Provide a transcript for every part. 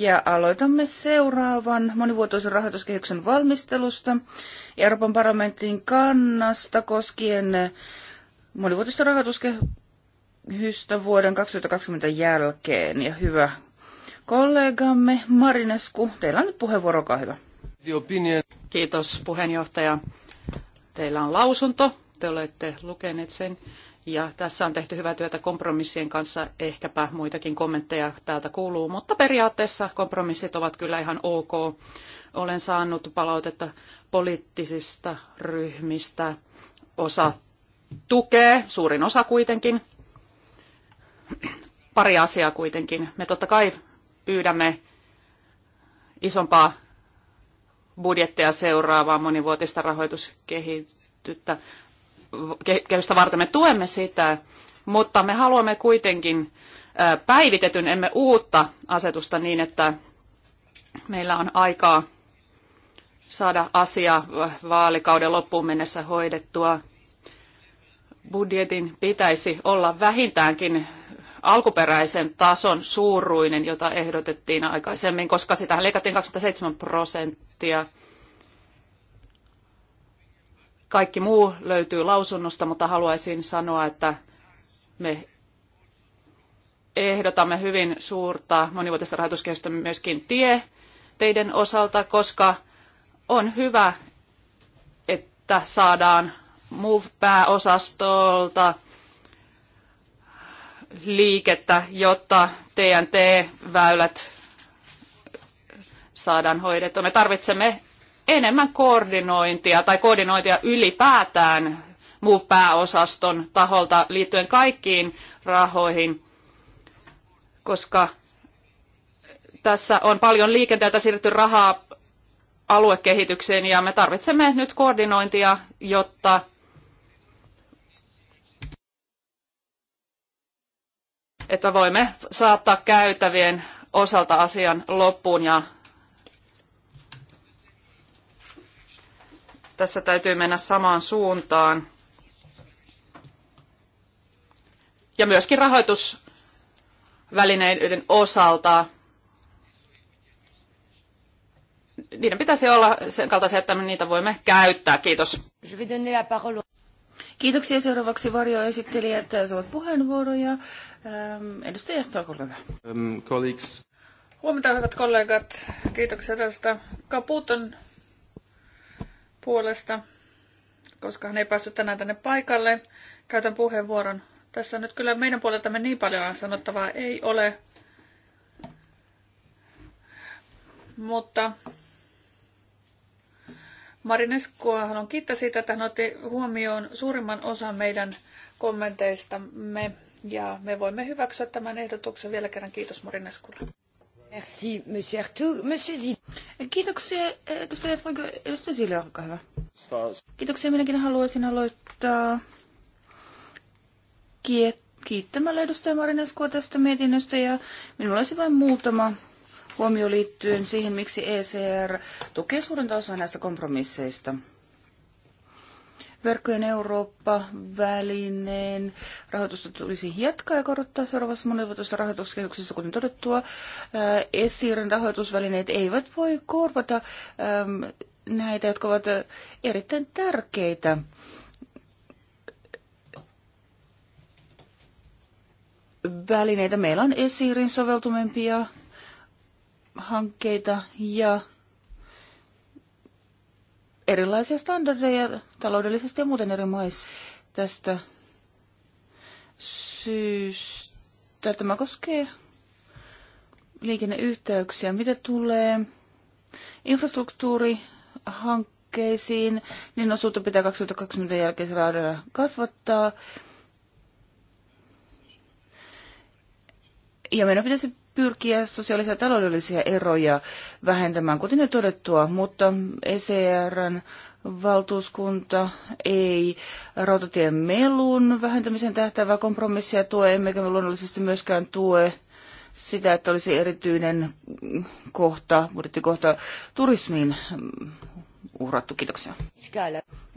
ja aloitamme seuraavan monivuotoisen rahoituskehyksen valmistelusta Euroopan parlamentin kannasta koskien monivuotista rahoituskehystä vuoden 2020 jälkeen. Ja hyvä kollegamme Marinesku, teillä on nyt puheenvuoro, olkaa hyvä. Kiitos puheenjohtaja. Teillä on lausunto, te olette lukeneet sen. Ja tässä on tehty hyvää työtä kompromissien kanssa. Ehkäpä muitakin kommentteja täältä kuuluu, mutta periaatteessa kompromissit ovat kyllä ihan ok. Olen saanut palautetta poliittisista ryhmistä. Osa tukee, suurin osa kuitenkin. Pari asiaa kuitenkin. Me totta kai pyydämme isompaa budjettia seuraavaa monivuotista rahoituskehitystä kehystä varten. Me tuemme sitä, mutta me haluamme kuitenkin päivitetyn, emme uutta asetusta niin, että meillä on aikaa saada asia vaalikauden loppuun mennessä hoidettua. Budjetin pitäisi olla vähintäänkin alkuperäisen tason suuruinen, jota ehdotettiin aikaisemmin, koska sitä leikattiin 27 prosenttia. Kaikki muu löytyy lausunnosta, mutta haluaisin sanoa, että me ehdotamme hyvin suurta monivuotista rahoituskehystä myöskin tie osalta, koska on hyvä, että saadaan MOVE-pääosastolta liikettä, jotta TNT-väylät saadaan hoidettua. Me tarvitsemme enemmän koordinointia tai koordinointia ylipäätään muun pääosaston taholta liittyen kaikkiin rahoihin, koska tässä on paljon liikenteeltä siirretty rahaa aluekehitykseen ja me tarvitsemme nyt koordinointia, jotta että voimme saattaa käytävien osalta asian loppuun ja Tässä täytyy mennä samaan suuntaan. Ja myöskin rahoitusvälineiden osalta niiden pitäisi olla sen kaltaisia, että me niitä voimme käyttää. Kiitos. Kiitoksia. Seuraavaksi varjoesittelijät saavat puheenvuoroja. Ähm, edustaja Johtoa, hyvä. Um, colleagues. Huomenta, hyvät kollegat. Kiitoksia tästä. Kaput on puolesta, koska hän ei päässyt tänään tänne paikalle. Käytän puheenvuoron. Tässä nyt kyllä meidän puoleltamme niin paljon sanottavaa ei ole. Mutta Marineskua on kiittää siitä, että hän otti huomioon suurimman osan meidän kommenteistamme ja me voimme hyväksyä tämän ehdotuksen vielä kerran. Kiitos Marineskulle. Merci, monsieur Monsieur Kiitoksia, eh, edustaja Edustaja olkaa hyvä. Kiitoksia, minäkin haluaisin aloittaa kiittämällä edustaja Marineskua tästä mietinnöstä ja minulla olisi vain muutama huomio liittyen siihen, miksi ECR tukee suurinta osaa näistä kompromisseista verkkojen Eurooppa-välineen rahoitusta tulisi jatkaa ja korottaa seuraavassa monivuotisessa rahoituskehyksessä, kuten todettua. Esirin rahoitusvälineet eivät voi korvata näitä, jotka ovat erittäin tärkeitä. välineitä. Meillä on esiirin soveltumempia hankkeita ja erilaisia standardeja taloudellisesti ja muuten eri maissa. Tästä syystä tämä koskee liikenneyhteyksiä. Mitä tulee infrastruktuurihankkeisiin, niin osuutta pitää 2020 jälkeisellä audella kasvattaa. Ja meidän pitäisi pyrkiä sosiaalisia ja taloudellisia eroja vähentämään, kuten jo todettua, mutta ECRn valtuuskunta ei rautatien melun vähentämisen tähtävää kompromissia tue, emmekä me luonnollisesti myöskään tue sitä, että olisi erityinen kohta, budjettikohta turismiin uhrattu. Kiitoksia.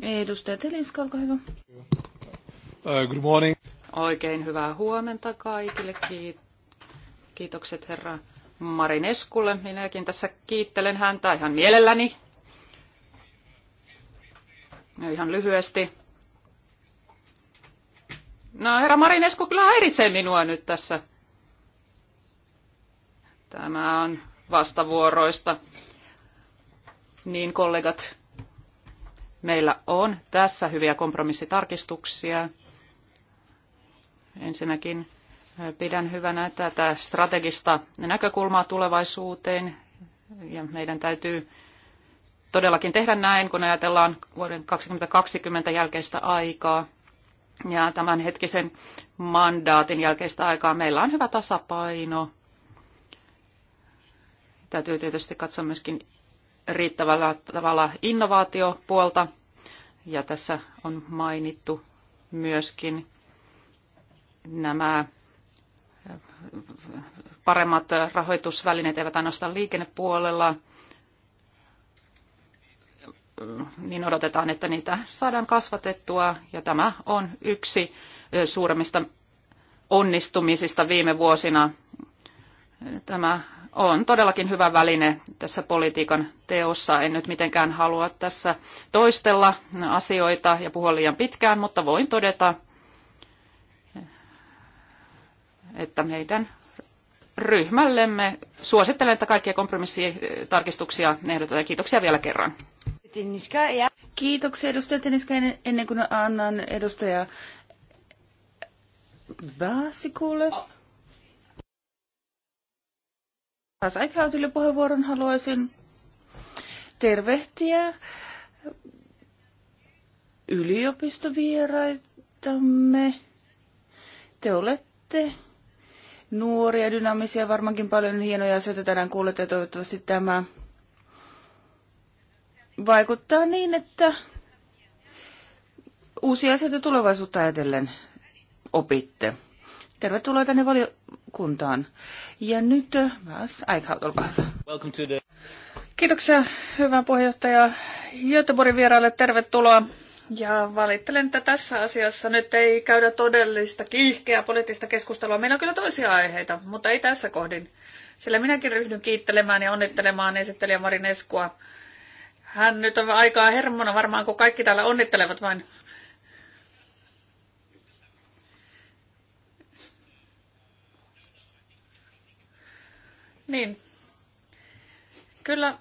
Edustaja Telinska, olkaa hyvä. Uh, good morning. Oikein hyvää huomenta kaikille. Kiitos Kiitokset herra Marineskulle. Minäkin tässä kiittelen häntä ihan mielelläni. Ihan lyhyesti. No herra Marinesku kyllä häiritsee minua nyt tässä. Tämä on vastavuoroista. Niin kollegat, meillä on tässä hyviä kompromissitarkistuksia. Ensinnäkin Pidän hyvänä tätä strategista näkökulmaa tulevaisuuteen ja meidän täytyy todellakin tehdä näin, kun ajatellaan vuoden 2020 jälkeistä aikaa ja tämän hetkisen mandaatin jälkeistä aikaa. Meillä on hyvä tasapaino. Täytyy tietysti katsoa myöskin riittävällä tavalla innovaatiopuolta. Ja tässä on mainittu myöskin nämä paremmat rahoitusvälineet eivät ainoastaan liikennepuolella, niin odotetaan, että niitä saadaan kasvatettua ja tämä on yksi suuremmista onnistumisista viime vuosina. Tämä on todellakin hyvä väline tässä politiikan teossa. En nyt mitenkään halua tässä toistella asioita ja puhua liian pitkään, mutta voin todeta, että meidän ryhmällemme suosittelen, että kaikkia kompromissitarkistuksia ehdotetaan. Kiitoksia vielä kerran. Kiitoksia edustaja Teniska. Ennen kuin annan edustaja Baasikulle. Taas Aikhautille puheenvuoron haluaisin tervehtiä yliopistovieraitamme. Te olette nuoria, dynaamisia, varmaankin paljon hienoja asioita tänään kuulette ja toivottavasti tämä vaikuttaa niin, että uusia asioita tulevaisuutta ajatellen opitte. Tervetuloa tänne valiokuntaan. Ja nyt Vas äh, Eichhout, olkaa hyvä. Welcome to the... Kiitoksia, hyvä puheenjohtaja. Göteborgin vieraille tervetuloa. Ja valittelen, että tässä asiassa nyt ei käydä todellista kiihkeää poliittista keskustelua. Meillä on kyllä toisia aiheita, mutta ei tässä kohdin. Sillä minäkin ryhdyn kiittelemään ja onnittelemaan esittelijä Marin Eskua. Hän nyt on aikaa hermona varmaan, kun kaikki täällä onnittelevat vain. Niin. Kyllä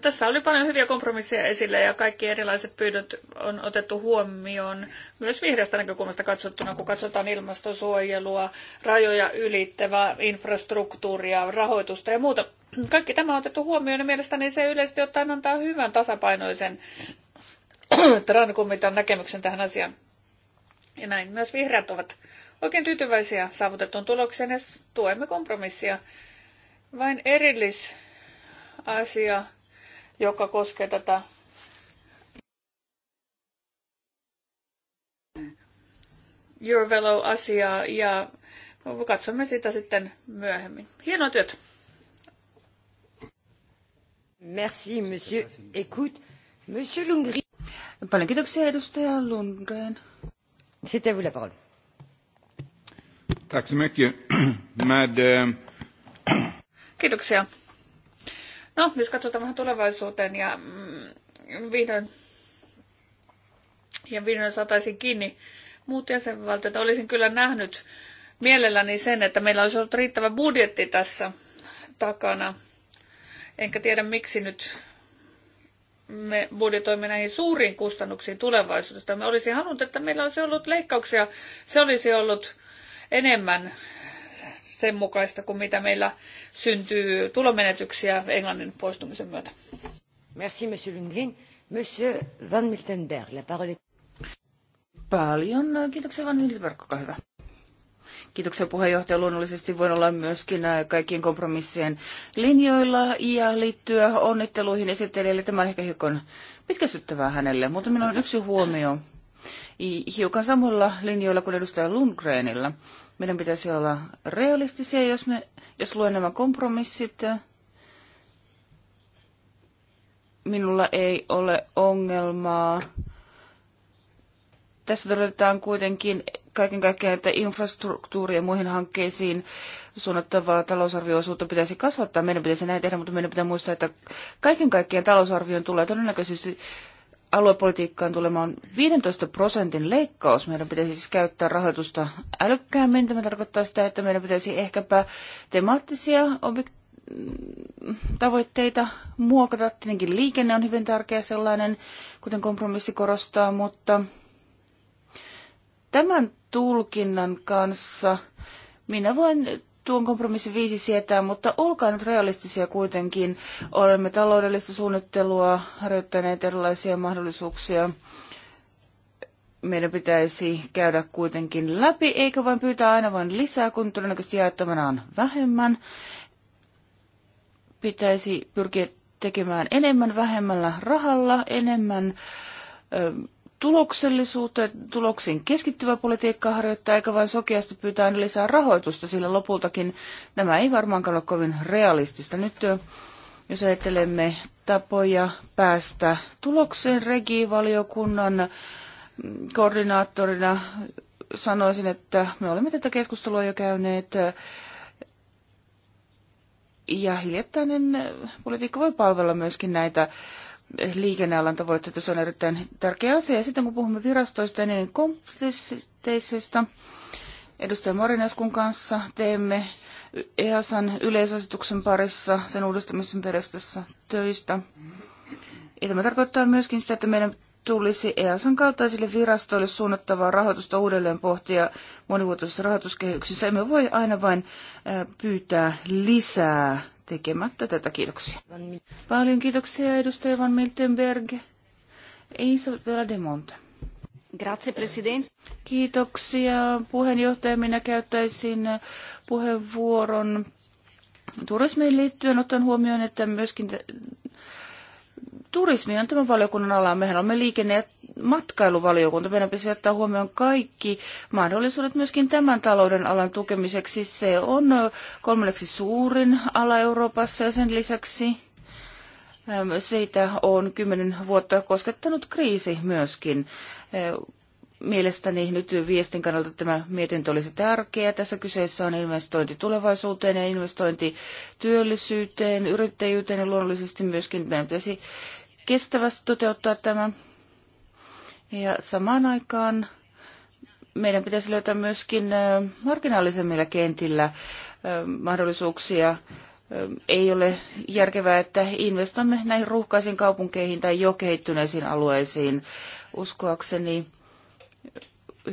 tässä oli paljon hyviä kompromisseja esille ja kaikki erilaiset pyydöt on otettu huomioon myös vihreästä näkökulmasta katsottuna, kun katsotaan ilmastonsuojelua, rajoja ylittävää infrastruktuuria, rahoitusta ja muuta. Kaikki tämä on otettu huomioon ja mielestäni se yleisesti ottaen antaa hyvän tasapainoisen Trankomitan näkemyksen tähän asiaan. Ja näin myös vihreät ovat oikein tyytyväisiä saavutettuun tulokseen ja tuemme kompromissia. Vain erillis asia joka koskee tätä Eurovelo-asiaa ja katsomme sitä sitten myöhemmin. Hienoa työt. Merci, monsieur. Écoute, monsieur Lundgren. Paljon kiitoksia, edustaja Lundgren. Sitten vous la parole. Tack så mycket. Med, eh, Kiitoksia. No, jos katsotaan vähän tulevaisuuteen ja mm, vihdoin, ja vihdoin saataisiin kiinni muut jäsenvaltiot, olisin kyllä nähnyt mielelläni sen, että meillä olisi ollut riittävä budjetti tässä takana. Enkä tiedä, miksi nyt me budjetoimme näihin suuriin kustannuksiin tulevaisuudesta. Me olisi halunnut, että meillä olisi ollut leikkauksia. Se olisi ollut enemmän sen mukaista kuin mitä meillä syntyy tulomenetyksiä Englannin poistumisen myötä. Merci, monsieur Lundgren. Monsieur Van Miltenberg, la parole est... Paljon. Kiitoksia Van Miltenberg, olkaa hyvä. Kiitoksia puheenjohtaja. Luonnollisesti voin olla myöskin äh, kaikkien kompromissien linjoilla ja liittyä onnitteluihin esittelijälle. Tämä on ehkä hiukan pitkästyttävää hänelle, mutta minulla on yksi huomio hiukan samoilla linjoilla kuin edustaja Lundgrenillä. Meidän pitäisi olla realistisia, jos, me, jos luen nämä kompromissit. Minulla ei ole ongelmaa. Tässä todetaan kuitenkin kaiken kaikkiaan, että infrastruktuuri ja muihin hankkeisiin suunnattavaa talousarvioosuutta pitäisi kasvattaa. Meidän pitäisi näin tehdä, mutta meidän pitää muistaa, että kaiken kaikkiaan talousarvion tulee todennäköisesti aluepolitiikkaan tulemaan 15 prosentin leikkaus. Meidän pitäisi siis käyttää rahoitusta älykkäämmin. Tämä tarkoittaa sitä, että meidän pitäisi ehkäpä temaattisia objek- mm, tavoitteita muokata. Tietenkin liikenne on hyvin tärkeä sellainen, kuten kompromissi korostaa, mutta tämän tulkinnan kanssa minä voin tuon kompromissin viisi sietää, mutta olkaa nyt realistisia kuitenkin. Olemme taloudellista suunnittelua harjoittaneet erilaisia mahdollisuuksia. Meidän pitäisi käydä kuitenkin läpi, eikä vain pyytää aina vain lisää, kun todennäköisesti jaettavana on vähemmän. Pitäisi pyrkiä tekemään enemmän vähemmällä rahalla, enemmän ö, Tuloksellisuuteen tuloksiin keskittyvä politiikka harjoittaa, eikä vain sokeasti pyytää aina lisää rahoitusta, sillä lopultakin nämä ei varmaankaan ole kovin realistista. Nyt jos ajattelemme tapoja päästä tulokseen regivaliokunnan mm, koordinaattorina, sanoisin, että me olemme tätä keskustelua jo käyneet ja hiljattainen politiikka voi palvella myöskin näitä liikennealan tavoitteita. Se on erittäin tärkeä asia. Ja sitten kun puhumme virastoista ja niiden kompetenssisteisistä, edustaja Marinaskun kanssa teemme EASan yleisasetuksen parissa sen uudistamisen perästessä töistä. Ja tämä tarkoittaa myöskin sitä, että meidän tulisi EASan kaltaisille virastoille suunnattavaa rahoitusta uudelleen pohtia monivuotoisessa rahoituskehyksessä. Emme voi aina vain pyytää lisää tekemättä tätä. Kiitoksia. Paljon kiitoksia edustaja Van Miltenberg. Isabella de Monte. Grazie, president. Kiitoksia. Puheenjohtaja, minä käyttäisin puheenvuoron turismiin liittyen, ottaen huomioon, että myöskin turismi on tämän valiokunnan ala. Mehän olemme liikenne- ja matkailuvaliokunta. Meidän pitäisi ottaa huomioon kaikki mahdollisuudet myöskin tämän talouden alan tukemiseksi. Se on kolmanneksi suurin ala Euroopassa ja sen lisäksi siitä on kymmenen vuotta koskettanut kriisi myöskin. Mielestäni nyt viestin kannalta tämä mietintö olisi tärkeä. Tässä kyseessä on investointi tulevaisuuteen ja investointi työllisyyteen, yrittäjyyteen ja luonnollisesti myöskin meidän pitäisi kestävästi toteuttaa tämä. Ja samaan aikaan meidän pitäisi löytää myöskin marginaalisemmilla kentillä mahdollisuuksia. Ei ole järkevää, että investoimme näihin ruuhkaisiin kaupunkeihin tai jo kehittyneisiin alueisiin. Uskoakseni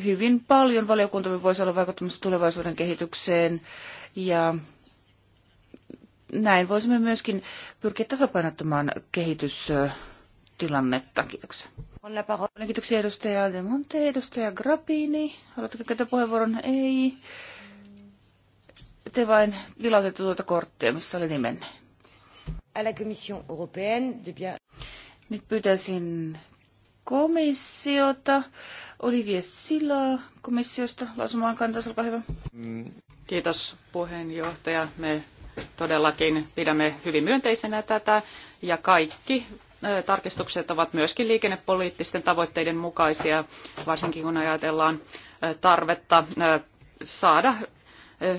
hyvin paljon valiokuntamme voisi olla vaikuttamassa tulevaisuuden kehitykseen ja näin voisimme myöskin pyrkiä tasapainottamaan kehitystilannetta. Kiitoksia. Paljon kiitoksia edustaja De Monte, edustaja Grappini. Haluatteko käyttää puheenvuoron? Ei. Te vain vilautette tuota korttia, missä oli nimenne. Nyt pyytäisin komissiota. Olivier Sila komissiosta lausumaan kantaa, olkaa hyvä. Mm. Kiitos puheenjohtaja. Me Todellakin pidämme hyvin myönteisenä tätä ja kaikki tarkistukset ovat myöskin liikennepoliittisten tavoitteiden mukaisia, varsinkin kun ajatellaan tarvetta saada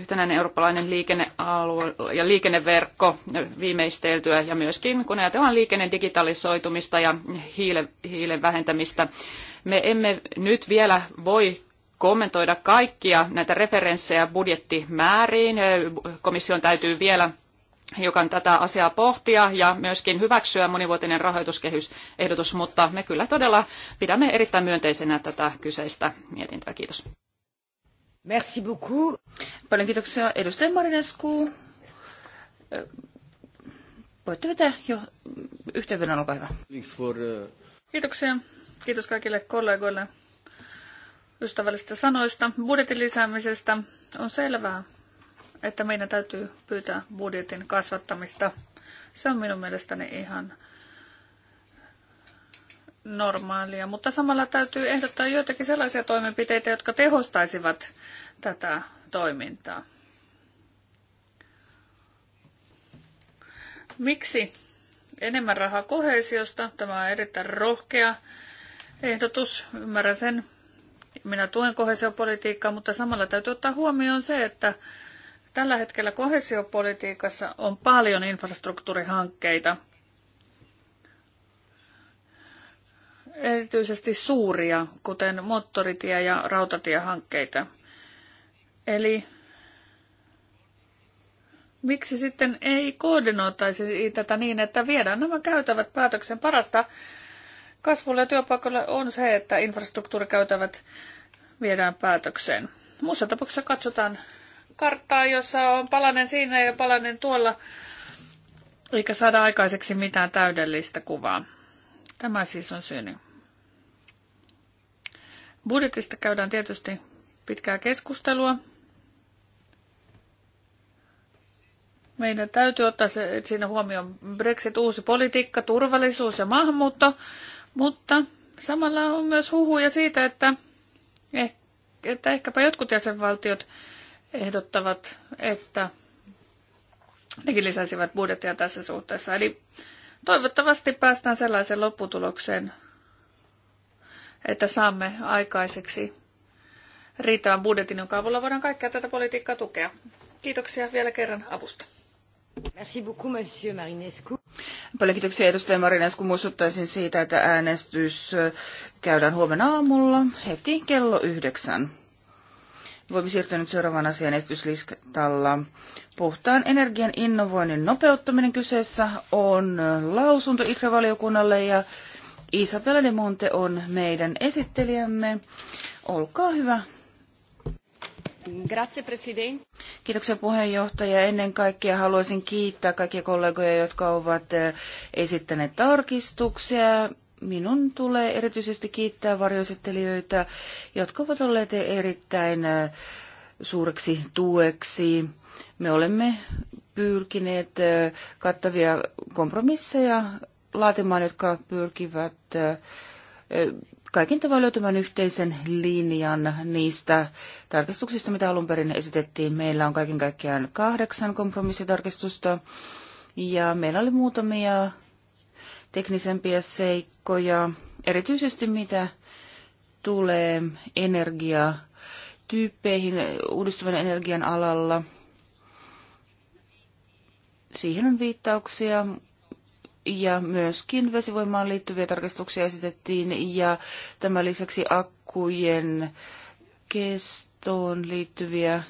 yhtenäinen eurooppalainen liikennealue ja liikenneverkko viimeisteltyä ja myöskin kun ajatellaan liikenne digitalisoitumista ja hiilen, hiilen vähentämistä. Me emme nyt vielä voi kommentoida kaikkia näitä referenssejä budjettimääriin. Komission täytyy vielä hiukan tätä asiaa pohtia ja myöskin hyväksyä monivuotinen rahoituskehysehdotus, mutta me kyllä todella pidämme erittäin myönteisenä tätä kyseistä mietintöä. Kiitos. Merci beaucoup. Paljon kiitoksia edustaja Marinescu. Voitte vetää jo yhteenvedon, olkaa hyvä. Kiitoksia. Kiitos kaikille kollegoille ystävällisistä sanoista budjetin lisäämisestä. On selvää, että meidän täytyy pyytää budjetin kasvattamista. Se on minun mielestäni ihan normaalia, mutta samalla täytyy ehdottaa joitakin sellaisia toimenpiteitä, jotka tehostaisivat tätä toimintaa. Miksi enemmän rahaa kohesiosta? Tämä on erittäin rohkea ehdotus, ymmärrän sen, minä tuen kohesiopolitiikkaa, mutta samalla täytyy ottaa huomioon se, että tällä hetkellä kohesiopolitiikassa on paljon infrastruktuurihankkeita, erityisesti suuria, kuten moottoritie- ja rautatiehankkeita. Eli miksi sitten ei koordinoitaisi tätä niin, että viedään nämä käytävät päätöksen parasta kasvulle ja työpaikoille on se, että infrastruktuurikäytävät viedään päätökseen. Muussa tapauksessa katsotaan karttaa, jossa on palanen siinä ja palanen tuolla, eikä saada aikaiseksi mitään täydellistä kuvaa. Tämä siis on syyni. Budjetista käydään tietysti pitkää keskustelua. Meidän täytyy ottaa se, siinä huomioon Brexit, uusi politiikka, turvallisuus ja maahanmuutto. Mutta samalla on myös huhuja siitä, että, eh- että ehkäpä jotkut jäsenvaltiot ehdottavat, että nekin lisäisivät budjettia tässä suhteessa. Eli toivottavasti päästään sellaiseen lopputulokseen, että saamme aikaiseksi riittävän budjetin, jonka avulla voidaan kaikkea tätä politiikkaa tukea. Kiitoksia vielä kerran avusta. Marinescu. Paljon kiitoksia edustaja Marinescu. Muistuttaisin siitä, että äänestys äh, käydään huomenna aamulla heti kello yhdeksän. Voimme siirtyä nyt seuraavaan asian esityslistalla. Puhtaan energian innovoinnin nopeuttaminen kyseessä on äh, lausunto ITRE-valiokunnalle ja Isabella de Monte on meidän esittelijämme. Olkaa hyvä, Grazie, president. Kiitoksia puheenjohtaja. Ennen kaikkea haluaisin kiittää kaikkia kollegoja, jotka ovat eh, esittäneet tarkistuksia. Minun tulee erityisesti kiittää varjoesittelijöitä, jotka ovat olleet erittäin eh, suureksi tueksi. Me olemme pyrkineet eh, kattavia kompromisseja laatimaan, jotka pyrkivät kaiken tavoin löytämään yhteisen linjan niistä tarkistuksista, mitä alun perin esitettiin. Meillä on kaiken kaikkiaan kahdeksan kompromissitarkistusta ja meillä oli muutamia teknisempiä seikkoja, erityisesti mitä tulee energiatyyppeihin uudistuvan energian alalla. Siihen on viittauksia, ja myöskin vesivoimaan liittyviä tarkistuksia esitettiin ja tämän lisäksi akkujen kestoon liittyviä.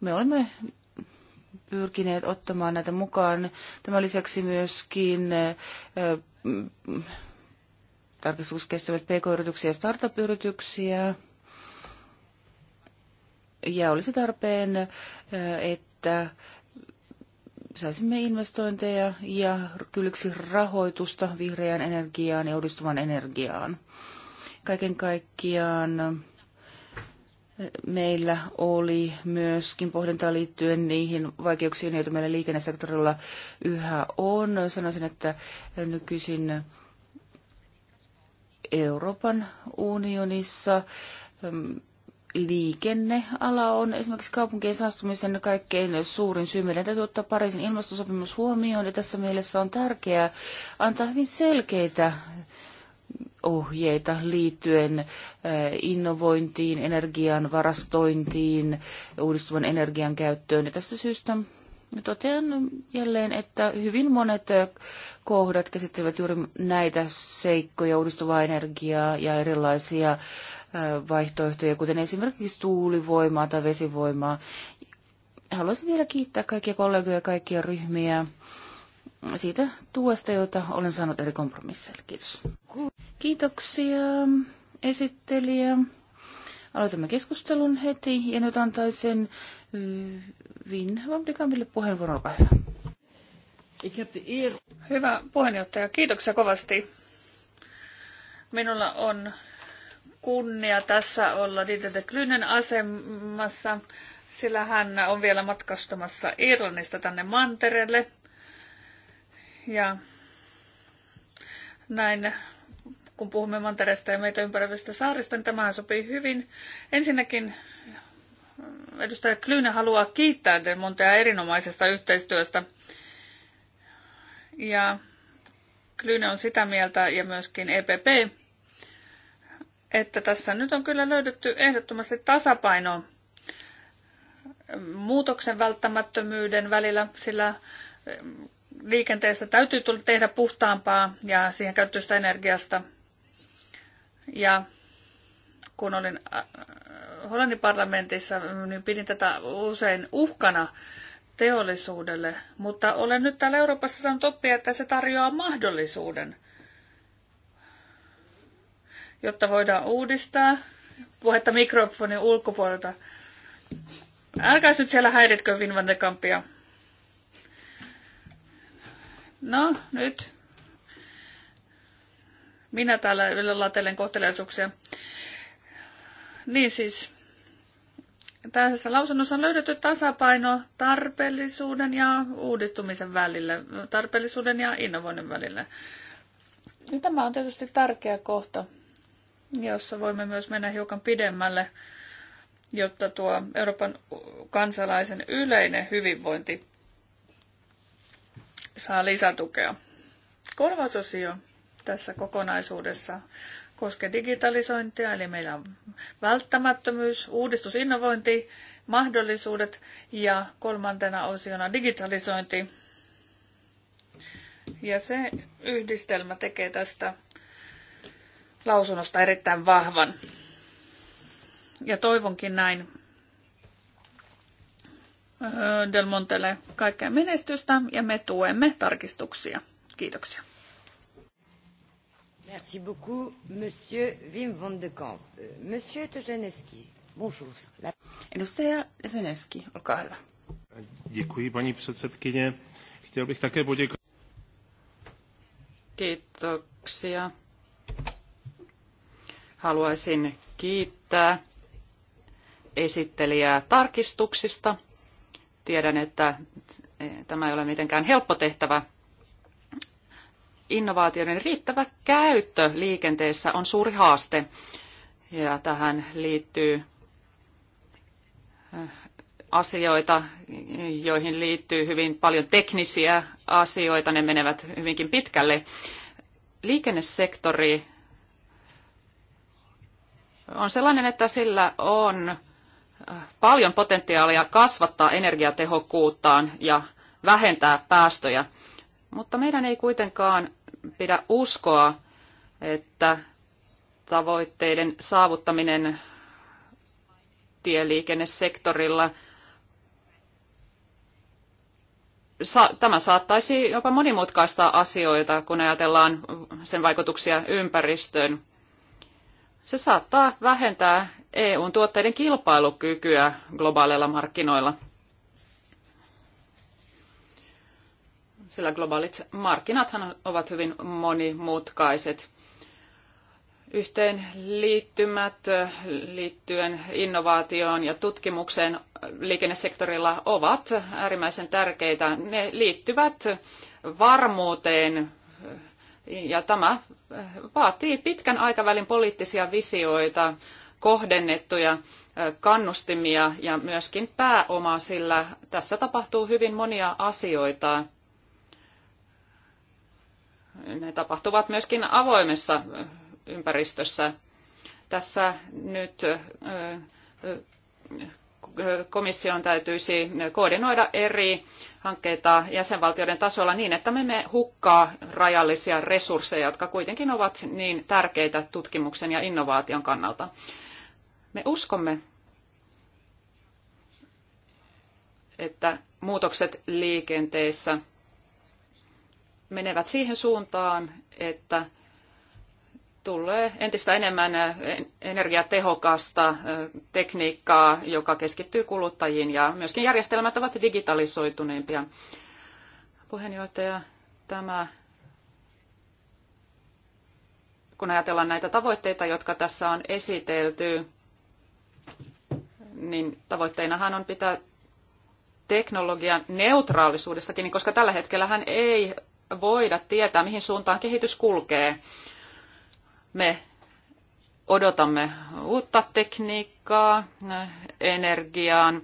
Me olemme pyrkineet ottamaan näitä mukaan. Tämän lisäksi myöskin tarkistus kestävät pk-yrityksiä ja startup-yrityksiä. Ja olisi tarpeen, että saisimme investointeja ja kylliksi rahoitusta vihreään energiaan ja uudistuvan energiaan. Kaiken kaikkiaan eh, meillä oli myöskin pohdintaa liittyen niihin vaikeuksiin, joita meillä liikennesektorilla yhä on. Sanoisin, että nykyisin Euroopan unionissa mm, liikenneala on esimerkiksi kaupunkien saastumisen kaikkein suurin syy. Meidän täytyy ottaa Pariisin ilmastosopimus huomioon ja tässä mielessä on tärkeää antaa hyvin selkeitä ohjeita liittyen äh, innovointiin, energian varastointiin, uudistuvan energian käyttöön. Ja tästä syystä totean jälleen, että hyvin monet äh, kohdat käsittelevät juuri näitä seikkoja, uudistuvaa energiaa ja erilaisia vaihtoehtoja, kuten esimerkiksi tuulivoimaa tai vesivoimaa. Haluaisin vielä kiittää kaikkia kollegoja ja kaikkia ryhmiä siitä tuesta, jota olen saanut eri kompromisseille. Kiitos. Kiitoksia esittelijä. Aloitamme keskustelun heti ja nyt antaisin Vin Vabrikamille puheenvuoron. Olkaa hyvä. Hyvä puheenjohtaja, kiitoksia kovasti. Minulla on kunnia tässä olla Dieter de Klynen asemassa, sillä hän on vielä matkastamassa Irlannista tänne mantereelle. Ja näin, kun puhumme mantereesta ja meitä ympäröivistä saarista, niin tämähän sopii hyvin. Ensinnäkin mm, edustaja Klyne haluaa kiittää Del Montea erinomaisesta yhteistyöstä. Ja Klyne on sitä mieltä ja myöskin EPP, että tässä nyt on kyllä löydetty ehdottomasti tasapaino muutoksen välttämättömyyden välillä, sillä eh, liikenteestä täytyy tehdä puhtaampaa ja siihen käyttöistä energiasta. Ja kun olin eh, Hollannin parlamentissa, niin pidin tätä usein uhkana teollisuudelle, mutta olen nyt täällä Euroopassa saanut oppia, että se tarjoaa mahdollisuuden – jotta voidaan uudistaa puhetta mikrofonin ulkopuolelta. Älkää nyt siellä häiritkö Vinvantekampia. No, nyt. Minä täällä yllä latelen kohteliaisuuksia. Niin siis, tässä lausunnossa on löydetty tasapaino tarpeellisuuden ja uudistumisen välillä, tarpeellisuuden ja innovoinnin välillä. Ja tämä on tietysti tärkeä kohta jossa voimme myös mennä hiukan pidemmälle, jotta tuo Euroopan kansalaisen yleinen hyvinvointi saa lisätukea. Kolmas osio tässä kokonaisuudessa koskee digitalisointia, eli meillä on välttämättömyys, uudistus, innovointi, mahdollisuudet ja kolmantena osiona digitalisointi. Ja se yhdistelmä tekee tästä lausunnosta erittäin vahvan. Ja toivonkin näin Del Montelle kaikkea menestystä ja me tuemme tarkistuksia. Kiitoksia. Merci beaucoup, Monsieur Wim van de Kamp. Euh, monsieur bonjour. La... Edustaja olkaa hyvä. Děkuji, paní předsedkyně. Chtěl bych také poděkovat. Kiitoksia Haluaisin kiittää esittelijää tarkistuksista. Tiedän, että eh, tämä ei ole mitenkään helppo tehtävä. Innovaatioiden riittävä käyttö liikenteessä on suuri haaste. Ja tähän liittyy eh, asioita, joihin liittyy hyvin paljon teknisiä asioita. Ne menevät hyvinkin pitkälle. Liikennesektori on sellainen, että sillä on äh, paljon potentiaalia kasvattaa energiatehokkuuttaan ja vähentää päästöjä. Mutta meidän ei kuitenkaan pidä uskoa, että tavoitteiden saavuttaminen tieliikennesektorilla tämä saattaisi jopa monimutkaistaa asioita, kun ajatellaan sen vaikutuksia ympäristöön. Se saattaa vähentää EUn tuotteiden kilpailukykyä globaaleilla markkinoilla. Sillä globaalit markkinathan ovat hyvin monimutkaiset yhteenliittymät liittyen innovaatioon ja tutkimukseen liikennesektorilla ovat äärimmäisen tärkeitä. Ne liittyvät varmuuteen ja tämä vaatii pitkän aikavälin poliittisia visioita, kohdennettuja kannustimia ja myöskin pääomaa, sillä tässä tapahtuu hyvin monia asioita. Ne tapahtuvat myöskin avoimessa ympäristössä. Tässä nyt komission täytyisi koordinoida eri hankkeita jäsenvaltioiden tasolla niin, että me emme hukkaa rajallisia resursseja, jotka kuitenkin ovat niin tärkeitä tutkimuksen ja innovaation kannalta. Me uskomme, että muutokset liikenteessä menevät siihen suuntaan, että tulee entistä enemmän energiatehokasta tekniikkaa, joka keskittyy kuluttajiin ja myöskin järjestelmät ovat digitalisoituneempia. Puheenjohtaja, tämä, kun ajatellaan näitä tavoitteita, jotka tässä on esitelty, niin tavoitteenahan on pitää teknologian neutraalisuudestakin, koska tällä hetkellähän ei voida tietää, mihin suuntaan kehitys kulkee. Me odotamme uutta tekniikkaa energiaan,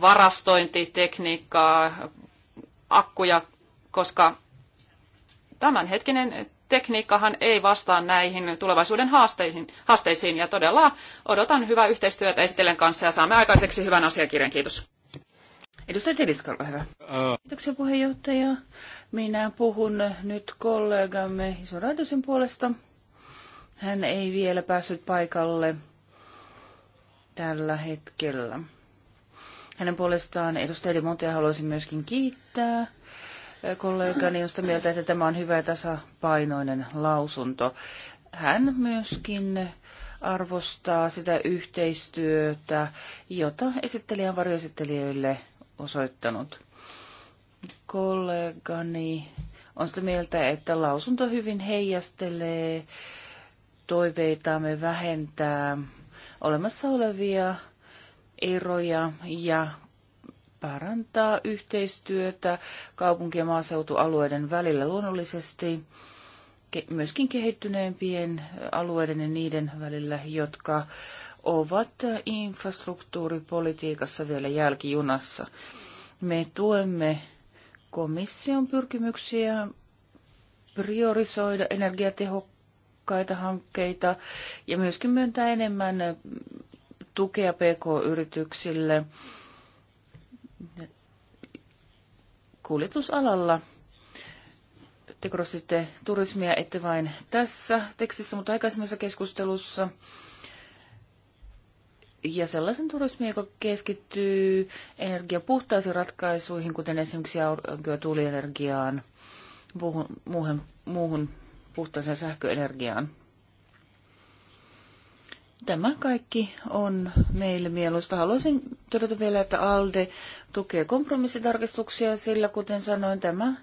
varastointitekniikkaa, akkuja, koska tämänhetkinen tekniikkahan ei vastaa näihin tulevaisuuden haasteisiin, haasteisiin ja todella odotan hyvää yhteistyötä esitellen kanssa ja saamme aikaiseksi hyvän asiakirjan. Kiitos. Edustaja Teliska, olkaa hyvä. Kiitoksia puheenjohtaja. Minä puhun nyt kollegamme Iso Raidosen puolesta. Hän ei vielä päässyt paikalle tällä hetkellä. Hänen puolestaan edustaja Limontia haluaisin myöskin kiittää kollegani, josta mieltä, että tämä on hyvä ja tasapainoinen lausunto. Hän myöskin arvostaa sitä yhteistyötä, jota esittelijän varjoesittelijöille osoittanut. Kollegani on sitä mieltä, että lausunto hyvin heijastelee toiveitamme vähentää olemassa olevia eroja ja parantaa yhteistyötä kaupunki- ja maaseutualueiden välillä luonnollisesti, myöskin kehittyneempien alueiden ja niiden välillä, jotka ovat infrastruktuuripolitiikassa vielä jälkijunassa. Me tuemme komission pyrkimyksiä priorisoida energiatehokkaita hankkeita ja myöskin myöntää enemmän tukea PK-yrityksille kuljetusalalla. Te korostitte turismia, ette vain tässä tekstissä, mutta aikaisemmassa keskustelussa – ja sellaisen turismin, joka keskittyy energiapuhtaisiin ratkaisuihin, kuten esimerkiksi aurinko- ja tuulienergiaan, muuhun, muuhun, muuhun puhtaaseen sähköenergiaan. Tämä kaikki on meille mieluista. Haluaisin todeta vielä, että ALDE tukee kompromissitarkistuksia, sillä kuten sanoin, tämä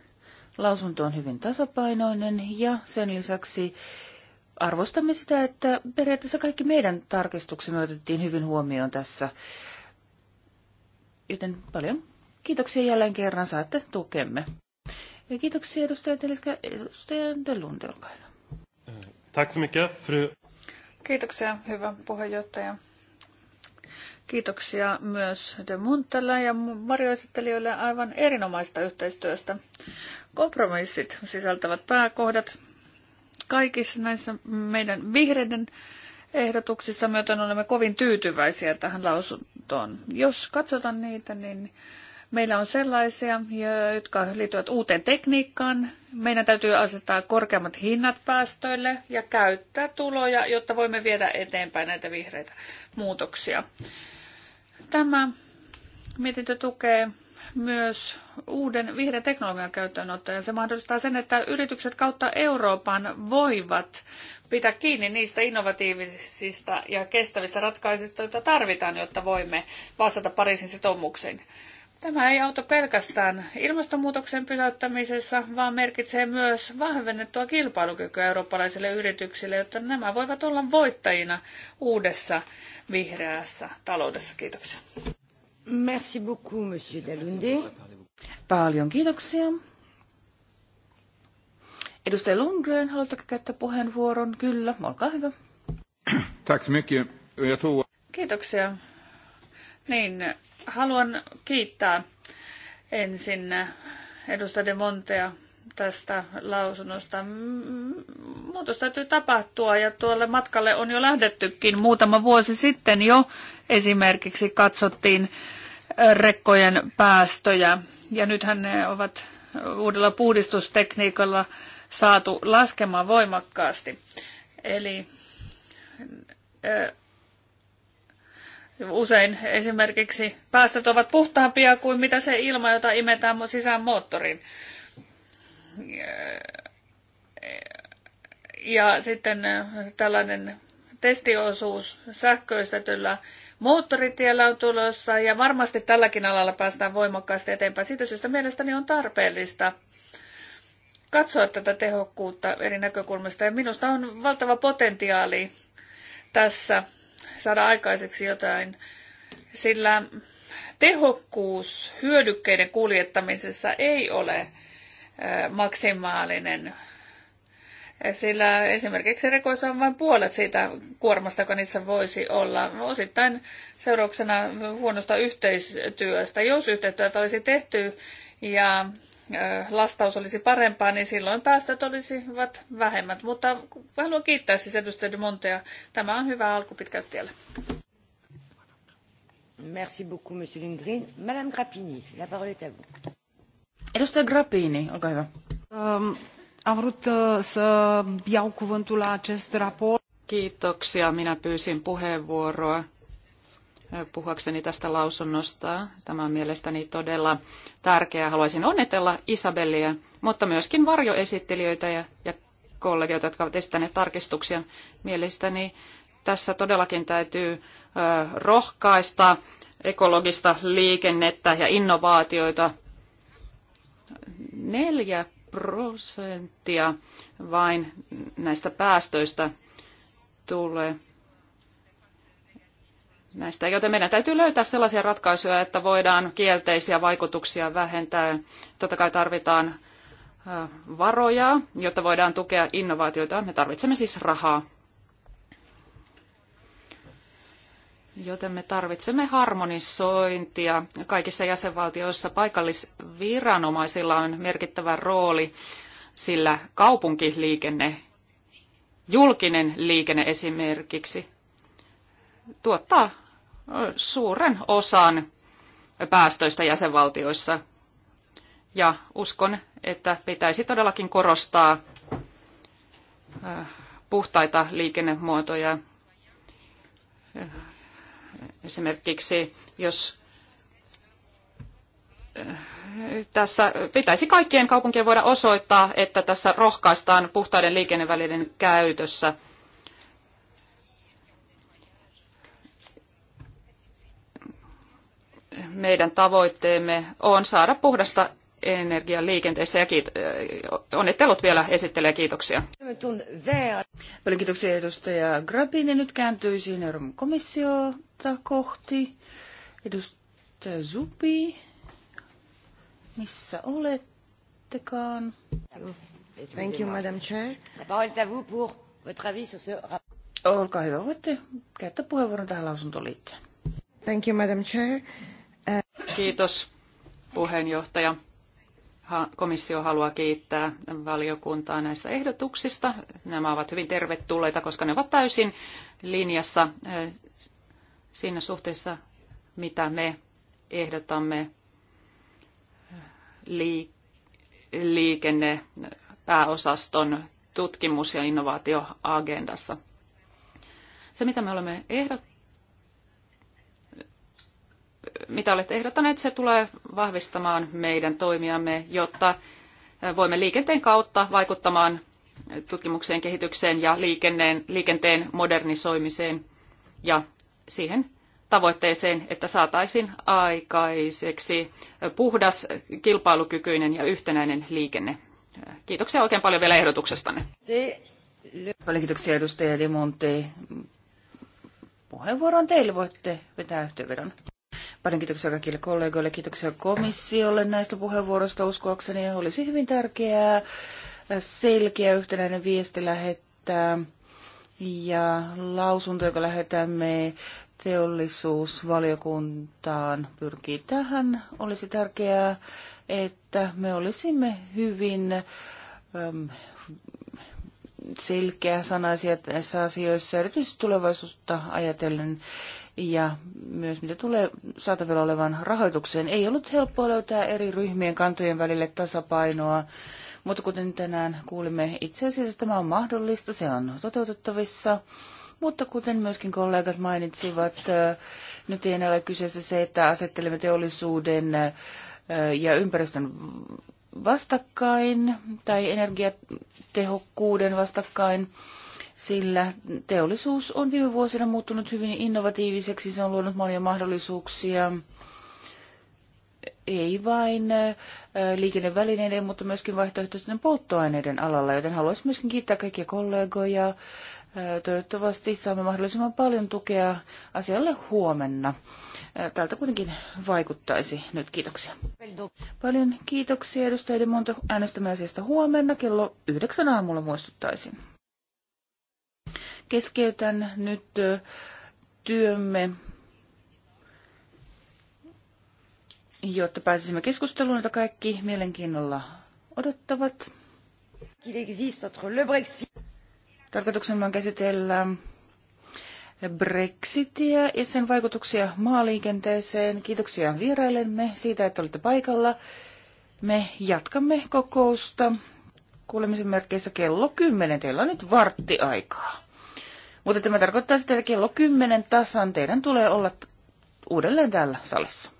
lausunto on hyvin tasapainoinen ja sen lisäksi arvostamme sitä, että periaatteessa kaikki meidän tarkistuksemme otettiin hyvin huomioon tässä. Joten paljon kiitoksia jälleen kerran, saatte tukemme. Ja kiitoksia edustaja Teliska, edustaja Delunde, fru. Kiitoksia, hyvä puheenjohtaja. Kiitoksia myös De Muntalle ja varjoesittelijöille aivan erinomaista yhteistyöstä. Kompromissit sisältävät pääkohdat, kaikissa näissä meidän vihreiden ehdotuksissa, joten olemme kovin tyytyväisiä tähän lausuntoon. Jos katsotaan niitä, niin meillä on sellaisia, jotka liittyvät uuteen tekniikkaan. Meidän täytyy asettaa korkeammat hinnat päästöille ja käyttää tuloja, jotta voimme viedä eteenpäin näitä vihreitä muutoksia. Tämä mietintö tukee myös uuden vihreän teknologian käyttöönotto ja se mahdollistaa sen, että yritykset kautta Euroopan voivat pitää kiinni niistä innovatiivisista ja kestävistä ratkaisuista, joita tarvitaan, jotta voimme vastata Pariisin sitoumuksiin. Tämä ei auta pelkästään ilmastonmuutoksen pysäyttämisessä, vaan merkitsee myös vahvennettua kilpailukykyä eurooppalaisille yrityksille, jotta nämä voivat olla voittajina uudessa vihreässä taloudessa. Kiitoksia. Merci beaucoup, monsieur Dalunde. Paljon kiitoksia. Edustaja Lundgren, haluatteko käyttää puheenvuoron? Kyllä, olkaa hyvä. Tack så mycket. Kiitoksia. Niin, haluan kiittää ensin edustaja Montea tästä lausunnosta. Muutos täytyy tapahtua ja tuolle matkalle on jo lähdettykin. Muutama vuosi sitten jo esimerkiksi katsottiin rekkojen päästöjä ja nythän ne ovat uudella puhdistustekniikalla saatu laskemaan voimakkaasti. Eli usein esimerkiksi päästöt ovat puhtaampia kuin mitä se ilma, jota imetään sisään moottoriin. Ja sitten äh, tällainen testiosuus sähköistetyllä moottoritiellä on tulossa ja varmasti tälläkin alalla päästään voimakkaasti eteenpäin. Siitä syystä mielestäni on tarpeellista katsoa tätä tehokkuutta eri näkökulmista ja minusta on valtava potentiaali tässä saada aikaiseksi jotain, sillä tehokkuus hyödykkeiden kuljettamisessa ei ole maksimaalinen. Sillä esimerkiksi rekoissa on vain puolet siitä kuormasta, joka niissä voisi olla. Osittain seurauksena huonosta yhteistyöstä. Jos yhteistyötä olisi tehty ja lastaus olisi parempaa, niin silloin päästöt olisivat vähemmät. Mutta haluan kiittää siis edustaja de Montea. Tämä on hyvä alku pitkälti tielle. Merci beaucoup, monsieur Lundgren. Madame Grappini, la parole est à vous. Edustaja Grappini, olkaa hyvä. Um, am vrut uh, să iau cuvântul la acest raport. Kiitoksia. Minä pyysin puheenvuoroa uh, puhuakseni tästä lausunnosta. Tämä on mielestäni todella tärkeää. Haluaisin onnitella Isabellia, mutta myöskin varjoesittelijöitä ja, ja kollegioita, jotka ovat esittäneet tarkistuksia. Mielestäni tässä todellakin täytyy uh, rohkaista ekologista liikennettä ja innovaatioita Neljä prosenttia vain näistä päästöistä tulee näistä, joten meidän täytyy löytää sellaisia ratkaisuja, että voidaan kielteisiä vaikutuksia vähentää. Totta kai tarvitaan varoja, jotta voidaan tukea innovaatioita. Me tarvitsemme siis rahaa. Joten me tarvitsemme harmonisointia. Kaikissa jäsenvaltioissa paikallisviranomaisilla on merkittävä rooli, sillä kaupunkiliikenne, julkinen liikenne esimerkiksi, tuottaa suuren osan päästöistä jäsenvaltioissa. Ja uskon, että pitäisi todellakin korostaa puhtaita liikennemuotoja Esimerkiksi jos eh, tässä pitäisi kaikkien kaupunkien voida osoittaa, että tässä rohkaistaan puhtaiden liikennevälineiden käytössä. Meidän tavoitteemme on saada puhdasta energiaa liikenteessä ja kiit- eh, onnittelut vielä esittelee kiitoksia käännyn vers... Paljon kiitoksia edustaja Grabin ja nyt kääntyisin Euroopan komissiota kohti. Edustaja Zupi, missä olettekaan? Thank you, Madam Chair. La parole est à vous pour votre avis sur ce rapport. Olkaa hyvä, voitte käyttää puheenvuoron tähän lausuntoon liittyen. Thank you, Madam Chair. Kiitos, puheenjohtaja komissio haluaa kiittää valiokuntaa näistä ehdotuksista. Nämä ovat hyvin tervetulleita, koska ne ovat täysin linjassa siinä suhteessa, mitä me ehdotamme liikennepääosaston tutkimus- ja innovaatioagendassa. Se, mitä me olemme ehdot, mitä olette ehdottaneet, se tulee vahvistamaan meidän toimiamme, jotta voimme liikenteen kautta vaikuttamaan tutkimukseen, kehitykseen ja liikenteen, liikenteen modernisoimiseen ja siihen tavoitteeseen, että saataisiin aikaiseksi puhdas, kilpailukykyinen ja yhtenäinen liikenne. Kiitoksia oikein paljon vielä ehdotuksestanne. Paljon kiitoksia edustaja Limonte. Puheenvuoron teille voitte vetää yhteenvedon. Paljon kiitoksia kaikille kollegoille, kiitoksia komissiolle näistä puheenvuoroista uskoakseni. Olisi hyvin tärkeää selkeä yhtenäinen viesti lähettää ja lausunto, joka lähetämme teollisuusvaliokuntaan pyrkii tähän. Olisi tärkeää, että me olisimme hyvin äm, selkeä sanaisia tässä asioissa, erityisesti tulevaisuutta ajatellen ja myös mitä tulee saatavilla olevan rahoitukseen. Ei ollut helppoa löytää eri ryhmien kantojen välille tasapainoa, mutta kuten tänään kuulimme, itse asiassa tämä on mahdollista, se on toteutettavissa. Mutta kuten myöskin kollegat mainitsivat, nyt ei enää ole kyseessä se, että asettelemme teollisuuden ja ympäristön vastakkain tai energiatehokkuuden vastakkain sillä teollisuus on viime vuosina muuttunut hyvin innovatiiviseksi. Se on luonut monia mahdollisuuksia, ei vain liikennevälineiden, mutta myöskin vaihtoehtoisten polttoaineiden alalla, joten haluaisin myöskin kiittää kaikkia kollegoja. Toivottavasti saamme mahdollisimman paljon tukea asialle huomenna. Tältä kuitenkin vaikuttaisi nyt. Kiitoksia. Paljon kiitoksia edustajille monta äänestämään asiasta huomenna kello yhdeksän aamulla muistuttaisin. Keskeytän nyt työmme, jotta pääsisimme keskusteluun, jota kaikki mielenkiinnolla odottavat. Tarkoituksena on käsitellä Brexitiä ja sen vaikutuksia maaliikenteeseen. Kiitoksia vieraillemme siitä, että olette paikalla. Me jatkamme kokousta kuulemisen merkeissä kello 10. Teillä on nyt vartti aikaa. Mutta tämä tarkoittaa sitä, että kello 10 tasan teidän tulee olla uudelleen täällä salissa.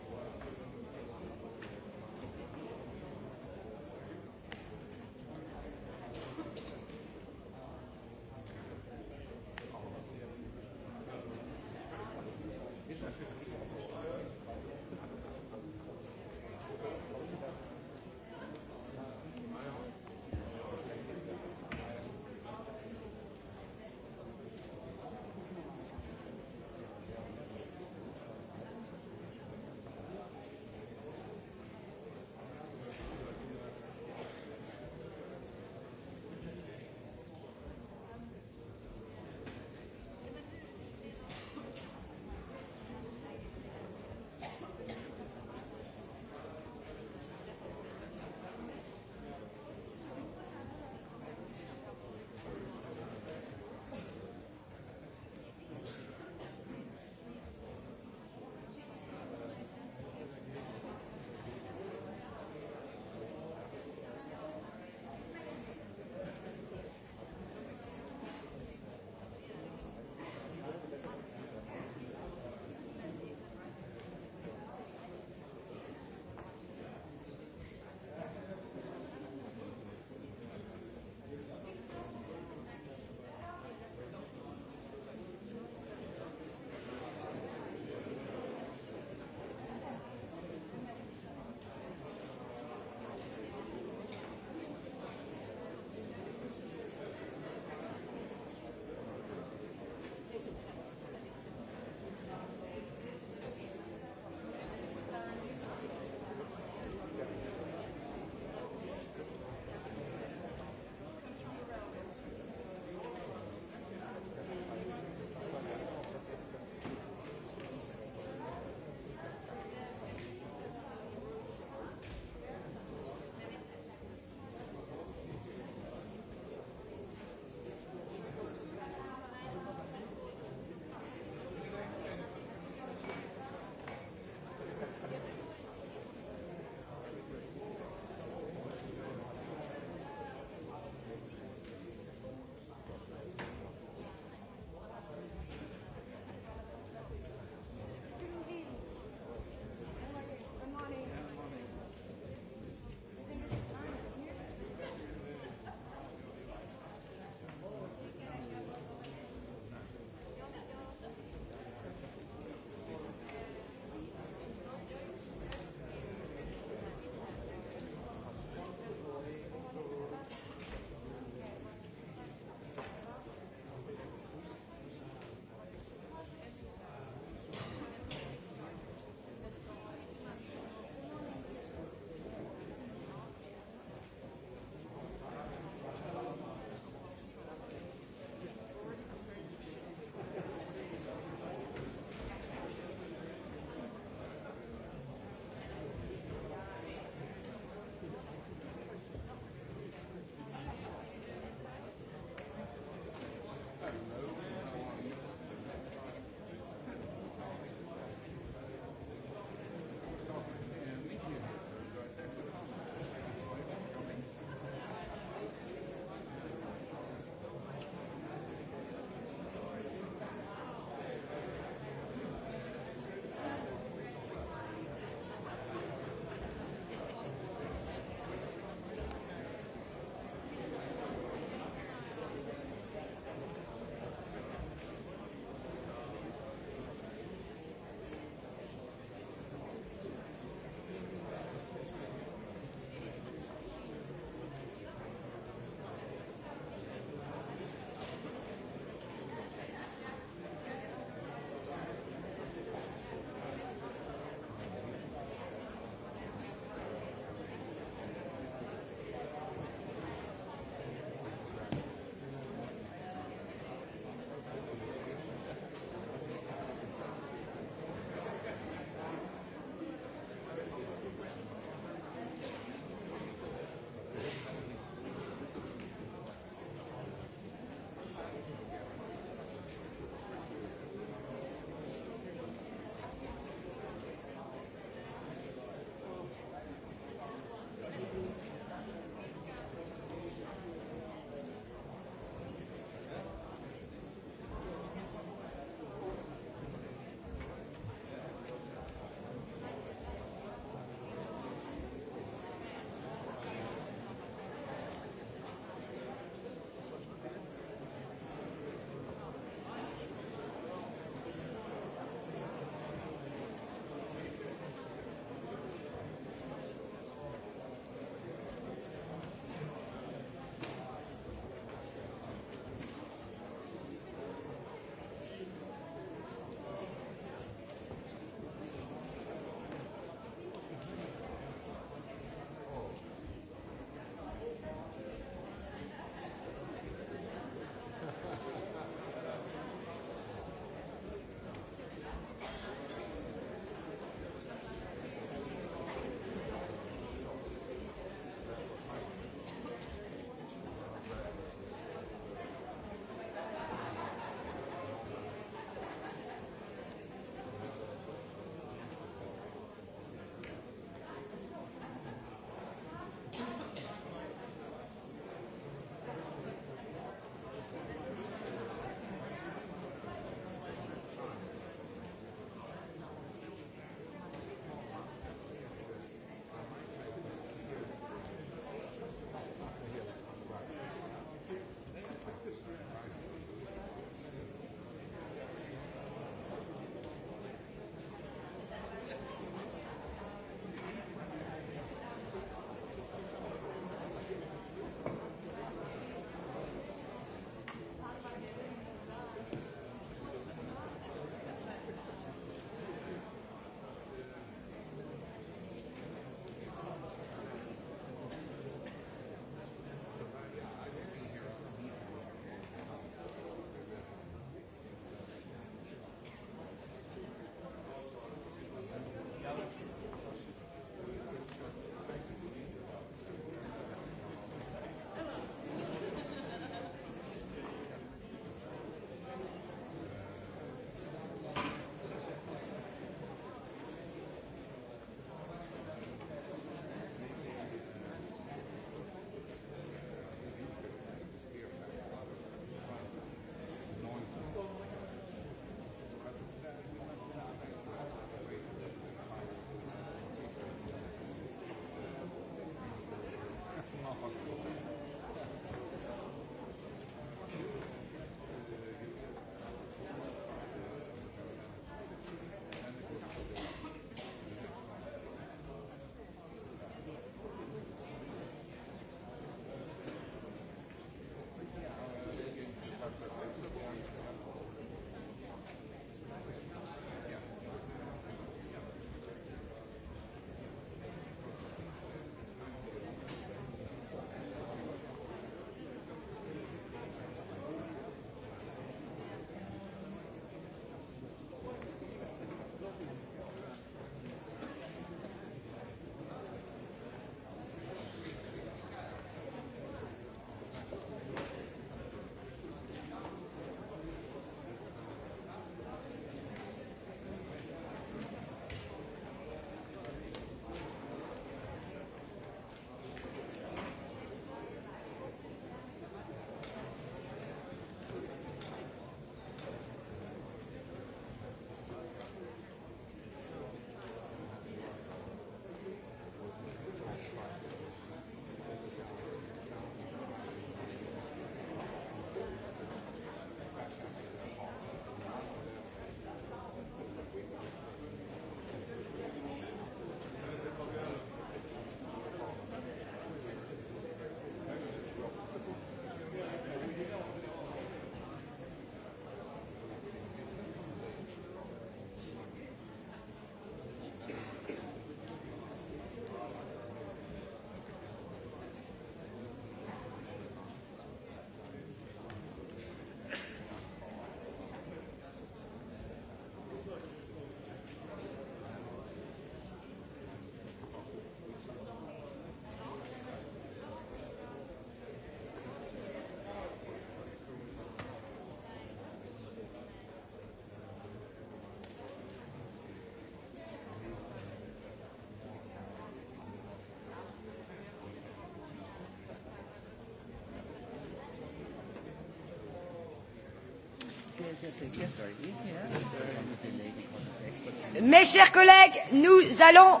Mes chers collègues, nous allons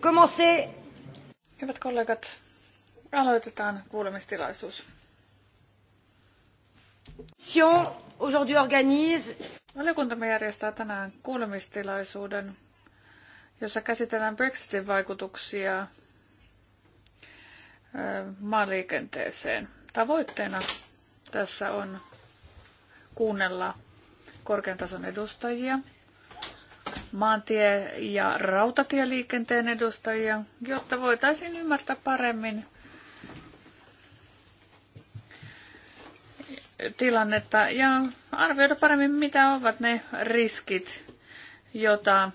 commencer. Hyvät kollegat, aloitetaan kuulemistilaisuus. Sion aujourd'hui organise. Valiokuntamme järjestää tänään kuulemistilaisuuden, jossa käsitellään Brexitin vaikutuksia maaliikenteeseen. Tavoitteena tässä on kuunnella korkean tason edustajia, maantie- ja rautatieliikenteen edustajia, jotta voitaisiin ymmärtää paremmin tilannetta ja arvioida paremmin, mitä ovat ne riskit, jota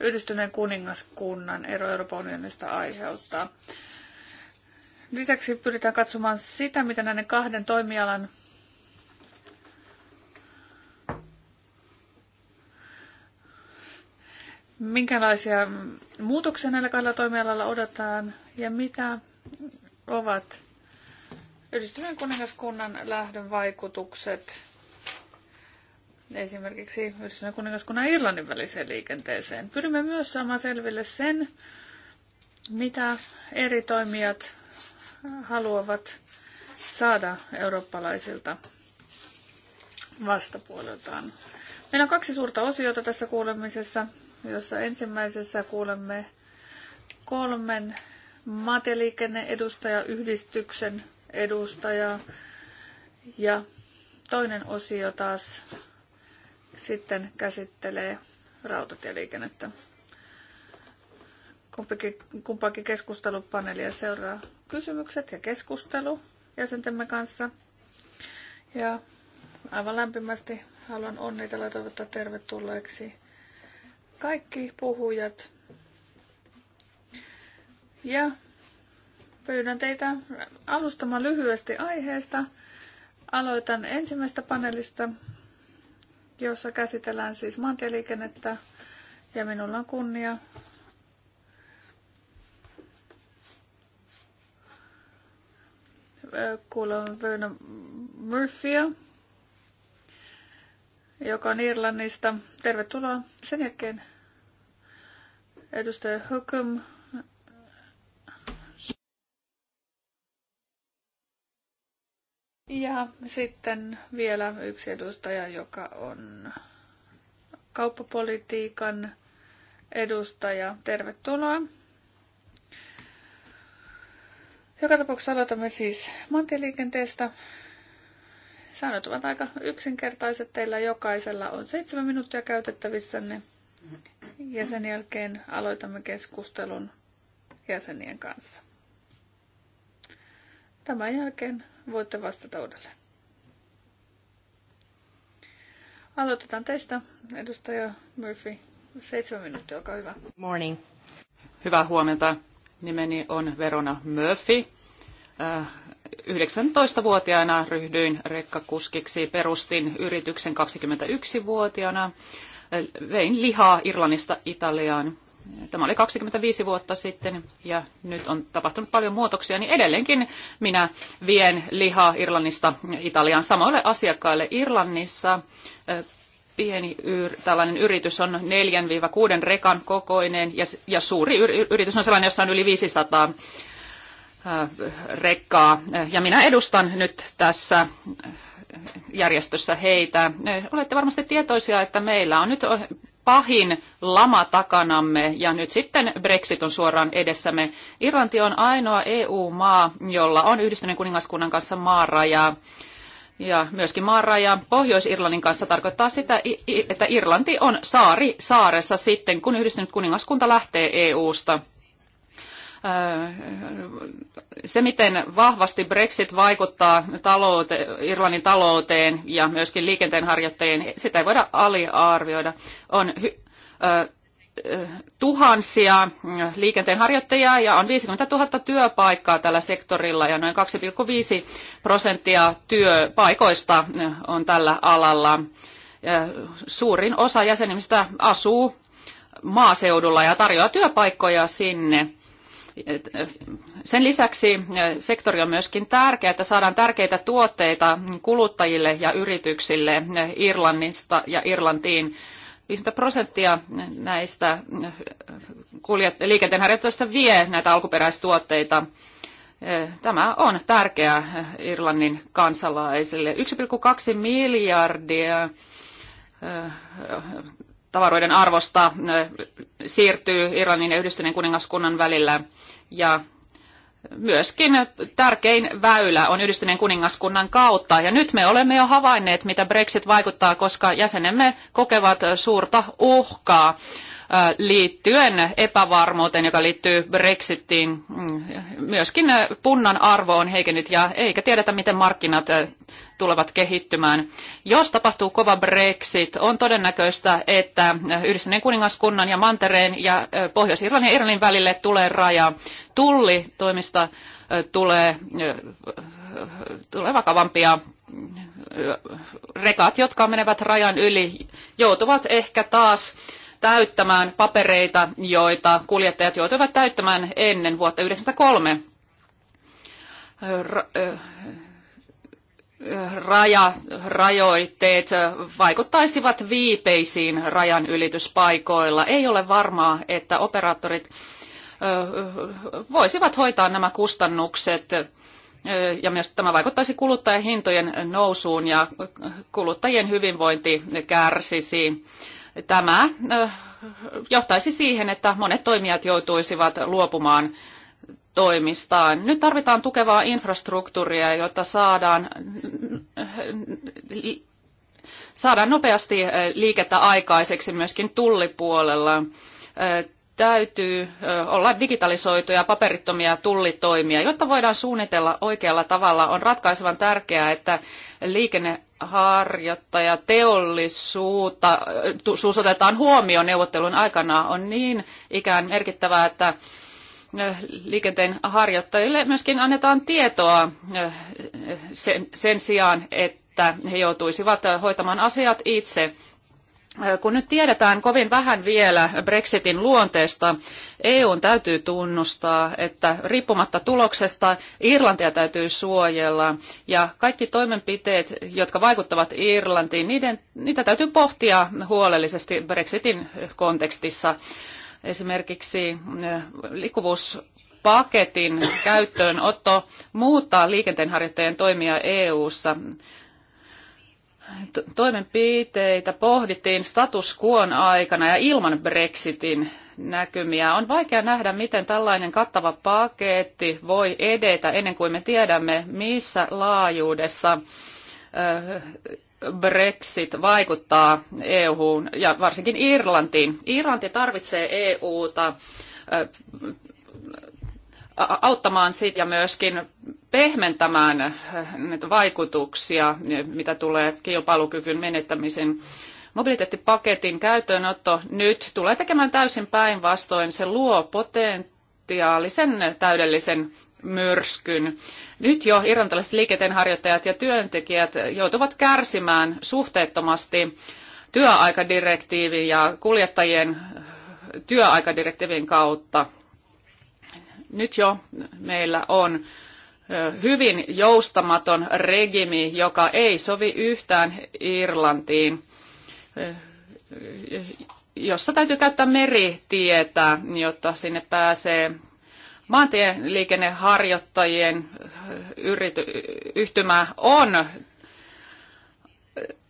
yhdistyneen kuningaskunnan ero Euroopan unionista aiheuttaa. Lisäksi pyritään katsomaan sitä, mitä näiden kahden toimialan minkälaisia muutoksia näillä kahdella toimialalla odotetaan ja mitä ovat yhdistyneen kuningaskunnan lähdön vaikutukset esimerkiksi yhdistyneen kuningaskunnan ja Irlannin väliseen liikenteeseen. Pyrimme myös saamaan selville sen, mitä eri toimijat haluavat saada eurooppalaisilta vastapuoleltaan. Meillä on kaksi suurta osiota tässä kuulemisessa jossa ensimmäisessä kuulemme kolmen maatieliikenne-edustaja, yhdistyksen edustajaa ja toinen osio taas sitten käsittelee rautatieliikennettä. Kumpikin, kumpaakin keskustelupaneelia seuraa kysymykset ja keskustelu jäsentemme kanssa. Ja aivan lämpimästi haluan onnitella ja toivottaa tervetulleeksi kaikki puhujat. Ja pyydän teitä alustamaan lyhyesti aiheesta. Aloitan ensimmäistä panelista, jossa käsitellään siis maantieliikennettä ja minulla on kunnia kuulla Vernon Murphya, joka on Irlannista. Tervetuloa. Sen jälkeen edustaja Hukum. Ja sitten vielä yksi edustaja, joka on kauppapolitiikan edustaja. Tervetuloa. Joka tapauksessa aloitamme siis maantieliikenteestä. Säännöt ovat aika yksinkertaiset. Teillä jokaisella on seitsemän minuuttia käytettävissänne. Ja sen jälkeen aloitamme keskustelun jäsenien kanssa. Tämän jälkeen voitte vastata uudelleen. Aloitetaan teistä, edustaja Murphy. Seitsemän minuuttia, olkaa hyvä. Morning. Hyvää huomenta. Nimeni on Verona Murphy. Äh, 19-vuotiaana ryhdyin rekkakuskiksi, perustin yrityksen 21-vuotiaana, vein lihaa Irlannista Italiaan. Tämä oli 25 vuotta sitten ja nyt on tapahtunut paljon muutoksia, niin edelleenkin minä vien lihaa Irlannista Italiaan samoille asiakkaille. Irlannissa pieni yr, tällainen yritys on 4-6 rekan kokoinen ja, ja suuri yr, yritys on sellainen, jossa on yli 500 Äh, rekkaa. Äh, ja minä edustan nyt tässä äh, järjestössä heitä. Olette varmasti tietoisia, että meillä on nyt pahin lama takanamme ja nyt sitten Brexit on suoraan edessämme. Irlanti on ainoa EU-maa, jolla on yhdistyneen kuningaskunnan kanssa maaraja. Ja myöskin maaraja Pohjois-Irlannin kanssa tarkoittaa sitä, että Irlanti on saari saaressa sitten, kun yhdistynyt kuningaskunta lähtee EU-sta. Äh, se, miten vahvasti Brexit vaikuttaa taloute, Irlannin talouteen ja myöskin liikenteenharjoittajien, sitä ei voida aliarvioida. On hy, ö, äh, tuhansia liikenteenharjoittajia ja on 50 000 työpaikkaa tällä sektorilla ja noin 2,5 prosenttia työpaikoista on tällä alalla. Äh, suurin osa jäsenimistä asuu maaseudulla ja tarjoaa työpaikkoja sinne. Sen lisäksi sektori on myöskin tärkeä, että saadaan tärkeitä tuotteita kuluttajille ja yrityksille Irlannista ja Irlantiin. 50 prosenttia näistä liikenteenharjoittajista vie näitä alkuperäistuotteita. Tämä on tärkeää Irlannin kansalaisille. 1,2 miljardia tavaroiden arvosta siirtyy Irlannin ja yhdistyneen kuningaskunnan välillä. Ja myöskin tärkein väylä on yhdistyneen kuningaskunnan kautta. Ja nyt me olemme jo havainneet, mitä Brexit vaikuttaa, koska jäsenemme kokevat suurta uhkaa liittyen epävarmuuteen, joka liittyy Brexitiin. Mm, myöskin punnan arvo on heikennyt ja eikä tiedetä, miten markkinat tulevat kehittymään. Jos tapahtuu kova Brexit, on todennäköistä, että Yhdistyneen kuningaskunnan ja Mantereen ja Pohjois-Irlannin ja Irlannin välille tulee raja. Tulli toimista tulee, tulee vakavampia rekat, jotka menevät rajan yli, joutuvat ehkä taas täyttämään papereita, joita kuljettajat joutuivat täyttämään ennen vuotta 1993 raja, rajoitteet vaikuttaisivat viipeisiin rajan ylityspaikoilla. Ei ole varmaa, että operaattorit voisivat hoitaa nämä kustannukset ja myös tämä vaikuttaisi kuluttajahintojen nousuun ja kuluttajien hyvinvointi kärsisi. Tämä johtaisi siihen, että monet toimijat joutuisivat luopumaan toimistaan. Nyt tarvitaan tukevaa infrastruktuuria, jotta saadaan, saadaan nopeasti liikettä aikaiseksi myöskin tullipuolella. Täytyy olla digitalisoituja paperittomia tullitoimia. Jotta voidaan suunnitella oikealla tavalla, on ratkaisevan tärkeää, että liikenne harjoittaja teollisuutta otetaan huomioon neuvottelun aikana on niin ikään merkittävää, että liikenteen harjoittajille myöskin annetaan tietoa sen, sen sijaan, että he joutuisivat hoitamaan asiat itse. Kun nyt tiedetään kovin vähän vielä Brexitin luonteesta, EUn täytyy tunnustaa, että riippumatta tuloksesta Irlantia täytyy suojella ja kaikki toimenpiteet, jotka vaikuttavat Irlantiin, niiden, niitä täytyy pohtia huolellisesti Brexitin kontekstissa. Esimerkiksi eh, liikkuvuuspaketin käyttöönotto muuttaa liikenteenharjoittajien toimia EU-ssa. Toimenpiteitä pohdittiin status quoon aikana ja ilman Brexitin näkymiä. On vaikea nähdä, miten tällainen kattava paketti voi edetä ennen kuin me tiedämme, missä laajuudessa eh, Brexit vaikuttaa EU:hun ja varsinkin Irlantiin. Irlanti tarvitsee EUta auttamaan sitä ja myöskin pehmentämään näitä vaikutuksia, mitä tulee kilpailukyvyn menettämisen. Mobiliteettipaketin käyttöönotto nyt tulee tekemään täysin päinvastoin. Se luo potentiaalisen täydellisen myrskyn. Nyt jo irlantilaiset liikenteenharjoittajat ja työntekijät joutuvat kärsimään suhteettomasti työaikadirektiivin ja kuljettajien äh, työaikadirektiivin kautta. Nyt jo meillä on äh, hyvin joustamaton regimi, joka ei sovi yhtään Irlantiin, äh, jossa täytyy käyttää meritietä, jotta sinne pääsee maantieliikenneharjoittajien eh, yrity, yhtymä on,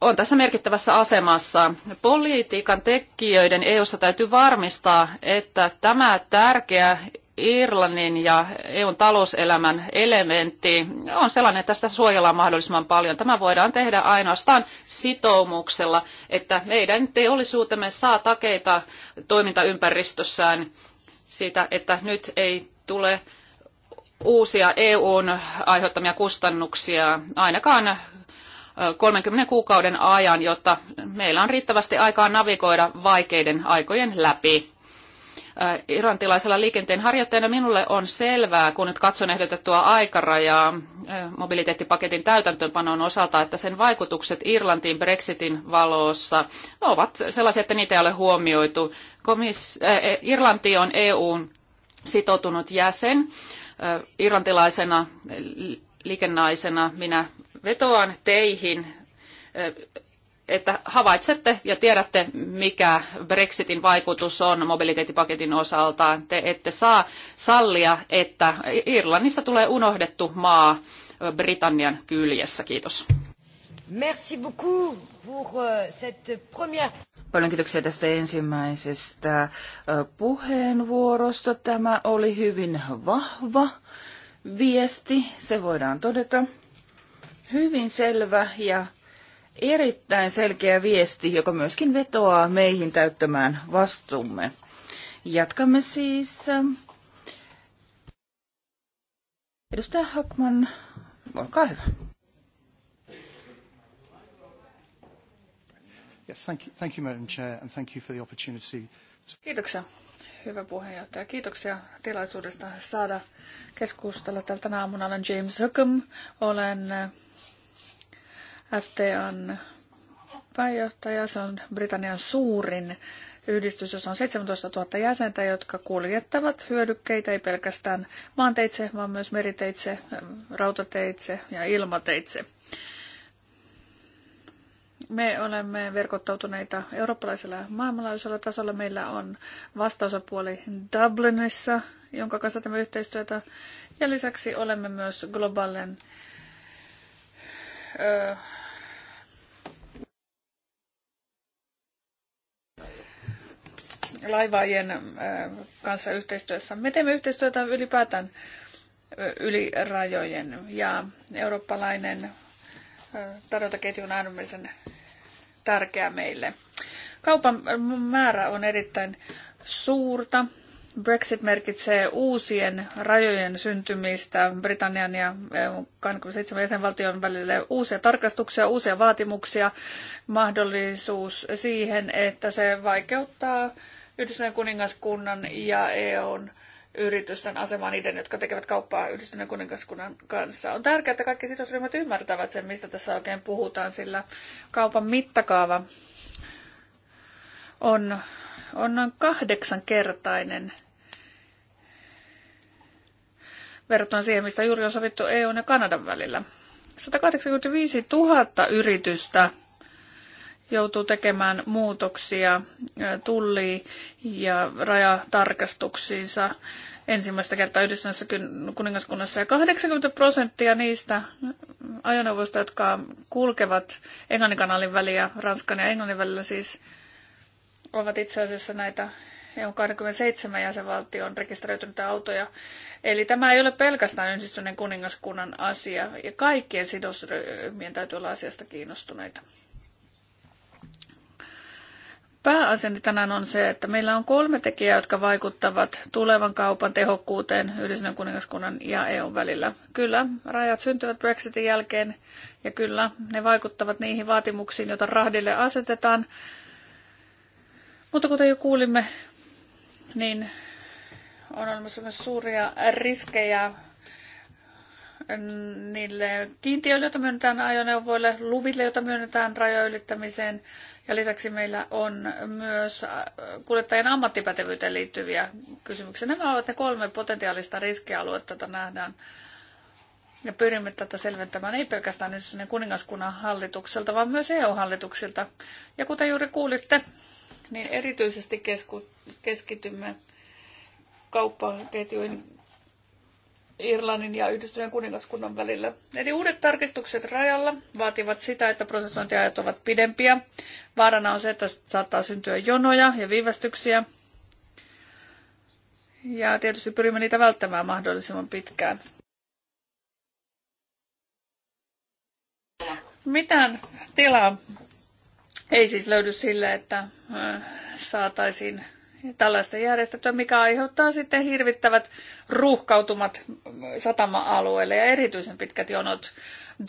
on tässä merkittävässä asemassa. Politiikan tekijöiden EU:ssa täytyy varmistaa, että tämä tärkeä Irlannin ja EUn talouselämän elementti on sellainen, että tästä suojellaan mahdollisimman paljon. Tämä voidaan tehdä ainoastaan sitoumuksella, että meidän teollisuutemme saa takeita toimintaympäristössään siitä, että nyt ei tule uusia EUn aiheuttamia kustannuksia ainakaan 30 kuukauden ajan, jotta meillä on riittävästi aikaa navigoida vaikeiden aikojen läpi. Irlantilaisella liikenteen harjoittajana minulle on selvää, kun nyt katson ehdotettua aikarajaa mobiliteettipaketin täytäntöönpanon osalta, että sen vaikutukset Irlantiin Brexitin valossa ovat sellaisia, että niitä ei ole huomioitu. Komis- e, Irlanti on EUn sitoutunut jäsen. Irlantilaisena liikennaisena minä vetoan teihin, että havaitsette ja tiedätte, mikä Brexitin vaikutus on mobiliteettipaketin osalta. Te ette saa sallia, että Irlannista tulee unohdettu maa Britannian kyljessä. Kiitos. Merci beaucoup pour euh, cette première... Paljon kiitoksia tästä ensimmäisestä puheenvuorosta. Tämä oli hyvin vahva viesti, se voidaan todeta. Hyvin selvä ja erittäin selkeä viesti, joka myöskin vetoaa meihin täyttämään vastuumme. Jatkamme siis. Edustaja Hakman, olkaa hyvä. Yes, thank you, thank you Madam Chair, and thank you for the opportunity. Kiitoksia, hyvä puheenjohtaja. Kiitoksia tilaisuudesta saada keskustella täällä tänä aamuna. Olen James Hookham, olen äh, FTAn pääjohtaja. Se on Britannian suurin yhdistys, jossa on 17 000 jäsentä, jotka kuljettavat hyödykkeitä ei pelkästään maanteitse, vaan myös meriteitse, rautateitse ja ilmateitse. Me olemme verkottautuneita eurooppalaisella ja maailmanlaajuisella tasolla. Meillä on vastausapuoli Dublinissa, jonka kanssa teemme yhteistyötä. Ja lisäksi olemme myös globaalinen öö, laivaajien kanssa yhteistyössä. Me teemme yhteistyötä ylipäätään yli rajojen ja eurooppalainen tarjontaketju on äärimmäisen tärkeä meille. Kaupan määrä on erittäin suurta. Brexit merkitsee uusien rajojen syntymistä Britannian ja EU 27 jäsenvaltion välille uusia tarkastuksia, uusia vaatimuksia, mahdollisuus siihen, että se vaikeuttaa Yhdysvaltain kuningaskunnan ja EUn yritysten asemaa niiden, jotka tekevät kauppaa yhdistyneen kuningaskunnan kanssa. On tärkeää, että kaikki sidosryhmät ymmärtävät sen, mistä tässä oikein puhutaan, sillä kaupan mittakaava on, on noin kahdeksankertainen verrattuna siihen, mistä juuri on sovittu EUn ja Kanadan välillä. 185 000 yritystä joutuu tekemään muutoksia tulli- ja rajatarkastuksiinsa ensimmäistä kertaa yhdistyneessä kuningaskunnassa. Ja 80 prosenttia niistä ajoneuvoista, jotka kulkevat Englannin kanalin väliä, Ranskan ja Englannin välillä siis, ovat itse asiassa näitä EU 27 jäsenvaltion rekisteröityneitä autoja. Eli tämä ei ole pelkästään yhdistyneen kuningaskunnan asia, ja kaikkien sidosryhmien täytyy olla asiasta kiinnostuneita pääasiani tänään on se, että meillä on kolme tekijää, jotka vaikuttavat tulevan kaupan tehokkuuteen Yhdistyneen kuningaskunnan ja EUn välillä. Kyllä, rajat syntyvät Brexitin jälkeen ja kyllä, ne vaikuttavat niihin vaatimuksiin, joita rahdille asetetaan. Mutta kuten jo kuulimme, niin on olemassa myös suuria riskejä niille kiintiöille, joita myönnetään ajoneuvoille, luville, joita myönnetään rajojen ylittämiseen ja lisäksi meillä on myös äh, kuljettajien ammattipätevyyteen liittyviä kysymyksiä. Nämä ovat ne kolme potentiaalista riskialuetta, joita nähdään. Ja pyrimme tätä selventämään ei pelkästään nyt kuningaskunnan hallitukselta, vaan myös EU-hallituksilta. Ja kuten juuri kuulitte, niin erityisesti kesku, keskitymme kauppaketjuihin Irlannin ja Yhdistyneen kuningaskunnan välillä. Eli uudet tarkistukset rajalla vaativat sitä, että prosessointiajat ovat pidempiä. Vaarana on se, että saattaa syntyä jonoja ja viivästyksiä. Ja tietysti pyrimme niitä välttämään mahdollisimman pitkään. Mitään tilaa ei siis löydy sille, että äh, saataisiin tällaista järjestettyä, mikä aiheuttaa sitten hirvittävät ruuhkautumat satama-alueelle ja erityisen pitkät jonot.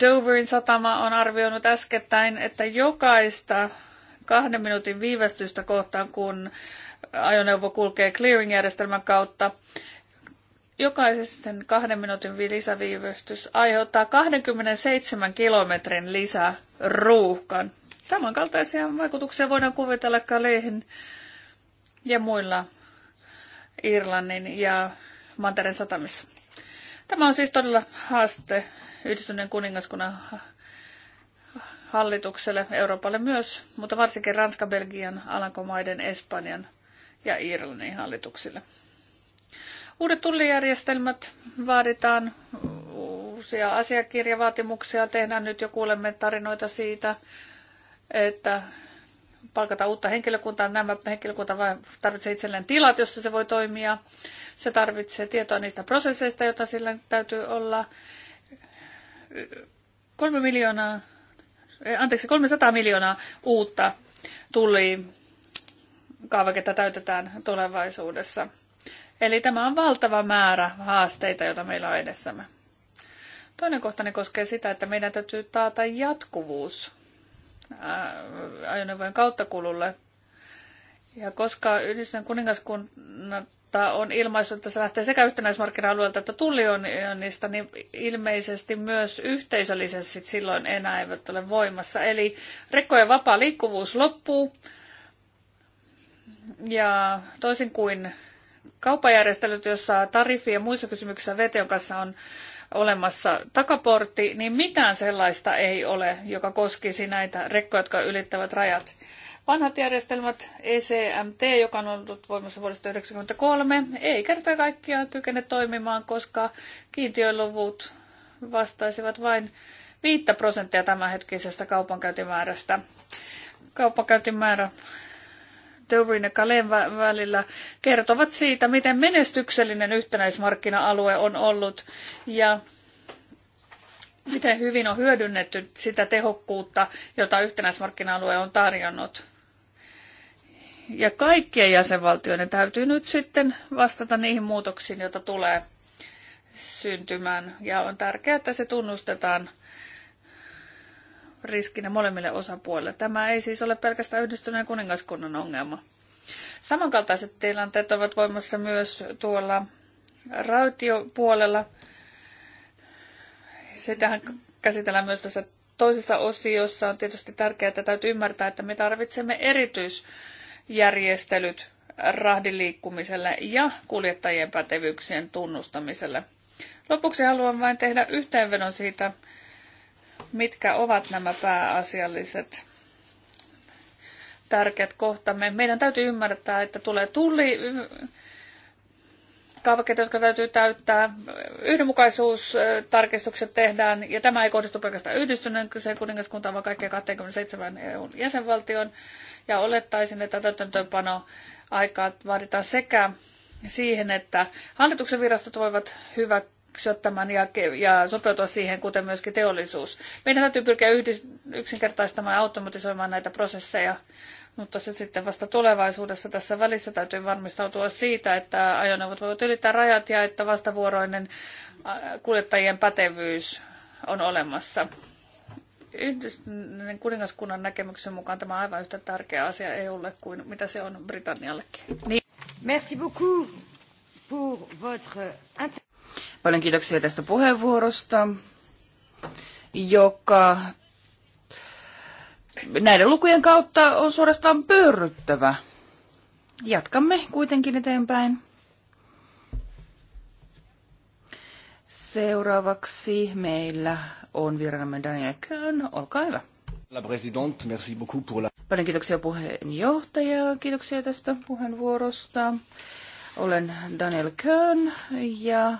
Doverin satama on arvioinut äskettäin, että jokaista kahden minuutin viivästystä kohtaan, kun ajoneuvo kulkee clearing-järjestelmän kautta, jokaisen kahden minuutin lisäviivästys aiheuttaa 27 kilometrin lisäruuhkan. Tämän kaltaisia vaikutuksia voidaan kuvitella Kaleihin ja muilla Irlannin ja Mantaren satamissa. Tämä on siis todella haaste yhdistyneen kuningaskunnan hallitukselle, Euroopalle myös, mutta varsinkin Ranska, Belgian, Alankomaiden, Espanjan ja Irlannin hallituksille. Uudet tullijärjestelmät vaaditaan, uusia asiakirjavaatimuksia tehdään nyt jo kuulemme tarinoita siitä, että palkata uutta henkilökuntaa. Nämä henkilökunta vain tarvitsee itselleen tilat, jossa se voi toimia. Se tarvitsee tietoa niistä prosesseista, joita sillä täytyy olla. Kolme miljoonaa, eh, anteeksi, 300 miljoonaa uutta tuli kaavaketta täytetään tulevaisuudessa. Eli tämä on valtava määrä haasteita, joita meillä on edessämme. Toinen kohtani koskee sitä, että meidän täytyy taata jatkuvuus Äh, ajoneuvojen kauttakululle. Ja koska Yhdistyneen kuningaskunta on ilmaissut, että se lähtee sekä yhtenäismarkkina-alueelta että tullionista, niin ilmeisesti myös yhteisölliset silloin enää eivät ole voimassa. Eli rekkojen vapaa liikkuvuus loppuu. Ja toisin kuin kaupajärjestelyt, jossa tariffi ja muissa kysymyksissä VTO kanssa on olemassa takaportti, niin mitään sellaista ei ole, joka koskisi näitä rekkoja, jotka ylittävät rajat. Vanhat järjestelmät, ECMT, joka on ollut voimassa vuodesta 1993, ei kerta kaikkiaan kykene toimimaan, koska kiintiöluvut vastaisivat vain 5 prosenttia tämänhetkisestä kaupankäyntimäärästä. Kaupankäyntimäärä Dovrin ja Kaleen välillä kertovat siitä, miten menestyksellinen yhtenäismarkkina-alue on ollut ja miten hyvin on hyödynnetty sitä tehokkuutta, jota yhtenäismarkkina-alue on tarjonnut. Ja kaikkien jäsenvaltioiden täytyy nyt sitten vastata niihin muutoksiin, joita tulee syntymään. Ja on tärkeää, että se tunnustetaan riskinä molemmille osapuolille. Tämä ei siis ole pelkästään yhdistyneen kuningaskunnan ongelma. Samankaltaiset tilanteet ovat voimassa myös tuolla rautiopuolella. Sitähän käsitellään myös tässä toisessa osiossa. On tietysti tärkeää, että täytyy ymmärtää, että me tarvitsemme erityisjärjestelyt rahdiliikkumiselle ja kuljettajien pätevyyksien tunnustamiselle. Lopuksi haluan vain tehdä yhteenvedon siitä, mitkä ovat nämä pääasialliset tärkeät kohtamme. Meidän täytyy ymmärtää, että tulee tulli, kaavakkeet, jotka täytyy täyttää. Yhdenmukaisuustarkistukset tehdään, ja tämä ei kohdistu pelkästään yhdistyneen kyseen kuningaskuntaan, vaan kaikkien 27 EUn jäsenvaltion. Ja olettaisin, että täytäntöönpano aikaa vaaditaan sekä siihen, että hallituksen virastot voivat hyvä sottamaan ja, ja sopeutua siihen, kuten myöskin teollisuus. Meidän täytyy pyrkiä yksinkertaistamaan ja automatisoimaan näitä prosesseja, mutta se sitten vasta tulevaisuudessa tässä välissä täytyy varmistautua siitä, että ajoneuvot voivat ylittää rajat ja että vastavuoroinen kuljettajien pätevyys on olemassa. Yhdistyneen kuningaskunnan näkemyksen mukaan tämä on aivan yhtä tärkeä asia EUlle kuin mitä se on Britanniallekin. Niin. Merci beaucoup pour votre Paljon kiitoksia tästä puheenvuorosta, joka näiden lukujen kautta on suorastaan pyörryttävä. Jatkamme kuitenkin eteenpäin. Seuraavaksi meillä on viranamme Daniel Kön. Olkaa hyvä. La présidente, merci beaucoup pour la... Paljon kiitoksia puheenjohtaja. Kiitoksia tästä puheenvuorosta. Olen Daniel Kön ja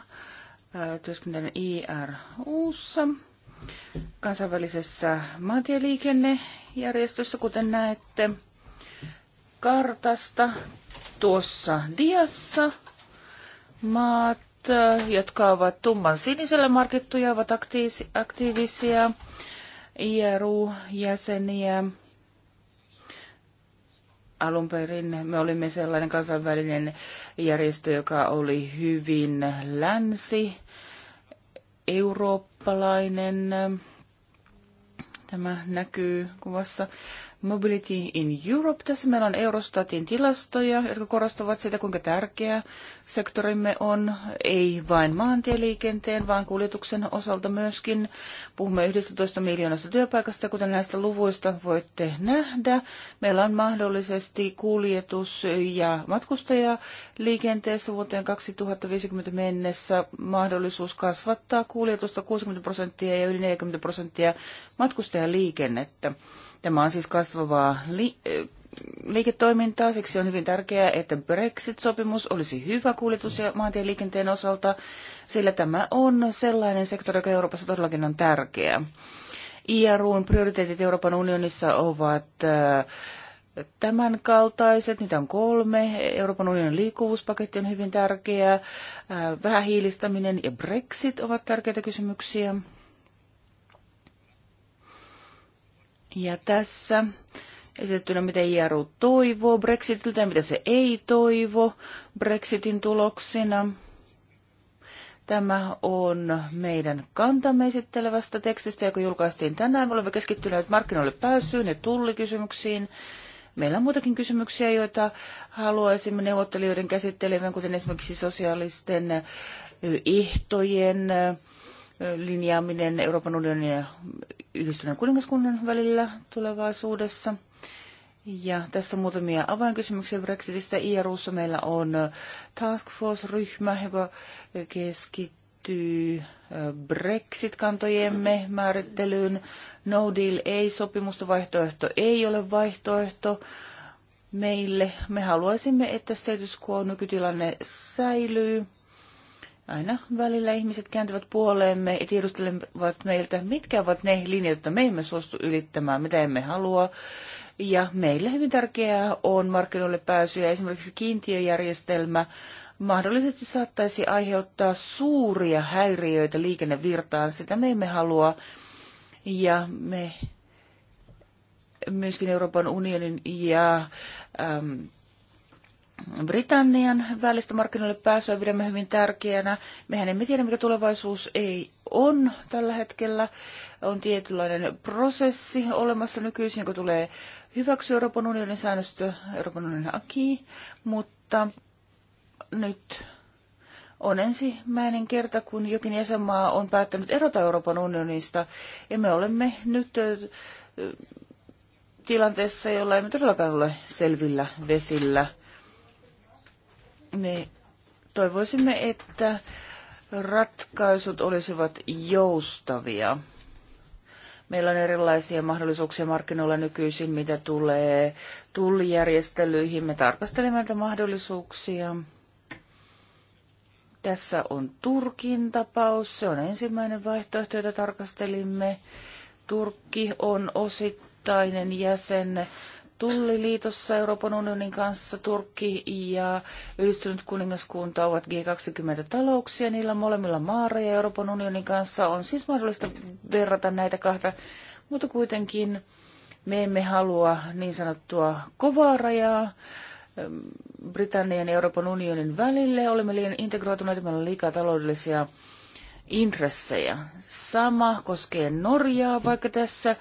työskentelen IRUssa, kansainvälisessä maantieliikennejärjestössä, kuten näette kartasta tuossa diassa. Maat, jotka ovat tumman sinisellä markittuja, ovat aktiivisia IRU-jäseniä alun perin me olimme sellainen kansainvälinen järjestö, joka oli hyvin länsi, eurooppalainen. Tämä näkyy kuvassa. Mobility in Europe. Tässä meillä on Eurostatin tilastoja, jotka korostavat sitä, kuinka tärkeä sektorimme on, ei vain maantieliikenteen, vaan kuljetuksen osalta myöskin. Puhumme 11 miljoonasta työpaikasta, kuten näistä luvuista voitte nähdä. Meillä on mahdollisesti kuljetus- ja matkustajaliikenteessä vuoteen 2050 mennessä mahdollisuus kasvattaa kuljetusta 60 prosenttia ja yli 40 prosenttia matkustajaliikennettä. Tämä on siis kasvavaa li- liiketoimintaa. Siksi on hyvin tärkeää, että Brexit-sopimus olisi hyvä kuljetus- ja maantieliikenteen osalta, sillä tämä on sellainen sektori, joka Euroopassa todellakin on tärkeä. IRUn prioriteetit Euroopan unionissa ovat tämän kaltaiset, niitä on kolme. Euroopan unionin liikkuvuuspaketti on hyvin tärkeä, vähähiilistäminen ja Brexit ovat tärkeitä kysymyksiä. Ja tässä esitettynä, mitä IRU toivoo Brexitiltä ja mitä se ei toivo Brexitin tuloksina. Tämä on meidän kantamme esittelevästä tekstistä, joka julkaistiin tänään. Me olemme keskittyneet markkinoille pääsyyn ja tullikysymyksiin. Meillä on muitakin kysymyksiä, joita haluaisimme neuvottelijoiden käsittelevän, kuten esimerkiksi sosiaalisten ehtojen linjaaminen Euroopan unionin ja yhdistyneen kuningaskunnan välillä tulevaisuudessa. Ja tässä muutamia avainkysymyksiä Brexitistä. IRUssa meillä on Task Force-ryhmä, joka keskittyy Brexit-kantojemme määrittelyyn. No deal ei, sopimusta vaihtoehto ei ole vaihtoehto meille. Me haluaisimme, että status quo nykytilanne säilyy. Aina välillä ihmiset kääntyvät puoleemme ja tiedustelevat meiltä, mitkä ovat ne linjat, joita me emme suostu ylittämään, mitä emme halua. Ja meille hyvin tärkeää on markkinoille pääsy ja esimerkiksi kiintiöjärjestelmä mahdollisesti saattaisi aiheuttaa suuria häiriöitä liikennevirtaan. Sitä me emme halua. Ja me myöskin Euroopan unionin ja ähm, Britannian välistä markkinoille pääsyä pidämme hyvin tärkeänä. Mehän emme tiedä, mikä tulevaisuus ei on tällä hetkellä. On tietynlainen prosessi olemassa nykyisin, kun tulee hyväksyä Euroopan unionin säännöstö, Euroopan unionin aki, mutta nyt on ensimmäinen kerta, kun jokin jäsenmaa on päättänyt erota Euroopan unionista, ja me olemme nyt tilanteessa, jolla emme todellakaan ole selvillä vesillä – me toivoisimme, että ratkaisut olisivat joustavia. Meillä on erilaisia mahdollisuuksia markkinoilla nykyisin, mitä tulee tullijärjestelyihin. Me tarkastelemme näitä mahdollisuuksia. Tässä on Turkin tapaus. Se on ensimmäinen vaihtoehto, jota tarkastelimme. Turkki on osittainen jäsen tulliliitossa Euroopan unionin kanssa. Turkki ja yhdistynyt kuningaskunta ovat G20-talouksia. Niillä molemmilla maareja Euroopan unionin kanssa on siis mahdollista verrata näitä kahta, mutta kuitenkin me emme halua niin sanottua kovaa rajaa. Ähm, Britannian ja Euroopan unionin välille. Olemme liian integroituneita, meillä on liikaa taloudellisia intressejä. Sama koskee Norjaa, vaikka tässä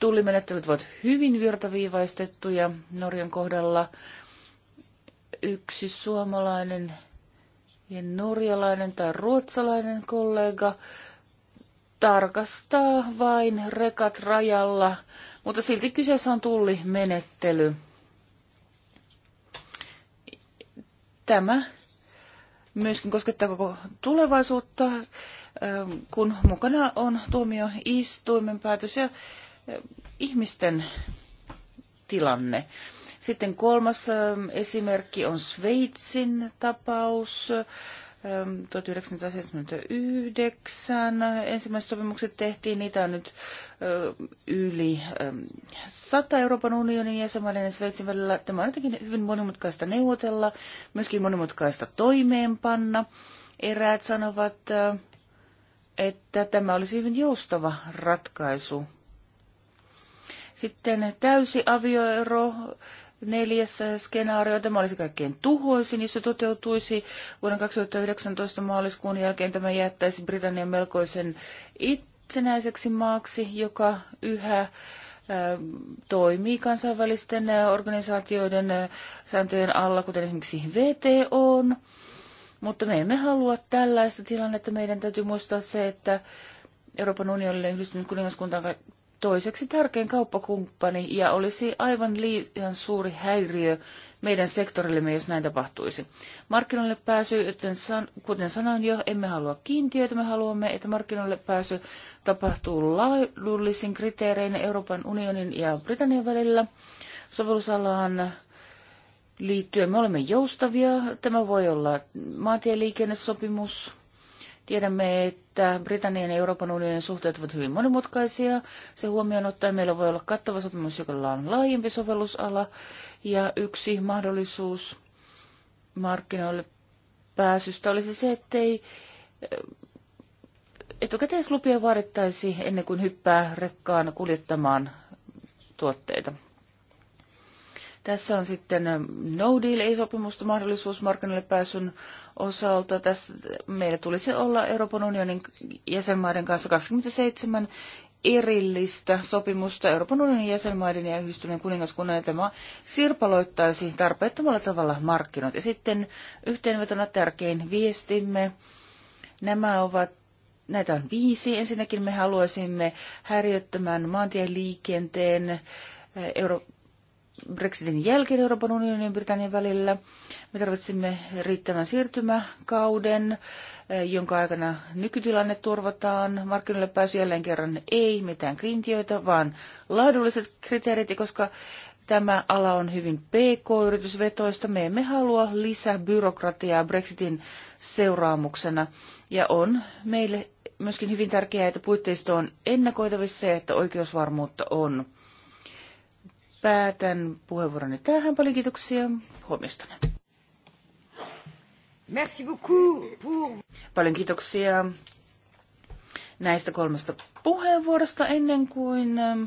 tullimenettelyt ovat hyvin virtaviivaistettuja Norjan kohdalla. Yksi suomalainen ja norjalainen tai ruotsalainen kollega tarkastaa vain rekat rajalla, mutta silti kyseessä on tullimenettely. Tämä myöskin koskettaa koko tulevaisuutta, ähm, kun mukana on tuomioistuimen päätös ja ihmisten tilanne. Sitten kolmas ähm, esimerkki on Sveitsin tapaus. 1979 ähm, ensimmäiset sopimukset tehtiin, niitä on nyt äh, yli 100 ähm, Euroopan unionin jäsenmaiden ja Sveitsin välillä. Tämä on jotenkin hyvin monimutkaista neuvotella, myöskin monimutkaista toimeenpanna. Eräät sanovat, äh, että tämä olisi hyvin joustava ratkaisu sitten täysi avioero, neljäs skenaario. Tämä olisi kaikkein tuhoisin, jos se toteutuisi. Vuoden 2019 maaliskuun jälkeen tämä jättäisi Britannian melkoisen itsenäiseksi maaksi, joka yhä toimii kansainvälisten organisaatioiden sääntöjen alla, kuten esimerkiksi VTO. Mutta me emme halua tällaista tilannetta. Meidän täytyy muistaa se, että Euroopan unionille yhdistynyt kuningaskunta toiseksi tärkein kauppakumppani ja olisi aivan liian suuri häiriö meidän sektorillemme, jos näin tapahtuisi. Markkinoille pääsy, joten san, kuten sanoin jo, emme halua kiintiöitä, me haluamme, että markkinoille pääsy tapahtuu laadullisin kriteerein Euroopan unionin ja Britannian välillä. Sovellusalaan liittyen me olemme joustavia. Tämä voi olla maantieliikennesopimus, Tiedämme, että Britannian ja Euroopan unionin suhteet ovat hyvin monimutkaisia. Se huomioon ottaen meillä voi olla kattava sopimus, jolla on laajempi sovellusala. Ja yksi mahdollisuus markkinoille pääsystä olisi se, ettei eh, etukäteislupia vaadittaisi ennen kuin hyppää rekkaan kuljettamaan tuotteita. Tässä on sitten ähm, no deal, ei sopimusta mahdollisuus markkinoille pääsyn osalta. Tässä meillä tulisi olla Euroopan unionin jäsenmaiden kanssa 27 erillistä sopimusta Euroopan unionin jäsenmaiden ja yhdistyneen kuningaskunnan, ja tämä sirpaloittaisi tarpeettomalla tavalla markkinoita. Ja sitten yhteenvetona tärkein viestimme. Nämä ovat näitä on viisi. Ensinnäkin me haluaisimme häiriöttömän maantieliikenteen äh, Euroopan Brexitin jälkeen Euroopan unionin ja Britannian välillä. Me tarvitsemme riittävän siirtymäkauden, eh, jonka aikana nykytilanne turvataan. Markkinoille pääsy jälleen kerran ei mitään kiintiöitä, vaan laadulliset kriteerit, koska tämä ala on hyvin pk-yritysvetoista. Me emme halua lisää byrokratiaa Brexitin seuraamuksena. Ja on meille myöskin hyvin tärkeää, että puitteisto on ennakoitavissa ja että oikeusvarmuutta on päätän puheenvuoroni tähän. Paljon kiitoksia huomiostanne. Merci beaucoup pour... Paljon kiitoksia näistä kolmesta puheenvuorosta ennen kuin ähm,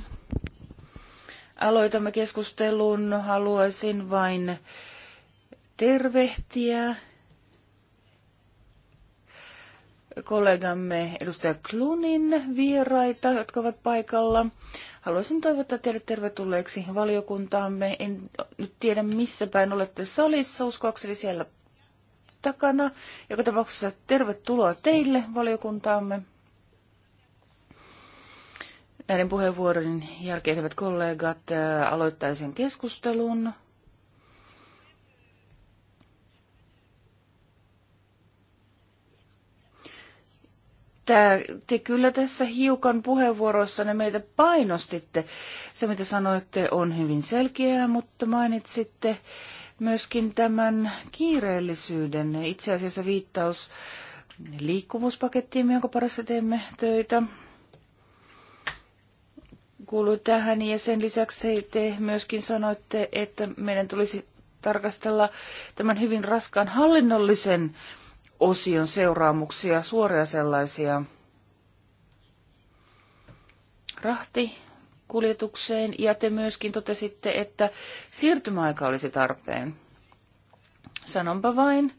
aloitamme keskustelun. Haluaisin vain tervehtiä kollegamme edustaja Klunin vieraita, jotka ovat paikalla. Haluaisin toivottaa teidät tervetulleeksi valiokuntaamme. En nyt tiedä missä päin olette salissa, uskoakseni siellä takana. Joka tapauksessa tervetuloa teille valiokuntaamme. Näiden puheenvuorojen jälkeen, hyvät kollegat, aloittaisin keskustelun. että te kyllä tässä hiukan ne meitä painostitte. Se, mitä sanoitte, on hyvin selkeää, mutta mainitsitte myöskin tämän kiireellisyyden. Itse asiassa viittaus liikkuvuuspakettiin, jonka parissa teemme töitä, kuului tähän. Ja sen lisäksi te myöskin sanoitte, että meidän tulisi tarkastella tämän hyvin raskaan hallinnollisen osion seuraamuksia, suoria sellaisia. Rahti kuljetukseen ja te myöskin totesitte, että siirtymäaika olisi tarpeen. Sanonpa vain,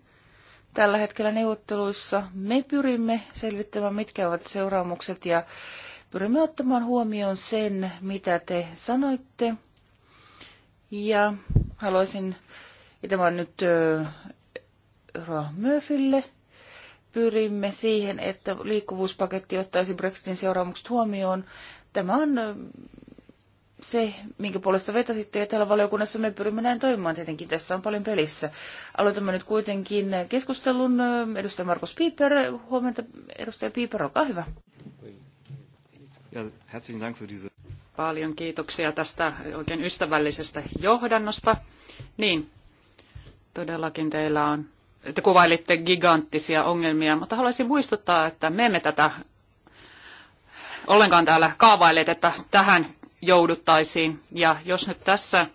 tällä hetkellä neuvotteluissa me pyrimme selvittämään, mitkä ovat seuraamukset ja pyrimme ottamaan huomioon sen, mitä te sanoitte. Ja haluaisin, ja tämä on nyt Murphylle. Pyrimme siihen, että liikkuvuuspaketti ottaisi Brexitin seuraamukset huomioon. Tämä on se, minkä puolesta vetäsitte, ja täällä valiokunnassa me pyrimme näin toimimaan tietenkin. Tässä on paljon pelissä. Aloitamme nyt kuitenkin keskustelun. Edustaja Markus Pieper, huomenta. Edustaja Pieper, olkaa hyvä. Paljon kiitoksia tästä oikein ystävällisestä johdannosta. Niin, todellakin teillä on te kuvailitte giganttisia ongelmia, mutta haluaisin muistuttaa, että me emme tätä ollenkaan täällä kaavailleet, että tähän jouduttaisiin. Ja jos nyt tässä,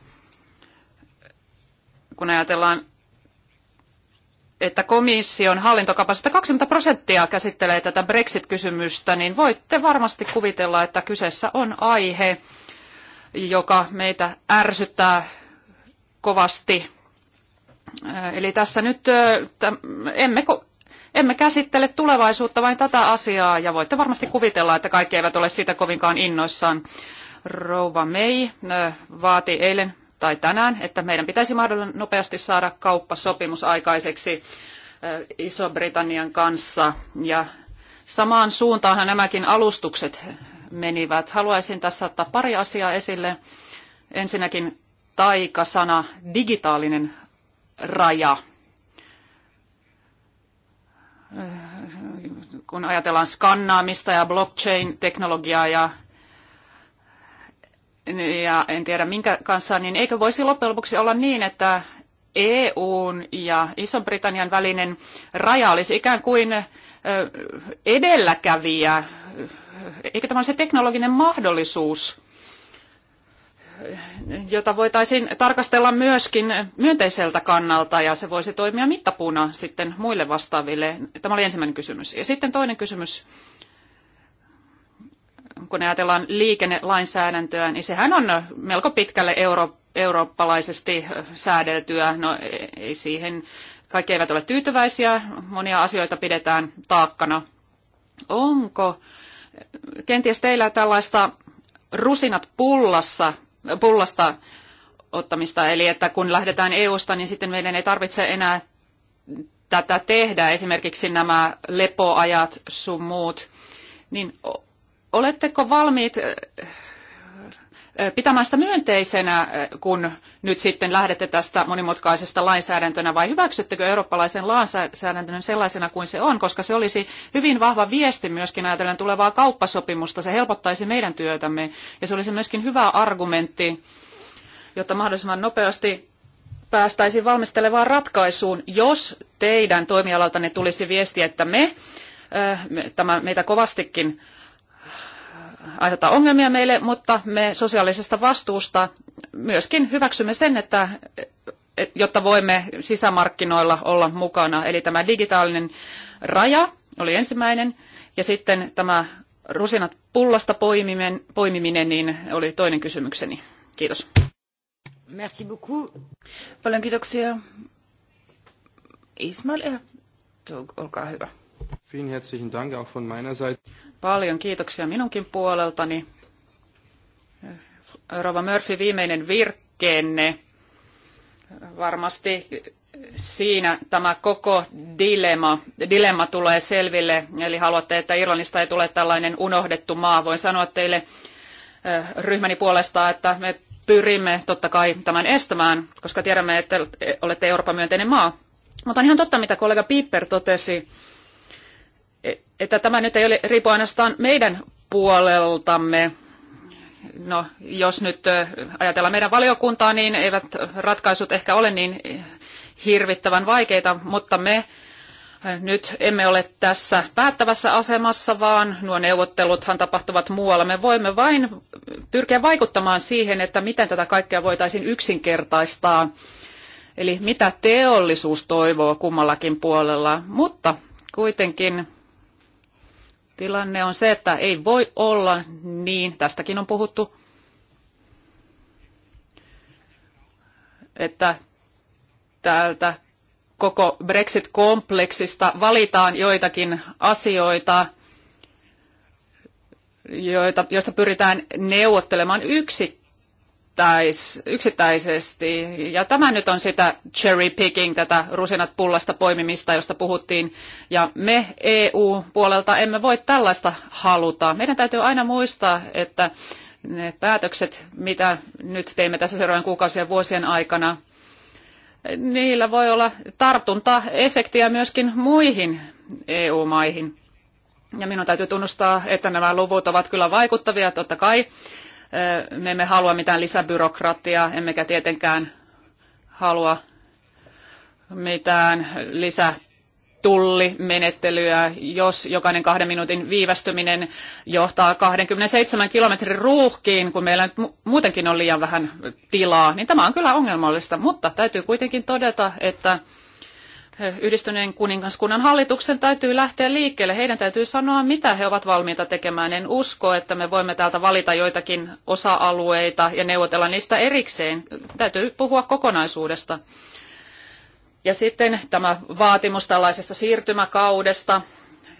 kun ajatellaan, että komission hallintokapasiteetti 20 prosenttia käsittelee tätä Brexit-kysymystä, niin voitte varmasti kuvitella, että kyseessä on aihe, joka meitä ärsyttää kovasti Äh, eli tässä nyt äh, emme, emme käsittele tulevaisuutta vain tätä asiaa, ja voitte varmasti kuvitella, että kaikki eivät ole sitä kovinkaan innoissaan. Rouva May äh, vaati eilen tai tänään, että meidän pitäisi mahdollisimman nopeasti saada kauppasopimus aikaiseksi Iso-Britannian kanssa. Ja samaan suuntaanhan nämäkin alustukset menivät. Haluaisin tässä ottaa pari asiaa esille. Ensinnäkin taikasana digitaalinen raja. Kun ajatellaan skannaamista ja blockchain-teknologiaa ja ja en tiedä minkä kanssa, niin eikö voisi loppujen lopuksi olla niin, että EUn ja Iso-Britannian välinen raja olisi ikään kuin edelläkävijä? Eikö tämä ole se teknologinen mahdollisuus? jota voitaisiin tarkastella myöskin myönteiseltä kannalta ja se voisi toimia mittapuuna sitten muille vastaaville. Tämä oli ensimmäinen kysymys. Ja sitten toinen kysymys, kun ajatellaan liikennelainsäädäntöä, niin sehän on melko pitkälle euro, eurooppalaisesti säädeltyä. No ei siihen, kaikki eivät ole tyytyväisiä, monia asioita pidetään taakkana. Onko kenties teillä tällaista rusinat pullassa pullasta ottamista, eli että kun lähdetään EUsta, niin sitten meidän ei tarvitse enää tätä tehdä, esimerkiksi nämä lepoajat sun muut, niin oletteko valmiit pitämään sitä myönteisenä, kun nyt sitten lähdette tästä monimutkaisesta lainsäädäntönä, vai hyväksyttekö eurooppalaisen lainsäädäntön sellaisena kuin se on, koska se olisi hyvin vahva viesti myöskin ajatellen tulevaa kauppasopimusta, se helpottaisi meidän työtämme, ja se olisi myöskin hyvä argumentti, jotta mahdollisimman nopeasti päästäisiin valmistelevaan ratkaisuun, jos teidän toimialaltanne tulisi viesti, että me, tämä meitä kovastikin aiheuttaa ongelmia meille, mutta me sosiaalisesta vastuusta myöskin hyväksymme sen, että jotta voimme sisämarkkinoilla olla mukana. Eli tämä digitaalinen raja oli ensimmäinen ja sitten tämä rusinat pullasta poimiminen, poimiminen niin oli toinen kysymykseni. Kiitos. Merci beaucoup. Paljon kiitoksia. Ismail olkaa hyvä. Vielen herzlichen Dank auch von meiner Seite. Paljon kiitoksia minunkin puoleltani. Rova Murphy, viimeinen virkkeenne. Varmasti siinä tämä koko dilemma, dilemma tulee selville, eli haluatte, että Irlannista ei tule tällainen unohdettu maa. Voin sanoa teille eh, ryhmäni puolesta, että me pyrimme totta kai tämän estämään, koska tiedämme, että olette Euroopan myönteinen maa. Mutta on ihan totta, mitä kollega Piper totesi että tämä nyt ei ole riipu ainoastaan meidän puoleltamme. No, jos nyt ajatellaan meidän valiokuntaa, niin eivät ratkaisut ehkä ole niin hirvittävän vaikeita, mutta me nyt emme ole tässä päättävässä asemassa, vaan nuo neuvotteluthan tapahtuvat muualla. Me voimme vain pyrkiä vaikuttamaan siihen, että miten tätä kaikkea voitaisiin yksinkertaistaa, eli mitä teollisuus toivoo kummallakin puolella, mutta kuitenkin Tilanne on se, että ei voi olla niin, tästäkin on puhuttu, että täältä koko Brexit-kompleksista valitaan joitakin asioita, joita, joista pyritään neuvottelemaan yksi, yksittäis, yksittäisesti. Ja tämä nyt on sitä cherry picking, tätä rusinat pullasta poimimista, josta puhuttiin. Ja me EU-puolelta emme voi tällaista haluta. Meidän täytyy aina muistaa, että ne päätökset, mitä nyt teimme tässä seuraavan kuukausien vuosien aikana, niillä voi olla tartuntaefektiä myöskin muihin EU-maihin. Ja minun täytyy tunnustaa, että nämä luvut ovat kyllä vaikuttavia totta kai, me emme halua mitään lisäbyrokratiaa, emmekä tietenkään halua mitään lisätullimenettelyä, jos jokainen kahden minuutin viivästyminen johtaa 27 kilometrin ruuhkiin, kun meillä nyt muutenkin on liian vähän tilaa, niin tämä on kyllä ongelmallista. Mutta täytyy kuitenkin todeta, että yhdistyneen kuningaskunnan hallituksen täytyy lähteä liikkeelle. Heidän täytyy sanoa, mitä he ovat valmiita tekemään. En usko, että me voimme täältä valita joitakin osa-alueita ja neuvotella niistä erikseen. Täytyy puhua kokonaisuudesta. Ja sitten tämä vaatimus tällaisesta siirtymäkaudesta.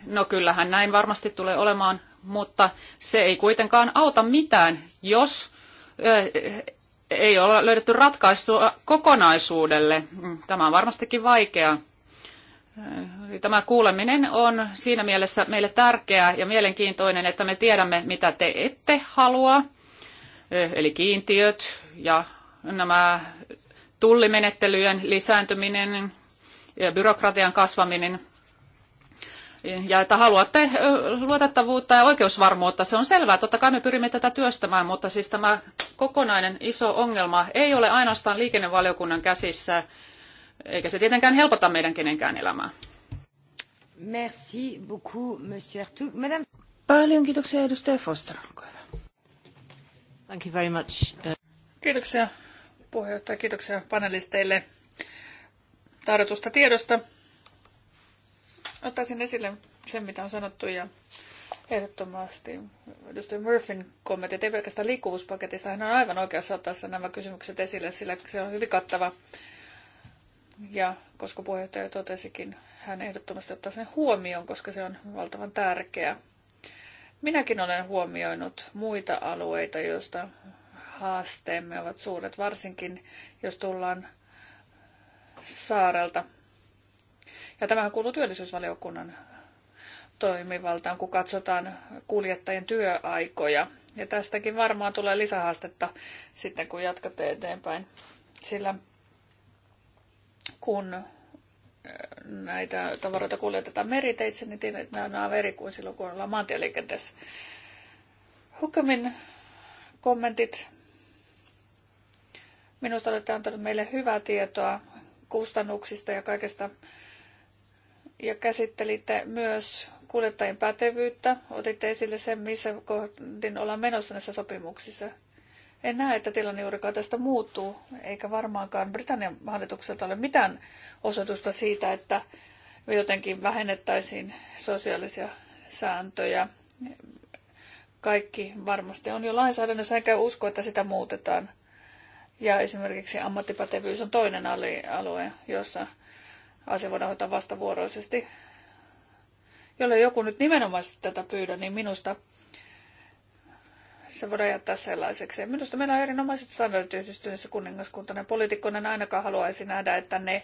No kyllähän näin varmasti tulee olemaan, mutta se ei kuitenkaan auta mitään, jos ei ole löydetty ratkaisua kokonaisuudelle. Tämä on varmastikin vaikeaa. Tämä kuuleminen on siinä mielessä meille tärkeä ja mielenkiintoinen, että me tiedämme, mitä te ette halua, eli kiintiöt ja nämä tullimenettelyjen lisääntyminen ja byrokratian kasvaminen. Ja että haluatte luotettavuutta ja oikeusvarmuutta, se on selvää. Totta kai me pyrimme tätä työstämään, mutta siis tämä kokonainen iso ongelma ei ole ainoastaan liikennevaliokunnan käsissä, eikä se tietenkään helpota meidän kenenkään elämää. Merci beaucoup, monsieur Ertug. Madame... Paljon kiitoksia, edustaja Foster. Thank you very much. Uh, kiitoksia puheenjohtaja, kiitoksia panelisteille tarjotusta tiedosta. Ottaisin esille sen, mitä on sanottu ja ehdottomasti edustaja Murphyn kommentit, ei pelkästään liikkuvuuspaketista, hän on aivan oikeassa ottaessa nämä kysymykset esille, sillä se on hyvin kattava ja koska puheenjohtaja totesikin, hän ehdottomasti ottaa sen huomioon, koska se on valtavan tärkeä. Minäkin olen huomioinut muita alueita, joista haasteemme ovat suuret, varsinkin jos tullaan saarelta. Ja tämähän kuuluu työllisyysvaliokunnan toimivaltaan, kun katsotaan kuljettajien työaikoja. Ja tästäkin varmaan tulee lisähaastetta sitten, kun jatkatte eteenpäin. Sillä kun äh, näitä tavaroita kuljetetaan meriteitse, niin nämä on veri kuin silloin, kun ollaan maantieliikenteessä. Hukamin kommentit. Minusta olette antaneet meille hyvää tietoa kustannuksista ja kaikesta. Ja käsittelitte myös kuljettajien pätevyyttä. Otitte esille sen, missä kohdin ollaan menossa näissä sopimuksissa. En näe, että tilanne juurikaan tästä muuttuu, eikä varmaankaan Britannian hallitukselta ole mitään osoitusta siitä, että jotenkin vähennettäisiin sosiaalisia sääntöjä. Kaikki varmasti on jo lainsäädännössä, enkä usko, että sitä muutetaan. Ja esimerkiksi ammattipätevyys on toinen alue, jossa asia voidaan hoitaa vastavuoroisesti. Jolle joku nyt nimenomaisesti tätä pyydä, niin minusta se voidaan jättää sellaiseksi. Minusta meillä on erinomaiset standardit yhdistyneessä kuningaskuntana. Poliitikkona en ainakaan haluaisi nähdä, että ne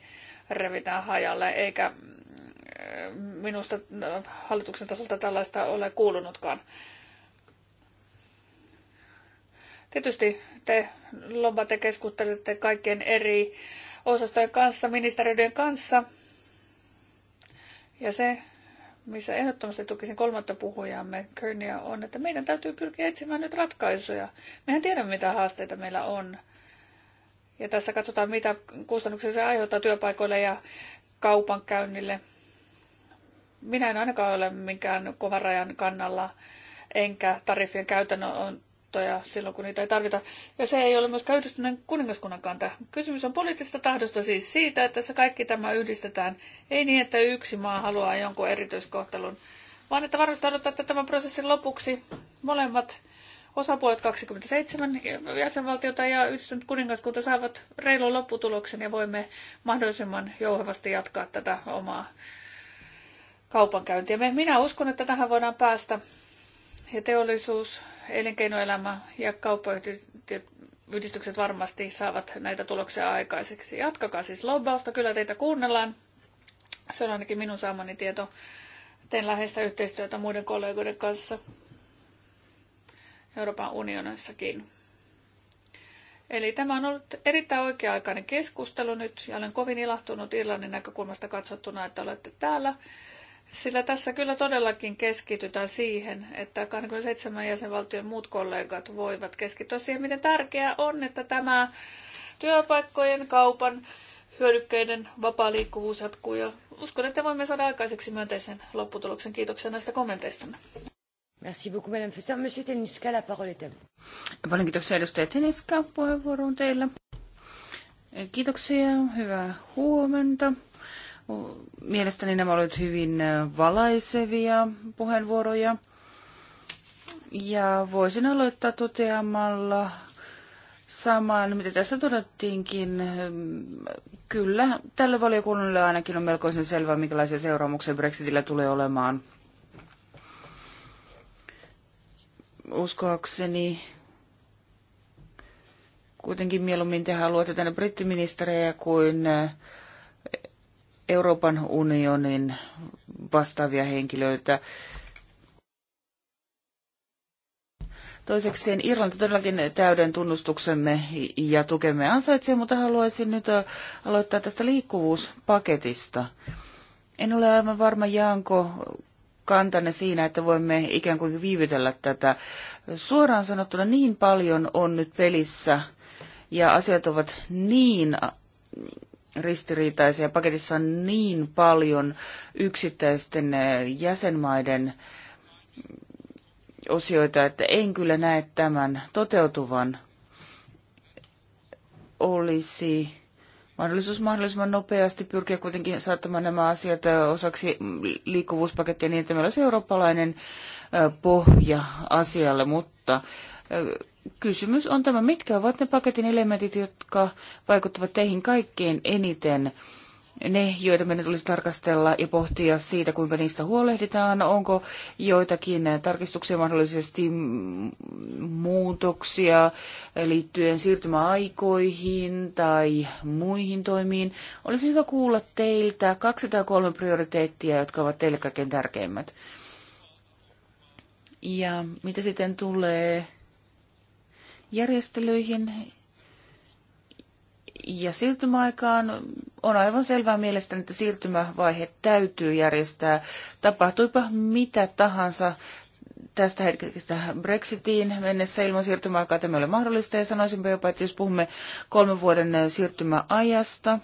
revitään hajalle, eikä mm, minusta no, hallituksen tasolta tällaista ole kuulunutkaan. Tietysti te lobba keskustelette kaikkien eri osastojen kanssa, ministeriöiden kanssa. Ja se missä ehdottomasti tukisin kolmatta puhujaamme, Kernia, on, että meidän täytyy pyrkiä etsimään nyt ratkaisuja. Mehän tiedämme, mitä haasteita meillä on. Ja tässä katsotaan, mitä kustannuksia se aiheuttaa työpaikoille ja kaupankäynnille. Minä en ainakaan ole minkään kovan rajan kannalla, enkä tariffien käytännön vastaanottoja silloin, kun niitä ei tarvita. Ja se ei ole myöskään yhdistyneen kuningaskunnan kanta. Kysymys on poliittisesta tahdosta siis siitä, että se kaikki tämä yhdistetään. Ei niin, että yksi maa haluaa jonkun erityiskohtelun, vaan että varmistaudutaan, että tämän prosessin lopuksi molemmat osapuolet 27 jäsenvaltiota ja yhdistynyt kuningaskunta saavat reilun lopputuloksen ja voimme mahdollisimman jouhevasti jatkaa tätä omaa kaupankäyntiä. Minä uskon, että tähän voidaan päästä. Ja teollisuus elinkeinoelämä ja kauppayhdistykset varmasti saavat näitä tuloksia aikaiseksi. Jatkakaa siis lobbausta, kyllä teitä kuunnellaan. Se on ainakin minun saamani tieto. Teen läheistä yhteistyötä muiden kollegoiden kanssa Euroopan unionissakin. Eli tämä on ollut erittäin oikea-aikainen keskustelu nyt ja olen kovin ilahtunut Irlannin näkökulmasta katsottuna, että olette täällä. Sillä tässä kyllä todellakin keskitytään siihen, että 27 jäsenvaltion muut kollegat voivat keskittyä siihen, miten tärkeää on, että tämä työpaikkojen, kaupan, hyödykkeiden vapaa liikkuvuus jatkuu. Ja uskon, että voimme saada aikaiseksi myönteisen lopputuloksen. Kiitoksia näistä kommenteistanne. Merci beaucoup, Madame Monsieur Teniska, la parole est à vous. Paljon kiitoksia edustaja Teniska. Kiitoksia. Hyvää huomenta. Mielestäni nämä olivat hyvin valaisevia puheenvuoroja. Ja voisin aloittaa toteamalla samaan, mitä tässä todettiinkin. Kyllä, tälle valiokunnalle ainakin on melkoisen selvää, minkälaisia seuraamuksia Brexitillä tulee olemaan. Uskoakseni kuitenkin mieluummin te haluatte tänne brittiministerejä kuin äh, Euroopan unionin vastaavia henkilöitä. Toisekseen Irlanti todellakin täyden tunnustuksemme ja tukemme ansaitsee, mutta haluaisin nyt aloittaa tästä liikkuvuuspaketista. En ole aivan varma, jaanko kantanne siinä, että voimme ikään kuin viivytellä tätä. Suoraan sanottuna niin paljon on nyt pelissä ja asiat ovat niin ristiriitaisia. Paketissa on niin paljon yksittäisten eh, jäsenmaiden osioita, että en kyllä näe tämän toteutuvan. Olisi mahdollisuus mahdollisimman nopeasti pyrkiä kuitenkin saattamaan nämä asiat eh, osaksi liikkuvuuspakettia niin, että meillä olisi eurooppalainen eh, pohja asialle, mutta kysymys on tämä, mitkä ovat ne paketin elementit, jotka vaikuttavat teihin kaikkein eniten ne, joita meidän tulisi tarkastella ja pohtia siitä, kuinka niistä huolehditaan, onko joitakin tarkistuksia mahdollisesti muutoksia liittyen siirtymäaikoihin tai muihin toimiin. Olisi hyvä kuulla teiltä kaksi tai kolme prioriteettia, jotka ovat teille kaikkein tärkeimmät. Ja mitä sitten tulee järjestelyihin ja siirtymäaikaan on aivan selvää mielestäni, että siirtymävaihe täytyy järjestää. Tapahtuipa mitä tahansa tästä hetkestä Brexitiin mennessä ilman siirtymäaikaa tämä ei ole mahdollista. Ja sanoisinpä jopa, että jos puhumme kolmen vuoden siirtymäajasta,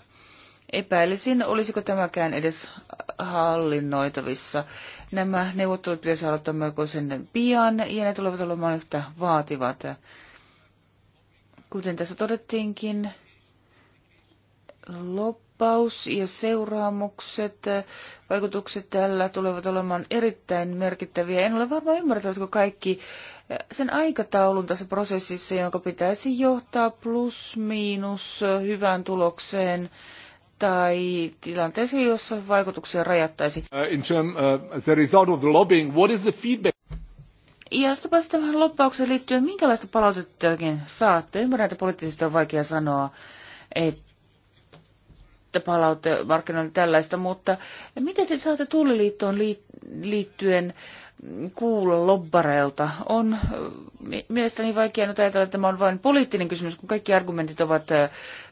epäilisin, olisiko tämäkään edes hallinnoitavissa. Nämä neuvottelut pitäisi aloittaa melkoisen pian ja ne tulevat olemaan yhtä vaativat. Kuten tässä todettiinkin, loppaus ja seuraamukset, vaikutukset tällä tulevat olemaan erittäin merkittäviä. En ole varma ymmärtävätkö kaikki eh, sen aikataulun tässä prosessissa, jonka pitäisi johtaa plus-miinus hyvään tulokseen tai tilanteeseen, jossa vaikutuksia rajattaisi. Uh, in term, uh, the result of the lobbying, what is the feedback? Ja sitten päästä tähän loppaukseen liittyen, minkälaista palautetta te oikein saatte? Ymmärrän, että poliittisesti on vaikea sanoa, että palaute markkinoilla tällaista, mutta mitä te saatte Tulliliittoon liittyen kuulla lobbareilta. On mielestäni vaikea nyt ajatella, että tämä on vain poliittinen kysymys, kun kaikki argumentit ovat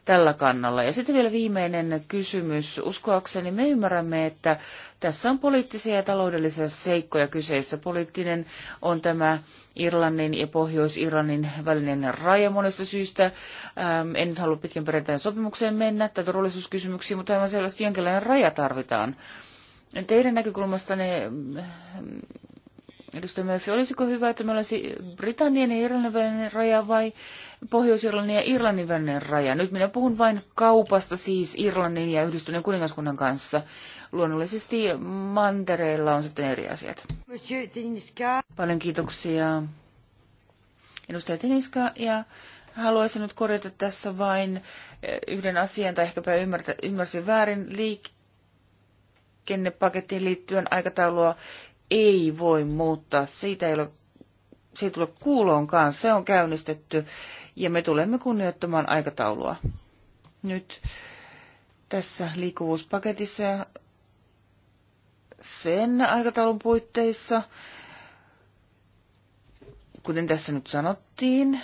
tällä kannalla. Ja sitten vielä viimeinen kysymys. Uskoakseni me ymmärrämme, että tässä on poliittisia ja taloudellisia seikkoja kyseessä. Poliittinen on tämä Irlannin ja Pohjois-Irlannin välinen raja monesta syystä. Ähm, en nyt halua pitkän perjantain sopimukseen mennä tai turvallisuuskysymyksiin, mutta aivan selvästi jonkinlainen raja tarvitaan. Teidän näkökulmastanne Edustaja Murphy, olisiko hyvä, että meillä olisi Britannian ja Irlannin välinen raja vai Pohjois-Irlannin ja Irlannin välinen raja? Nyt minä puhun vain kaupasta, siis Irlannin ja Yhdistyneen kuningaskunnan kanssa. Luonnollisesti mantereilla on sitten eri asiat. Paljon kiitoksia. Edustaja Teniska ja haluaisin nyt korjata tässä vain eh, yhden asian, tai ehkäpä ymmärtä, ymmärsin väärin liikkeen liikennepakettiin liittyen aikataulua ei voi muuttaa. Siitä ei ole, se ei tule kuuloonkaan. Se on käynnistetty ja me tulemme kunnioittamaan aikataulua. Nyt tässä liikkuvuuspaketissa ja sen aikataulun puitteissa, kuten tässä nyt sanottiin,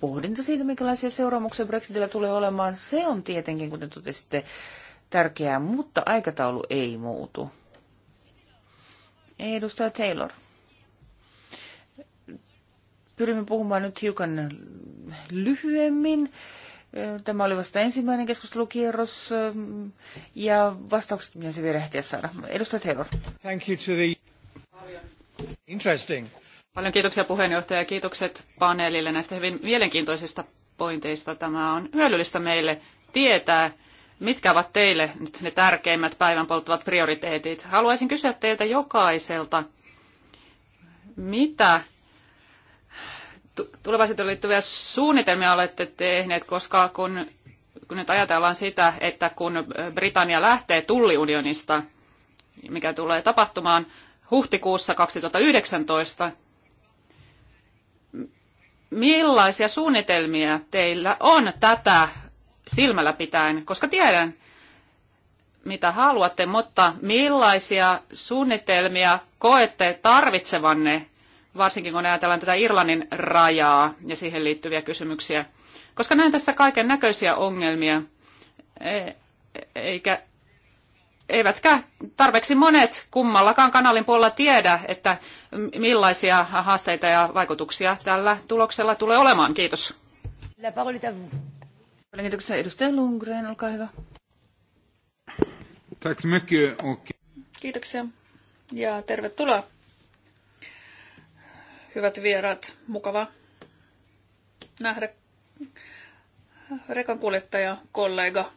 pohdinta siitä, minkälaisia seuraamuksia Brexitillä tulee olemaan, se on tietenkin, kuten totesitte, tärkeää, mutta aikataulu ei muutu. Edustaja Taylor. Pyrimme puhumaan nyt hiukan lyhyemmin. Tämä oli vasta ensimmäinen keskustelukierros ja vastaukset se vielä ehtiä saada. Edustaja Taylor. Thank you to the... Interesting. Paljon kiitoksia puheenjohtaja ja kiitokset paneelille näistä hyvin mielenkiintoisista pointeista. Tämä on hyödyllistä meille tietää, Mitkä ovat teille nyt ne tärkeimmät päivän polttavat prioriteetit? Haluaisin kysyä teiltä jokaiselta, mitä tulevaisuuteen liittyviä suunnitelmia olette tehneet, koska kun, kun nyt ajatellaan sitä, että kun Britannia lähtee tulliunionista, mikä tulee tapahtumaan huhtikuussa 2019, millaisia suunnitelmia teillä on tätä silmällä pitäen, koska tiedän, mitä haluatte, mutta millaisia suunnitelmia koette tarvitsevanne, varsinkin kun ajatellaan tätä Irlannin rajaa ja siihen liittyviä kysymyksiä. Koska näen tässä kaiken näköisiä ongelmia, e, eikä, eivätkä tarpeeksi monet kummallakaan kanalin puolella tiedä, että millaisia haasteita ja vaikutuksia tällä tuloksella tulee olemaan. Kiitos. La parole est à vous. Kiitoksia edustaja Lundgren, olkaa hyvä. Tack så mycket och... Kiitoksia ja tervetuloa. Hyvät vieraat, mukava nähdä rekankuljettaja, kollega,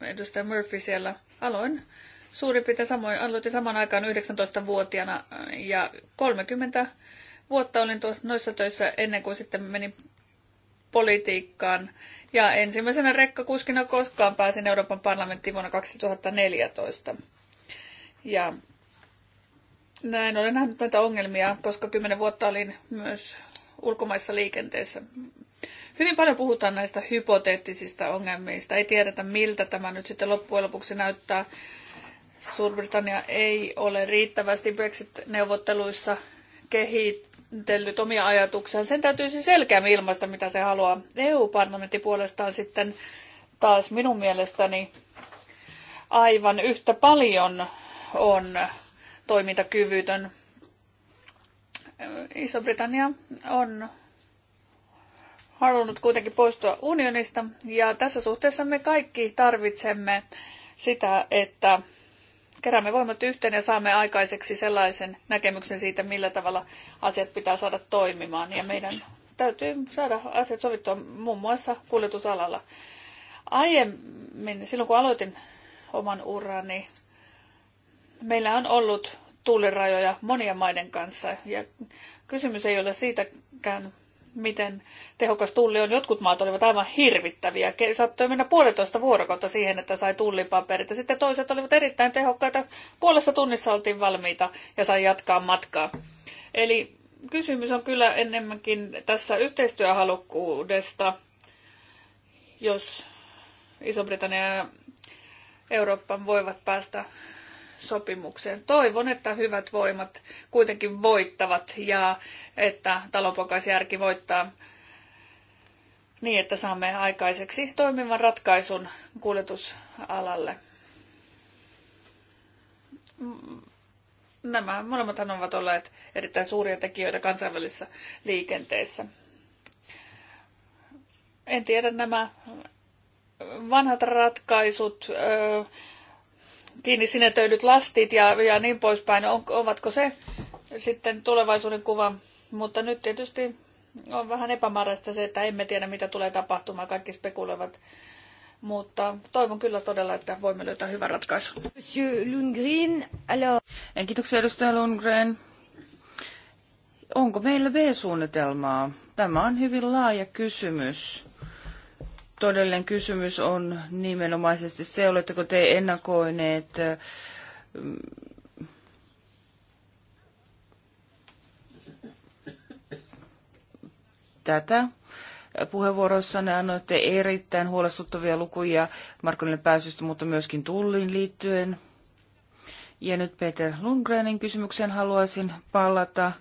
edustaja Murphy siellä. Aloin suurin piirtein samoin, aloitin saman aikaan 19-vuotiaana ja 30 vuotta olin tuossa, noissa töissä ennen kuin sitten menin politiikkaan. Ja ensimmäisenä rekkakuskina koskaan pääsin Euroopan parlamenttiin vuonna 2014. Ja näin olen nähnyt näitä ongelmia, koska kymmenen vuotta olin myös ulkomaissa liikenteessä. Hyvin paljon puhutaan näistä hypoteettisista ongelmista. Ei tiedetä, miltä tämä nyt sitten loppujen lopuksi näyttää. Suurbritannia ei ole riittävästi Brexit-neuvotteluissa kehittynyt esitellyt omia ajatuksiaan. Sen täytyisi siis selkeämmin ilmaista, mitä se haluaa. EU-parlamentti puolestaan sitten taas minun mielestäni aivan yhtä paljon on toimintakyvytön. Iso-Britannia on halunnut kuitenkin poistua unionista ja tässä suhteessa me kaikki tarvitsemme sitä, että keräämme voimat yhteen ja saamme aikaiseksi sellaisen näkemyksen siitä, millä tavalla asiat pitää saada toimimaan. Ja meidän täytyy saada asiat sovittua muun muassa kuljetusalalla. Aiemmin, silloin kun aloitin oman urani, meillä on ollut tuulirajoja monia maiden kanssa. Ja kysymys ei ole siitäkään, miten tehokas tulli on. Jotkut maat olivat aivan hirvittäviä. Saattoi mennä puolitoista vuorokautta siihen, että sai tullipaperit. Ja sitten toiset olivat erittäin tehokkaita. Puolessa tunnissa oltiin valmiita ja sai jatkaa matkaa. Eli kysymys on kyllä enemmänkin tässä yhteistyöhalukkuudesta, jos Iso-Britannia ja Eurooppa voivat päästä sopimukseen. Toivon, että hyvät voimat kuitenkin voittavat ja että talonpokaisjärki voittaa niin, että saamme aikaiseksi toimivan ratkaisun kuljetusalalle. Nämä molemmat ovat olleet erittäin suuria tekijöitä kansainvälisessä liikenteessä. En tiedä nämä vanhat ratkaisut, kiinni sinetöidyt lastit ja, ja niin poispäin, on, ovatko se sitten tulevaisuuden kuva. Mutta nyt tietysti on vähän epämääräistä se, että emme tiedä mitä tulee tapahtumaan, kaikki spekuloivat. Mutta toivon kyllä todella, että voimme löytää hyvän ratkaisun. Lundgren, alors... Kiitoksia edustaja Lundgren. Onko meillä B-suunnitelmaa? Tämä on hyvin laaja kysymys todellinen kysymys on nimenomaisesti se, oletteko te ennakoineet mm, tätä. Puheenvuorossanne annoitte erittäin huolestuttavia lukuja markkinoille pääsystä, mutta myöskin tulliin liittyen. Ja nyt Peter Lundgrenin kysymykseen haluaisin palata.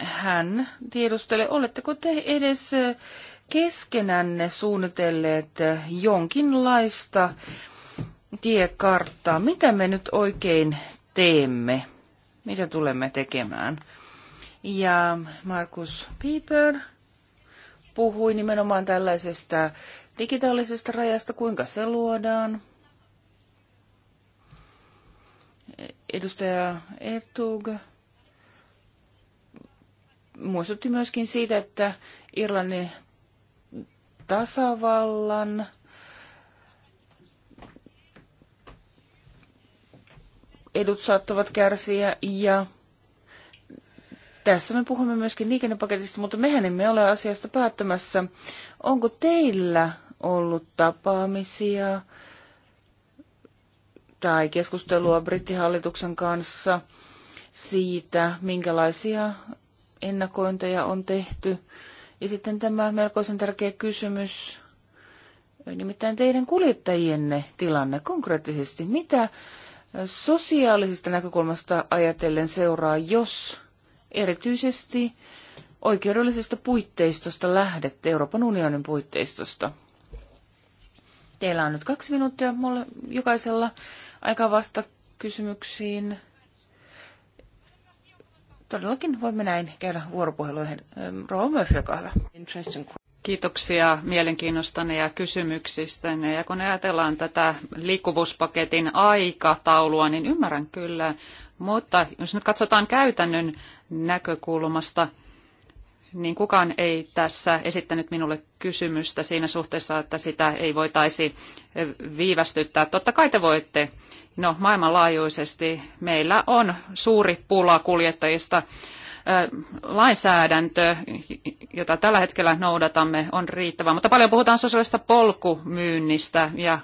Hän tiedustele, oletteko te edes keskenänne suunnitelleet jonkinlaista tiekarttaa? Mitä me nyt oikein teemme? Mitä tulemme tekemään? Ja Markus Pieper puhui nimenomaan tällaisesta digitaalisesta rajasta, kuinka se luodaan. Edustaja Etug muistutti myöskin siitä, että Irlannin tasavallan edut saattavat kärsiä ja tässä me puhumme myöskin liikennepaketista, mutta mehän emme ole asiasta päättämässä. Onko teillä ollut tapaamisia tai keskustelua brittihallituksen kanssa siitä, minkälaisia ennakointeja on tehty? Ja sitten tämä melkoisen tärkeä kysymys, nimittäin teidän kuljettajienne tilanne konkreettisesti. Mitä sosiaalisesta näkökulmasta ajatellen seuraa, jos erityisesti oikeudellisesta puitteistosta lähdette, Euroopan unionin puitteistosta? Teillä on nyt kaksi minuuttia jokaisella aikaa vasta kysymyksiin todellakin voimme näin käydä vuoropuheluihin. Rouva Murphy, hyvä. Kiitoksia mielenkiinnostanne ja kysymyksistä. Ja kun ajatellaan tätä liikkuvuuspaketin aikataulua, niin ymmärrän kyllä. Mutta jos nyt katsotaan käytännön näkökulmasta, niin kukaan ei tässä esittänyt minulle kysymystä siinä suhteessa, että sitä ei voitaisi viivästyttää. Totta kai te voitte No, maailmanlaajuisesti meillä on suuri pula kuljettajista. Lainsäädäntö, jota tällä hetkellä noudatamme, on riittävä, mutta paljon puhutaan sosiaalista polkumyynnistä ja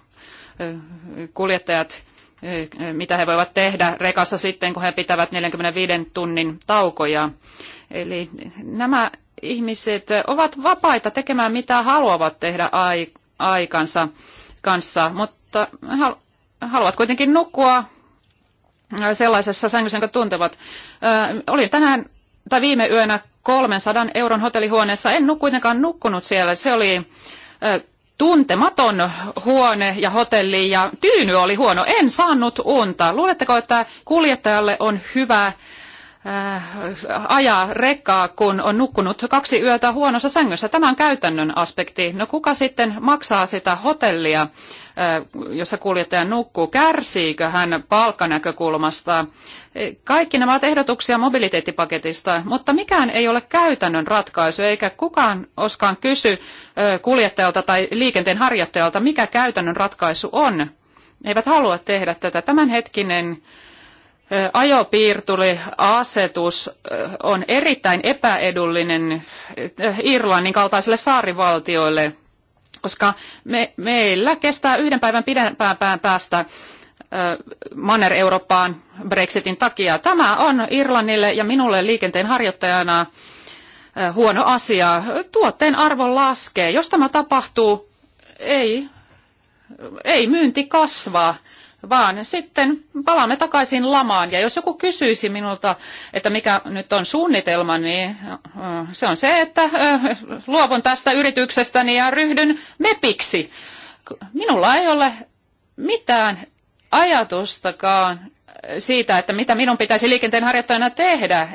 kuljettajat, mitä he voivat tehdä rekassa sitten, kun he pitävät 45 tunnin taukoja. Eli nämä ihmiset ovat vapaita tekemään mitä haluavat tehdä aikansa kanssa, mutta haluat kuitenkin nukkua sellaisessa sängyssä, jonka tuntevat. Olin tänään tai viime yönä 300 euron hotellihuoneessa. En kuitenkaan nukkunut siellä. Se oli tuntematon huone ja hotelli ja tyyny oli huono. En saanut unta. Luuletteko, että kuljettajalle on hyvä Äh, ajaa rekkaa, kun on nukkunut kaksi yötä huonossa sängyssä. Tämä on käytännön aspekti. No kuka sitten maksaa sitä hotellia, äh, jossa kuljettaja nukkuu? Kärsiikö hän palkkanäkökulmasta? Kaikki nämä ovat ehdotuksia mobiliteettipaketista, mutta mikään ei ole käytännön ratkaisu, eikä kukaan oskaan kysy äh, kuljettajalta tai liikenteen harjoittajalta, mikä käytännön ratkaisu on. eivät halua tehdä tätä. Tämänhetkinen ajopiirturiasetus on erittäin epäedullinen Irlannin kaltaisille saarivaltioille, koska me, meillä kestää yhden päivän pidempään päästä Manner-Eurooppaan Brexitin takia. Tämä on Irlannille ja minulle liikenteen harjoittajana huono asia. Tuotteen arvo laskee. Jos tämä tapahtuu, ei, ei myynti kasvaa vaan sitten palaamme takaisin lamaan. Ja jos joku kysyisi minulta, että mikä nyt on suunnitelma, niin äh, se on se, että äh, luovun tästä yrityksestäni ja ryhdyn mepiksi. Minulla ei ole mitään ajatustakaan siitä, että mitä minun pitäisi liikenteenharjoittajana tehdä.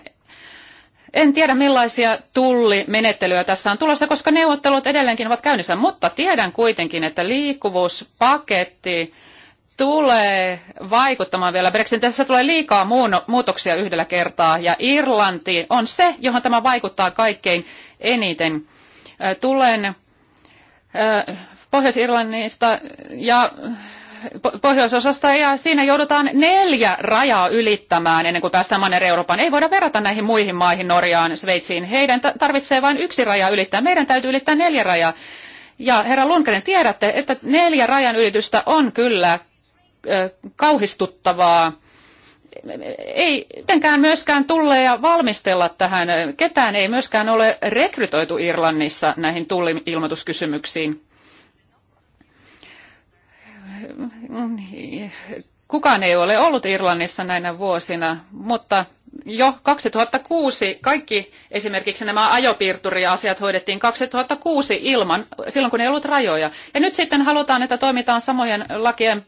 En tiedä millaisia tullimenettelyjä tässä on tulossa, koska neuvottelut edelleenkin ovat käynnissä, mutta tiedän kuitenkin, että liikkuvuuspaketti tulee vaikuttamaan vielä Brexitin. Tässä tulee liikaa muutoksia yhdellä kertaa ja Irlanti on se, johon tämä vaikuttaa kaikkein eniten. Tulen Pohjois-Irlannista ja pohjoisosasta ja siinä joudutaan neljä rajaa ylittämään ennen kuin päästään Manner-Eurooppaan. Ei voida verrata näihin muihin maihin, Norjaan, Sveitsiin. Heidän tarvitsee vain yksi raja ylittää. Meidän täytyy ylittää neljä rajaa. Ja herra Lundgren, tiedätte, että neljä rajan ylitystä on kyllä kauhistuttavaa. Ei mitenkään myöskään tulle ja valmistella tähän. Ketään ei myöskään ole rekrytoitu Irlannissa näihin tulli-ilmoituskysymyksiin. Kukaan ei ole ollut Irlannissa näinä vuosina, mutta jo 2006 kaikki esimerkiksi nämä ajopiirturiasiat hoidettiin 2006 ilman, silloin kun ei ollut rajoja. Ja nyt sitten halutaan, että toimitaan samojen lakien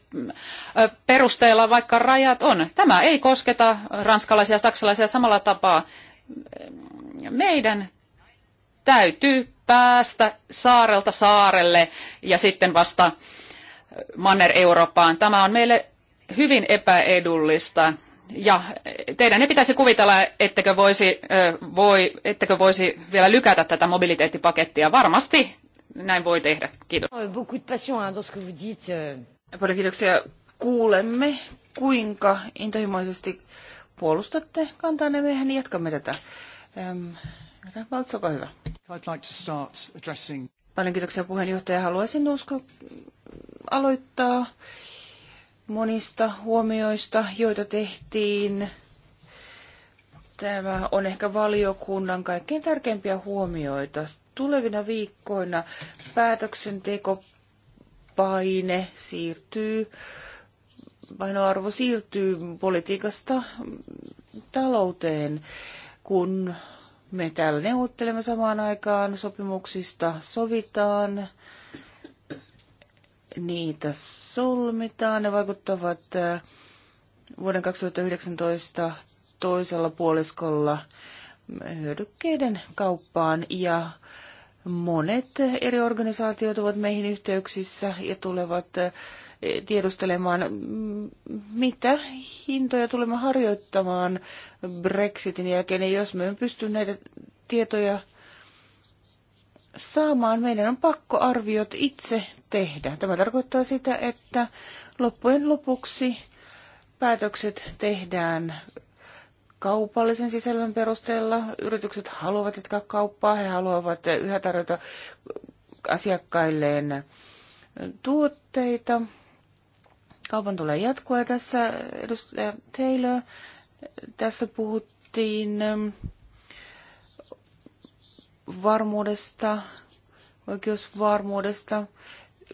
perusteella, vaikka rajat on. Tämä ei kosketa ranskalaisia ja saksalaisia samalla tapaa. Meidän täytyy päästä saarelta saarelle ja sitten vasta Manner-Eurooppaan. Tämä on meille hyvin epäedullista ja teidän ei pitäisi kuvitella, ettekö voisi, voi, ettekö voisi vielä lykätä tätä mobiliteettipakettia. Varmasti näin voi tehdä. Kiitos. Euh. Paljon kiitoksia. Kuulemme, kuinka intohimoisesti puolustatte kantaanne. Mehän jatkamme tätä. Ähm, Valtso, hyvä. Paljon kiitoksia puheenjohtaja. Haluaisin usko aloittaa monista huomioista, joita tehtiin. Tämä on ehkä valiokunnan kaikkein tärkeimpiä huomioita. Tulevina viikkoina päätöksentekopaine siirtyy, painoarvo siirtyy politiikasta talouteen, kun me täällä neuvottelemme samaan aikaan, sopimuksista sovitaan, niitä solmitaan. Ne vaikuttavat vuoden 2019 toisella puoliskolla hyödykkeiden kauppaan ja monet eri organisaatiot ovat meihin yhteyksissä ja tulevat tiedustelemaan, mm, mitä hintoja tulemme harjoittamaan Brexitin jälkeen. Ja jos me emme pysty näitä tietoja saamaan, meidän on pakko arviot itse tehdä. Tämä tarkoittaa sitä, että loppujen lopuksi päätökset tehdään kaupallisen sisällön perusteella. Yritykset haluavat jatkaa kauppaa, he haluavat yhä tarjota asiakkailleen tuotteita. Kaupan tulee jatkua ja tässä edustaja Taylor, tässä puhuttiin varmuudesta, oikeusvarmuudesta.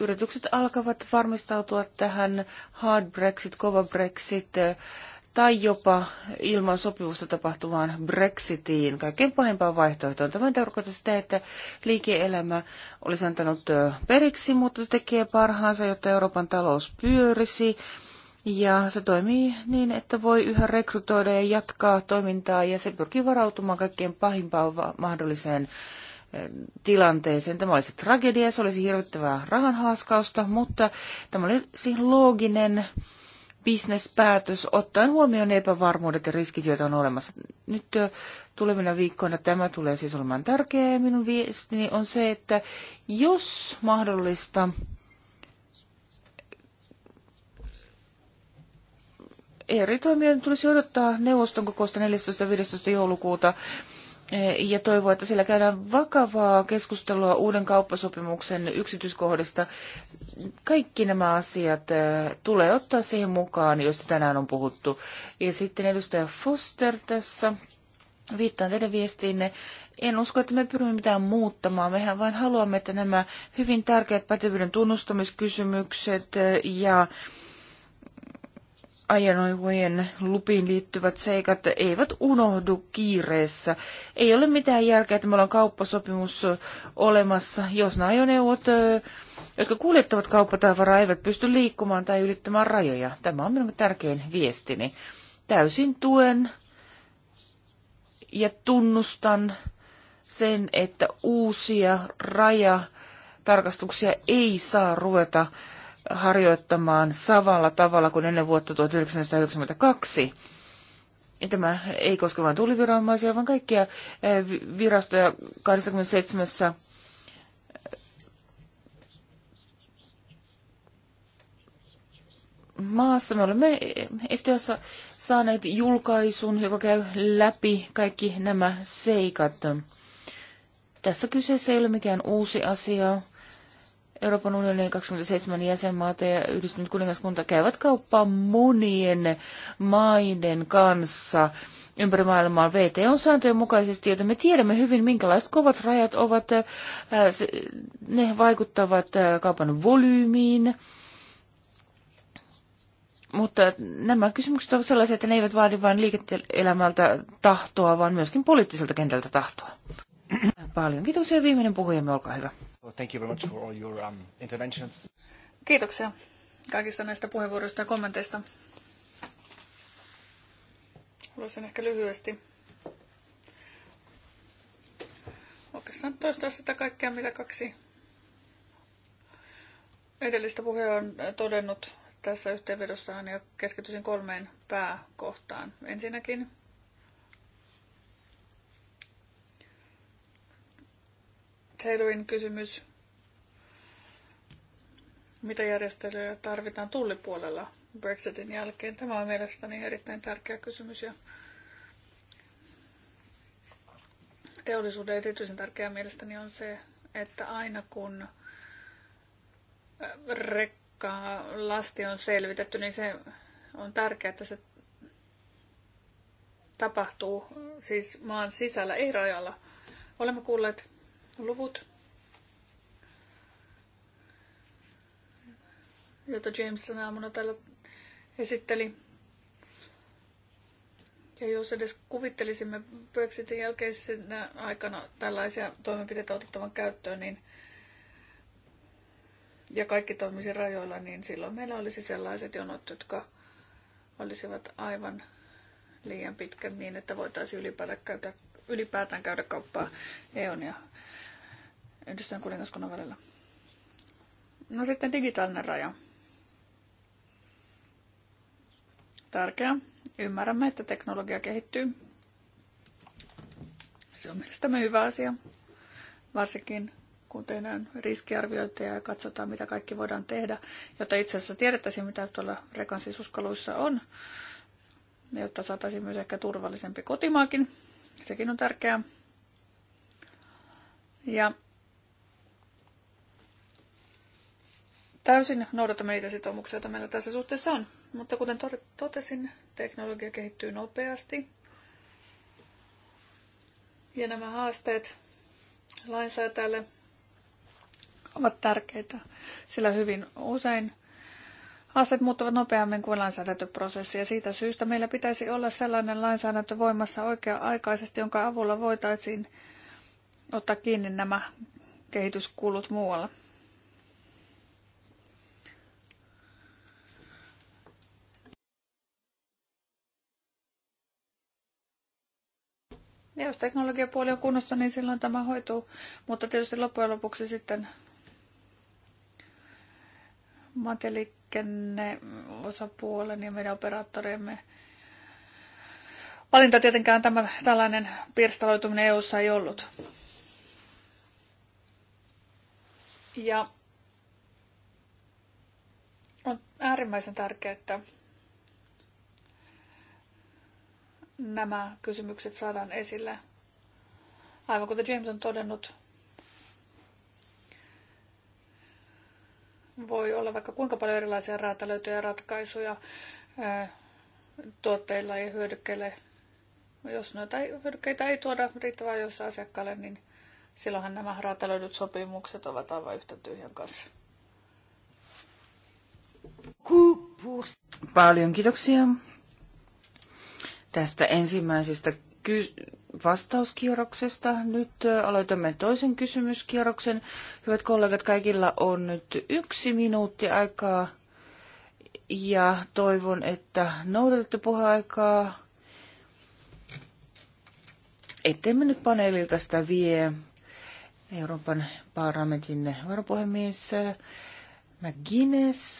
Yritykset alkavat varmistautua tähän hard Brexit, kova Brexit tai jopa ilman sopimusta tapahtuvaan Brexitiin, kaikkein pahempaan vaihtoehtoon. Tämä tarkoittaa sitä, että liike-elämä olisi antanut periksi, mutta se tekee parhaansa, jotta Euroopan talous pyörisi ja se toimii niin, että voi yhä rekrytoida ja jatkaa toimintaa ja se pyrkii varautumaan kaikkein pahimpaan mahdolliseen eh, tilanteeseen. Tämä olisi tragedia, se olisi hirvittävää rahanhaaskausta, mutta tämä oli olisi looginen bisnespäätös ottaen huomioon epävarmuudet ja riskit, joita on olemassa. Nyt eh, tulevina viikkoina tämä tulee siis olemaan tärkeää ja minun viestini on se, että jos mahdollista, eri toimijoiden tulisi odottaa neuvoston kokousta 14.15. joulukuuta e, ja toivoa, että siellä käydään vakavaa keskustelua uuden kauppasopimuksen yksityiskohdista. Kaikki nämä asiat e, tulee ottaa siihen mukaan, josta tänään on puhuttu. Ja sitten edustaja Foster tässä. Viittaan teidän viestiinne. En usko, että me pyrimme mitään muuttamaan. Mehän vain haluamme, että nämä hyvin tärkeät pätevyyden tunnustamiskysymykset e, ja äh, ajanoivojen lupiin liittyvät seikat eivät unohdu kiireessä. Ei ole mitään järkeä, että meillä on kauppasopimus olemassa, jos ne ajoneuvot, jotka kuljettavat kauppatavaraa, eivät pysty liikkumaan tai ylittämään rajoja. Tämä on minun tärkein viestini. Täysin tuen ja tunnustan sen, että uusia rajatarkastuksia ei saa ruveta äh, harjoittamaan samalla tavalla kuin ennen vuotta 1992. Ja tämä ei koske vain tulliviranomaisia, vaan kaikkia eh, virastoja 27 maassa. Me olemme FTAssa saaneet julkaisun, joka käy läpi kaikki nämä seikat. Tässä kyseessä ei ole mikään uusi asia. Euroopan unionin 27 jäsenmaata ja yhdistynyt kuningaskunta käyvät kauppaa monien maiden kanssa ympäri maailmaa On sääntöjen mukaisesti, joten me tiedämme hyvin, minkälaiset kovat rajat ovat. Äh, ne vaikuttavat äh, kaupan volyymiin. Mutta nämä kysymykset ovat sellaisia, että ne eivät vaadi vain liike-elämältä tahtoa, vaan myöskin poliittiselta kentältä tahtoa. Paljon kiitoksia. Viimeinen puhujamme, olkaa hyvä thank you very much for all your um, interventions. Kiitoksia kaikista näistä puheenvuoroista ja kommenteista. Haluaisin ehkä lyhyesti oikeastaan toistaa sitä kaikkea, mitä kaksi edellistä puhujaa on todennut tässä yhteenvedossaan ja keskityisin kolmeen pääkohtaan. Ensinnäkin Taylorin kysymys. Mitä järjestelyjä tarvitaan tullipuolella Brexitin jälkeen? Tämä on mielestäni erittäin tärkeä kysymys ja teollisuuden erityisen tärkeää mielestäni on se, että aina kun äh, rekka lasti on selvitetty, niin se on tärkeää, että se tapahtuu siis maan sisällä, ei rajalla. Olemme kuulleet luvut, jota James tänä aamuna täällä esitteli. Ja jos edes kuvittelisimme Brexitin jälkeisenä aikana tällaisia toimenpiteitä otettavan käyttöön, niin ja kaikki toimisi rajoilla, niin silloin meillä olisi sellaiset jonot, jotka olisivat aivan liian pitkät niin, että voitaisiin ylipäätään käydä, ylipäätään käydä kauppaa EUn ja yhdistyneen kuningaskunnan välillä. No sitten digitaalinen raja. Tärkeää. Ymmärrämme, että teknologia kehittyy. Se on mielestäni hyvä asia, varsinkin kun tehdään riskiarviointia ja katsotaan, mitä kaikki voidaan tehdä, jotta itse asiassa tiedettäisiin, mitä tuolla rekansisuskeluissa on, jotta saataisiin myös ehkä turvallisempi kotimaakin. Sekin on tärkeää. Ja täysin noudatamme niitä sitoumuksia, joita meillä tässä suhteessa on. Mutta kuten totesin, teknologia kehittyy nopeasti. Ja nämä haasteet lainsäätäjälle ovat tärkeitä, sillä hyvin usein haasteet muuttuvat nopeammin kuin lainsäädäntöprosessi. Ja siitä syystä meillä pitäisi olla sellainen lainsäädäntö voimassa oikea-aikaisesti, jonka avulla voitaisiin ottaa kiinni nämä kehityskulut muualla. Ja jos teknologiapuoli on kunnossa, niin silloin tämä hoituu. Mutta tietysti loppujen lopuksi sitten osapuolen ja meidän operaattoriemme valinta tietenkään tämä tällainen pirstaloituminen EU:ssa ei ollut. Ja on äärimmäisen tärkeää, että nämä kysymykset saadaan esille. Aivan kuten James on todennut, voi olla vaikka kuinka paljon erilaisia räätälöityjä ratkaisuja tuotteilla ja hyödykkeille. Jos noita hyödykkeitä ei tuoda riittävää joissa asiakkaalle, niin silloinhan nämä räätälöidyt sopimukset ovat aivan yhtä tyhjän kanssa. Paljon kiitoksia tästä ensimmäisestä ky- vastauskierroksesta. Nyt aloitamme toisen kysymyskierroksen. Hyvät kollegat, kaikilla on nyt yksi minuutti aikaa ja toivon, että noudatatte puheaikaa. Ettei mennyt paneelilta sitä vie Euroopan parlamentin varapuhemies McGuinness.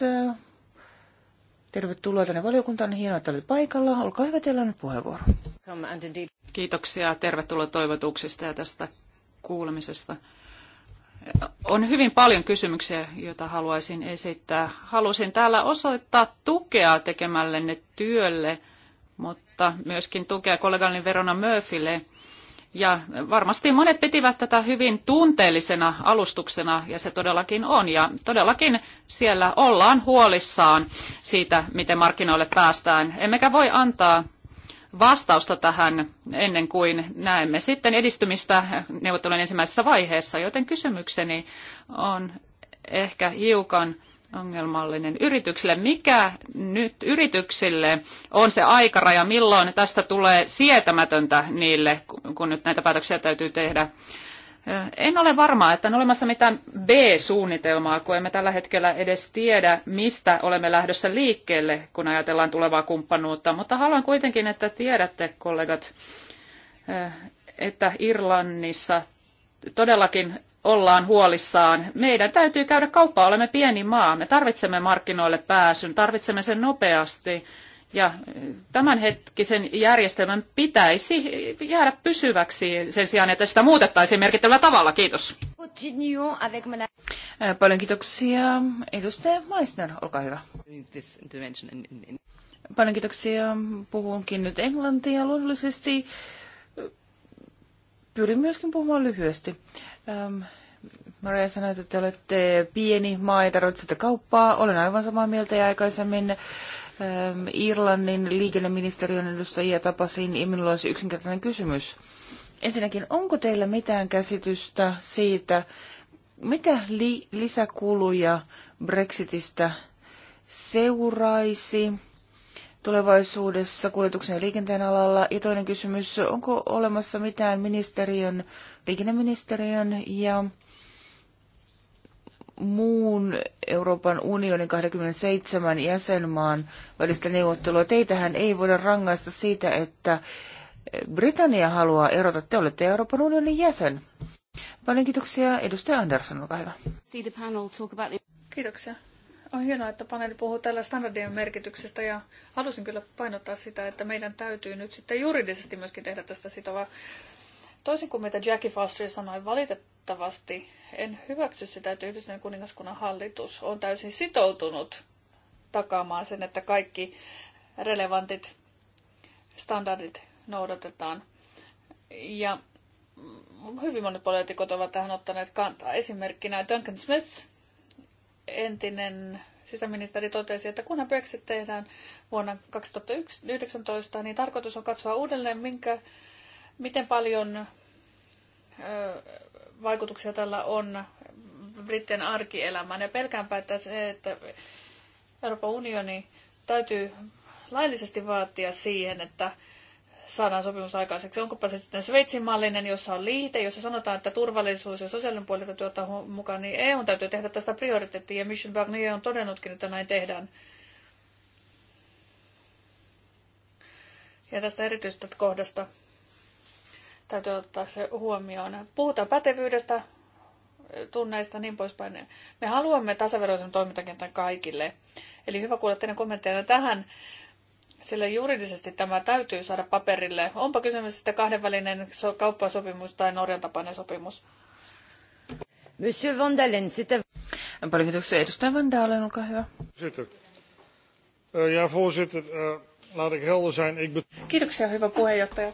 Tervetuloa tänne valiokuntaan. Hienoa, että olet paikalla. Olkaa hyvä, teillä on nyt puheenvuoro. Kiitoksia. Tervetuloa toivotuksista ja tästä kuulemisesta. On hyvin paljon kysymyksiä, joita haluaisin esittää. Halusin täällä osoittaa tukea tekemällenne työlle, mutta myöskin tukea kollegalleni Verona Murphylle, ja varmasti monet pitivät tätä hyvin tunteellisena alustuksena, ja se todellakin on. Ja todellakin siellä ollaan huolissaan siitä, miten markkinoille päästään. Emmekä voi antaa vastausta tähän ennen kuin näemme sitten edistymistä neuvottelujen ensimmäisessä vaiheessa, joten kysymykseni on ehkä hiukan ongelmallinen yrityksille. Mikä nyt yrityksille on se aikaraja, milloin tästä tulee sietämätöntä niille, kun nyt näitä päätöksiä täytyy tehdä? En ole varma, että on olemassa mitään B-suunnitelmaa, kun emme tällä hetkellä edes tiedä, mistä olemme lähdössä liikkeelle, kun ajatellaan tulevaa kumppanuutta. Mutta haluan kuitenkin, että tiedätte, kollegat, että Irlannissa todellakin ollaan huolissaan. Meidän täytyy käydä kauppaa, olemme pieni maa, me tarvitsemme markkinoille pääsyn, tarvitsemme sen nopeasti. Ja eh, tämänhetkisen järjestelmän pitäisi jäädä pysyväksi sen sijaan, että sitä muutettaisiin merkittävällä tavalla. Kiitos. Paljon kiitoksia. Edustaja Meissner, olkaa hyvä. Paljon kiitoksia. Puhunkin nyt englantia luonnollisesti pyrin myöskin puhumaan lyhyesti. Ähm, Maria sanoi, että te olette pieni maa ja tarvitsette kauppaa. Olen aivan samaa mieltä ja aikaisemmin ähm, Irlannin liikenneministeriön edustajia tapasin ja minulla olisi yksinkertainen kysymys. Ensinnäkin, onko teillä mitään käsitystä siitä, mitä li- lisäkuluja Brexitistä seuraisi? tulevaisuudessa kuljetuksen ja liikenteen alalla? Ja toinen kysymys, onko olemassa mitään ministeriön, liikenneministeriön ja muun Euroopan unionin 27 jäsenmaan välistä neuvottelua. Teitähän ei voida rangaista siitä, että Britannia haluaa erota. Te olette Euroopan unionin jäsen. Paljon kiitoksia. Edustaja Andersson, olkaa hyvä. Kiitoksia. On hienoa, että paneeli puhuu tällä standardien merkityksestä ja halusin kyllä painottaa sitä, että meidän täytyy nyt sitten juridisesti myöskin tehdä tästä sitovaa. Toisin kuin mitä Jackie Foster sanoi, valitettavasti en hyväksy sitä, että Yhdistyneen kuningaskunnan hallitus on täysin sitoutunut takaamaan sen, että kaikki relevantit standardit noudatetaan. Ja hyvin monet poliitikot ovat tähän ottaneet kantaa. Esimerkkinä Duncan Smith, entinen sisäministeri totesi, että kunhan Brexit tehdään vuonna 2019, niin tarkoitus on katsoa uudelleen, minkä, miten paljon ö, vaikutuksia tällä on brittien arkielämään. Ja pelkäänpä, että se, että Euroopan unioni täytyy laillisesti vaatia siihen, että saadaan sopimus aikaiseksi. Onkopa se sitten Sveitsin mallinen, jossa on liite, jossa sanotaan, että turvallisuus ja sosiaalinen puoli täytyy ottaa mukaan, niin EU täytyy tehdä tästä prioriteettia, ja Mission Barnier on todennutkin, että näin tehdään. Ja tästä erityisestä kohdasta täytyy ottaa se huomioon. Puhutaan pätevyydestä, tunneista ja niin poispäin. Me haluamme tasaveroisen toimintakentän kaikille. Eli hyvä kuulla teidän kommentteja tähän sillä juridisesti tämä täytyy saada paperille. Onpa kysymys sitten kahdenvälinen kauppasopimus tai Norjan tapainen sopimus. Monsieur Van Dalen, sitten... Paljon kiitoksia. Edustaja Van Dalen, olkaa hyvä. Sitten. Eh, ja voorzitter, eh, laat ik helder zijn. Ik... Kiitoksia, hyvä puheenjohtaja.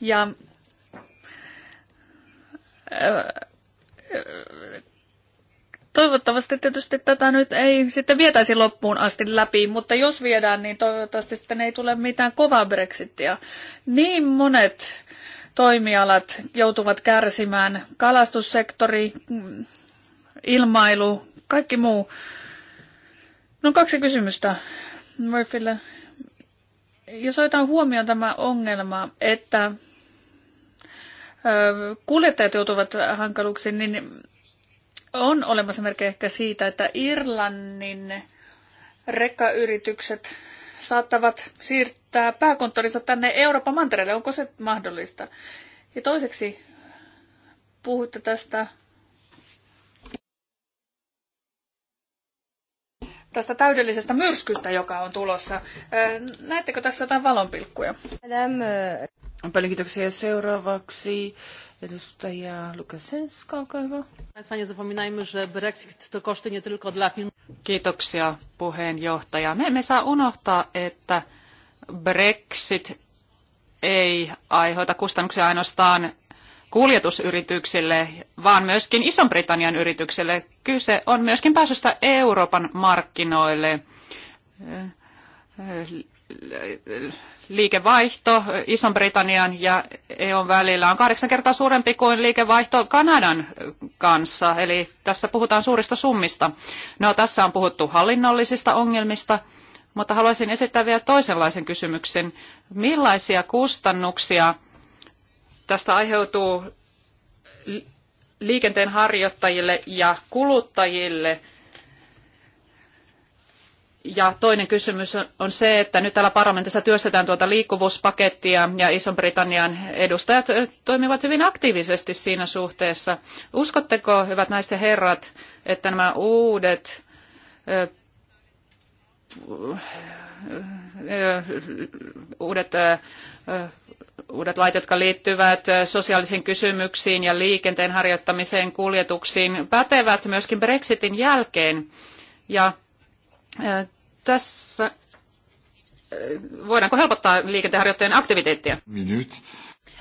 Ja äh, äh, Toivottavasti tietysti tätä nyt ei sitten vietäisi loppuun asti läpi, mutta jos viedään, niin toivottavasti sitten ei tule mitään kovaa brexittiä. Niin monet toimialat joutuvat kärsimään, kalastussektori, ilmailu, kaikki muu. No kaksi kysymystä Murphylle. Jos otetaan huomioon tämä ongelma, että kuljettajat joutuvat hankaluuksiin, niin on olemassa merkkejä ehkä siitä, että Irlannin rekkayritykset saattavat siirtää pääkonttorinsa tänne Euroopan mantereelle. Onko se mahdollista? Ja toiseksi puhutte tästä, tästä täydellisestä myrskystä, joka on tulossa. Näettekö tässä jotain valonpilkkuja? Paljon kiitoksia. Seuraavaksi edustaja Lukasenska, olkaa hyvä. Kiitoksia puheenjohtaja. Me emme saa unohtaa, että Brexit ei aiheuta kustannuksia ainoastaan kuljetusyrityksille, vaan myöskin Ison-Britannian yrityksille. Kyse on myöskin pääsystä Euroopan markkinoille liikevaihto iso britannian ja EUn välillä on kahdeksan kertaa suurempi kuin liikevaihto Kanadan kanssa. Eli tässä puhutaan suurista summista. No, tässä on puhuttu hallinnollisista ongelmista, mutta haluaisin esittää vielä toisenlaisen kysymyksen. Millaisia kustannuksia tästä aiheutuu liikenteen harjoittajille ja kuluttajille – ja toinen kysymys on se, että nyt täällä parlamentissa työstetään tuota liikkuvuuspakettia ja Ison-Britannian edustajat toimivat hyvin aktiivisesti siinä suhteessa. Uskotteko, hyvät naiset ja herrat, että nämä uudet uudet, uudet lait, jotka liittyvät sosiaalisiin kysymyksiin ja liikenteen harjoittamiseen, kuljetuksiin, pätevät myöskin Brexitin jälkeen. Ja tässä voidaanko helpottaa liikenteenharjoittajan aktiviteetteja? Minuut.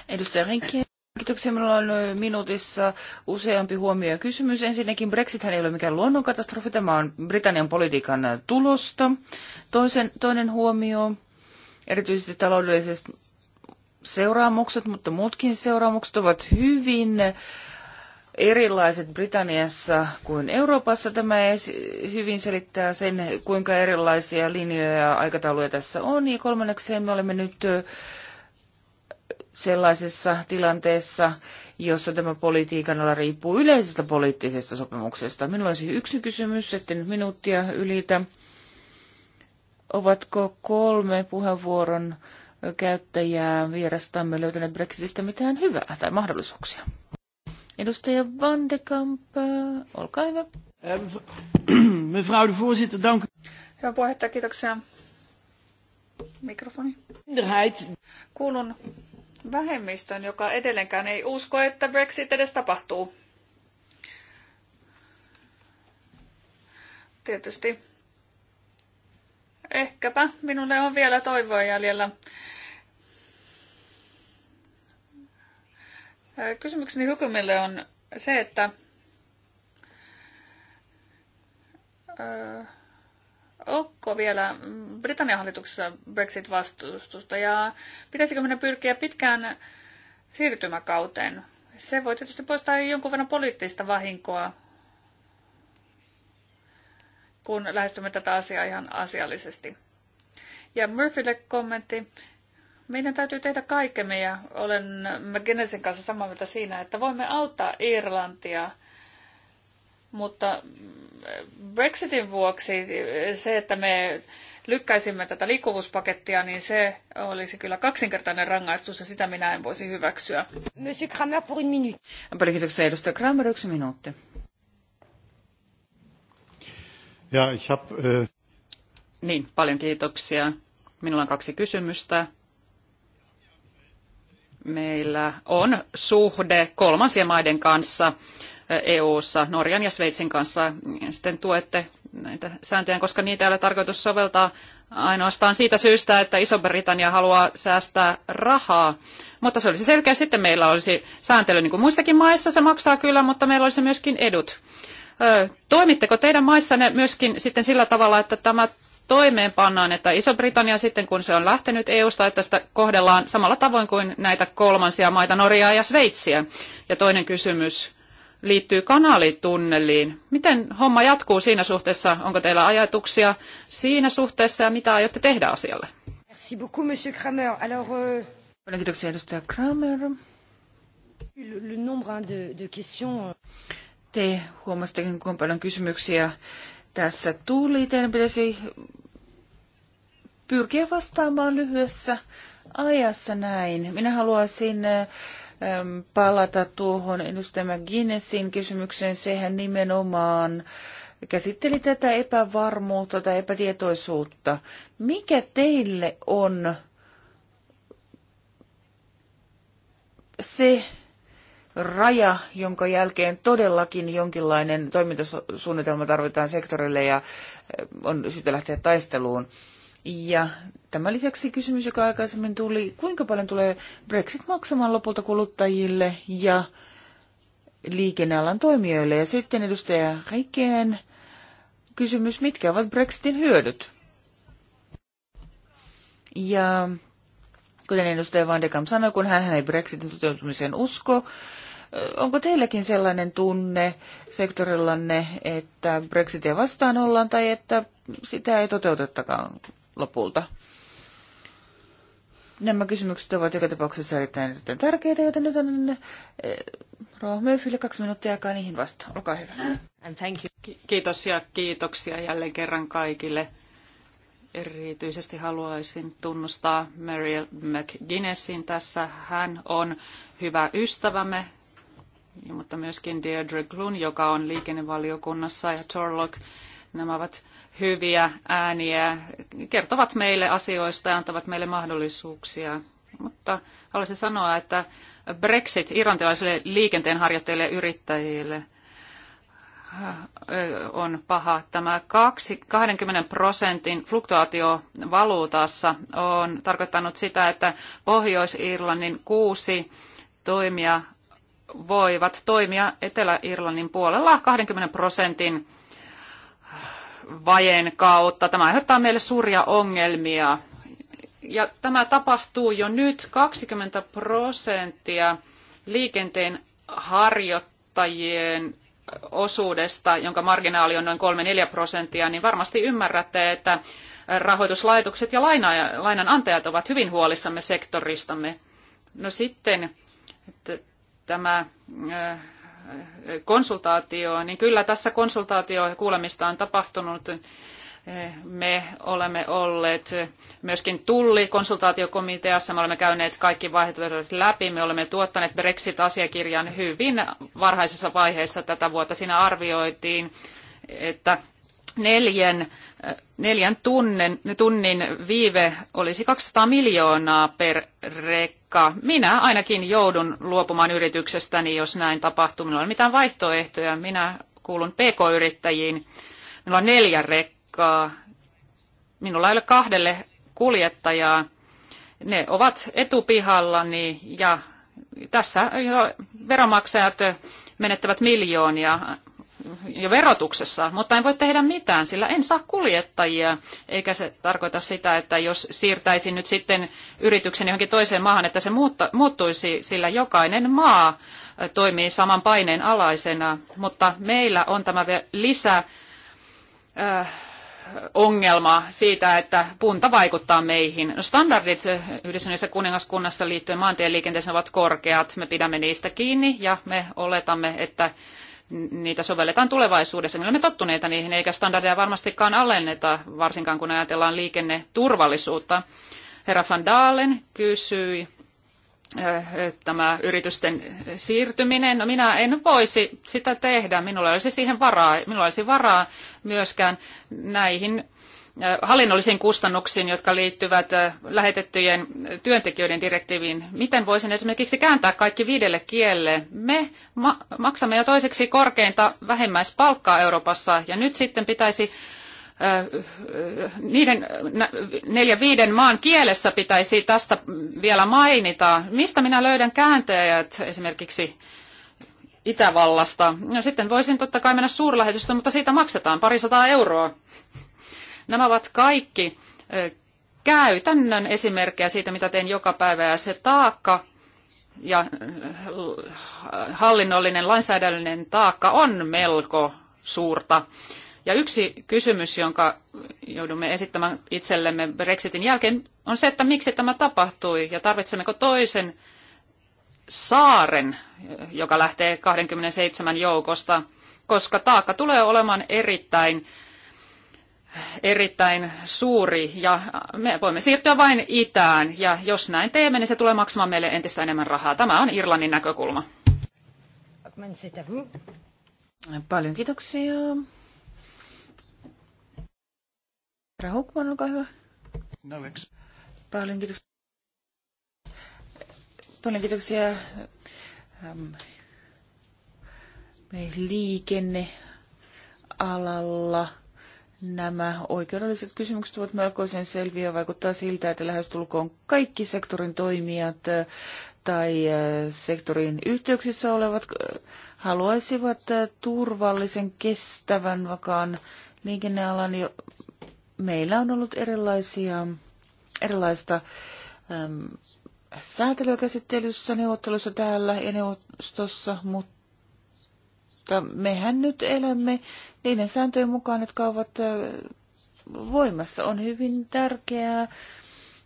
Edustaja Rinkki. Kiitoksia. Minulla on minuutissa useampi huomio ja kysymys. Ensinnäkin Brexit ei ole mikään luonnonkatastrofi. Tämä on Britannian politiikan tulosta. Toisen, toinen huomio, erityisesti taloudelliset seuraamukset, mutta muutkin seuraamukset ovat hyvin äh, erilaiset Britanniassa kuin Euroopassa. Tämä hyvin selittää sen, kuinka erilaisia linjoja ja aikatauluja tässä on. Ja kolmanneksi me olemme nyt sellaisessa tilanteessa, jossa tämä politiikan ala riippuu yleisestä poliittisesta sopimuksesta. Minulla olisi yksi kysymys, että nyt minuuttia ylitä. Ovatko kolme puheenvuoron käyttäjää vierastamme löytäneet Brexitistä mitään hyvää tai mahdollisuuksia? Edustaja Van olkaa hyvä. Ehm, mevrouw de voorzitter, dank u. Hyvä puheenjohtaja, kiitoksia. Mikrofoni. Kuulun vähemmistön, joka edelleenkään ei usko, että Brexit edes tapahtuu. Tietysti ehkäpä minulle on vielä toivoa jäljellä Kysymykseni Hukumille on se, että onko vielä Britannian hallituksessa Brexit-vastustusta ja pitäisikö meidän pyrkiä pitkään siirtymäkauteen? Se voi tietysti poistaa jonkun verran poliittista vahinkoa, kun lähestymme tätä asiaa ihan asiallisesti. Ja Murphylle kommentti. Meidän täytyy tehdä kaikkemme ja olen McGinnisen kanssa samaa mieltä siinä, että voimme auttaa Irlantia, mutta Brexitin vuoksi se, että me lykkäisimme tätä liikkuvuuspakettia, niin se olisi kyllä kaksinkertainen rangaistus ja sitä minä en voisi hyväksyä. Monsieur Kramer pour une minute. Paljon kiitoksia edustaja Kramer, yksi minuutti. Ja, ich hab, äh... Niin, paljon kiitoksia. Minulla on kaksi kysymystä meillä on suhde kolmansien maiden kanssa EU-ssa, eh, e Norjan ja Sveitsin kanssa. Sitten tuette näitä sääntöjä, koska niitä ei ole tarkoitus soveltaa ainoastaan siitä syystä, että Iso-Britannia haluaa säästää rahaa. Mutta se olisi selkeä. Sitten meillä olisi sääntely niin kuin muissakin maissa. Se maksaa kyllä, mutta meillä olisi myöskin edut. Toimitteko teidän maissanne myöskin sitten sillä tavalla, että tämä toimeenpannaan, että Iso-Britannia sitten kun se on lähtenyt EUsta, että sitä kohdellaan samalla tavoin kuin näitä kolmansia maita, Norjaa ja Sveitsiä. Ja toinen kysymys liittyy kanaalitunneliin. Miten homma jatkuu siinä suhteessa? Onko teillä ajatuksia siinä suhteessa ja mitä aiotte tehdä asialle? Merci beaucoup, monsieur Kramer. Alors, euh... Kiitoksia, edustaja Kramer. Le, le nombre de, de questions. Euh. Te huomasitte, kuinka paljon kysymyksiä tässä tuli. Teidän pitäisi pyrkiä vastaamaan lyhyessä ajassa näin. Minä haluaisin palata tuohon edustaja McGinnessin kysymykseen. Sehän nimenomaan käsitteli tätä epävarmuutta tai epätietoisuutta. Mikä teille on se raja, jonka jälkeen todellakin jonkinlainen toimintasuunnitelma tarvitaan sektorille ja on syytä lähteä taisteluun? Ja tämän lisäksi kysymys, joka aikaisemmin tuli, kuinka paljon tulee Brexit maksamaan lopulta kuluttajille ja liikennealan toimijoille. Ja sitten edustaja Rikeen kysymys, mitkä ovat Brexitin hyödyt? Ja kuten edustaja Van de Kamp sanoi, kun hän ei Brexitin toteutumiseen usko, onko teilläkin sellainen tunne sektorillanne, että Brexitia vastaan ollaan tai että sitä ei toteutettakaan? lopulta. Nämä kysymykset ovat joka tapauksessa erittäin, tärkeitä, joten nyt on eh, Rauha Möyfille kaksi minuuttia aikaa niihin vasta. Olkaa hyvä. And thank you. Kiitos ja kiitoksia jälleen kerran kaikille. Erityisesti haluaisin tunnustaa Mary McGuinnessin tässä. Hän on hyvä ystävämme, mutta myöskin Deirdre Glun, joka on liikennevaliokunnassa, ja Torlock. Nämä ovat hyviä ääniä, kertovat meille asioista ja antavat meille mahdollisuuksia. Mutta haluaisin sanoa, että Brexit irlantilaisille liikenteenharjoittajille ja yrittäjille äh, on paha. Tämä 20 prosentin fluktuaatio valuutassa on tarkoittanut sitä, että Pohjois-Irlannin kuusi toimia voivat toimia Etelä-Irlannin puolella 20 prosentin vajeen kautta. Tämä aiheuttaa meille suuria ongelmia. Ja tämä tapahtuu jo nyt 20 prosenttia liikenteen harjoittajien osuudesta, jonka marginaali on noin 3-4 prosenttia, niin varmasti ymmärrätte, että rahoituslaitokset ja lainanantajat ovat hyvin huolissamme sektoristamme. No sitten tämä äh, konsultaatioon, niin kyllä tässä konsultaatio on tapahtunut. Me olemme olleet myöskin konsultaatiokomiteassa, me olemme käyneet kaikki vaihtoehdot läpi, me olemme tuottaneet Brexit-asiakirjan hyvin varhaisessa vaiheessa tätä vuotta. Siinä arvioitiin, että neljän, neljän tunnen, tunnin viive olisi 200 miljoonaa per rekka. Minä ainakin joudun luopumaan yrityksestäni, jos näin tapahtuu. Minulla ei ole mitään vaihtoehtoja. Minä kuulun PK-yrittäjiin. Minulla on neljä rekkaa. Minulla ei ole kahdelle kuljettajaa. Ne ovat etupihallani ja tässä jo veromaksajat menettävät miljoonia ja verotuksessa, mutta en voi tehdä mitään, sillä en saa kuljettajia, eikä se tarkoita sitä, että jos siirtäisin nyt sitten yrityksen johonkin toiseen maahan, että se muutta, muuttuisi, sillä jokainen maa toimii saman paineen alaisena, mutta meillä on tämä lisä äh, ongelma siitä, että punta vaikuttaa meihin. No standardit yhdessä kuningaskunnassa liittyen maantieliikenteeseen ovat korkeat. Me pidämme niistä kiinni ja me oletamme, että niitä sovelletaan tulevaisuudessa. Me olemme tottuneita niihin, eikä standardeja varmastikaan alenneta, varsinkaan kun ajatellaan liikenneturvallisuutta. Herra Van Dalen kysyi eh, tämä yritysten siirtyminen. No minä en voisi sitä tehdä, minulla olisi siihen varaa, minulla olisi varaa myöskään näihin hallinnollisiin kustannuksiin, jotka liittyvät lähetettyjen työntekijöiden direktiiviin. Miten voisin esimerkiksi kääntää kaikki viidelle kielelle? Me ma- maksamme jo toiseksi korkeinta vähimmäispalkkaa Euroopassa ja nyt sitten pitäisi niiden neljä viiden maan kielessä pitäisi tästä vielä mainita. Mistä minä löydän kääntäjät esimerkiksi Itävallasta? No sitten voisin totta kai mennä suurlähetystöön, mutta siitä maksetaan parisataa euroa. Nämä ovat kaikki käytännön esimerkkejä siitä, mitä teen joka päivä ja se taakka ja hallinnollinen, lainsäädännöllinen taakka on melko suurta. Ja yksi kysymys, jonka joudumme esittämään itsellemme Brexitin jälkeen, on se, että miksi tämä tapahtui ja tarvitsemmeko toisen saaren, joka lähtee 27 joukosta, koska taakka tulee olemaan erittäin erittäin suuri ja me voimme siirtyä vain itään ja jos näin teemme, niin se tulee maksamaan meille entistä enemmän rahaa. Tämä on Irlannin näkökulma. Paljon kiitoksia. Rahukman, olkaa hyvä. No, Paljon kiitoksia. Paljon kiitoksia. Ähm, me liikenne Nämä oikeudelliset kysymykset ovat melkoisen selviä. Vaikuttaa siltä, että lähestulkoon kaikki sektorin toimijat äh, tai äh, sektorin yhteyksissä olevat äh, haluaisivat turvallisen, kestävän, vakaan liikennealan. Meillä on ollut erilaisia, erilaista äm, säätelyä käsittelyssä, neuvottelussa täällä ja neuvostossa, mutta mehän nyt elämme niiden sääntöjen mukaan, jotka ovat voimassa. On hyvin tärkeää,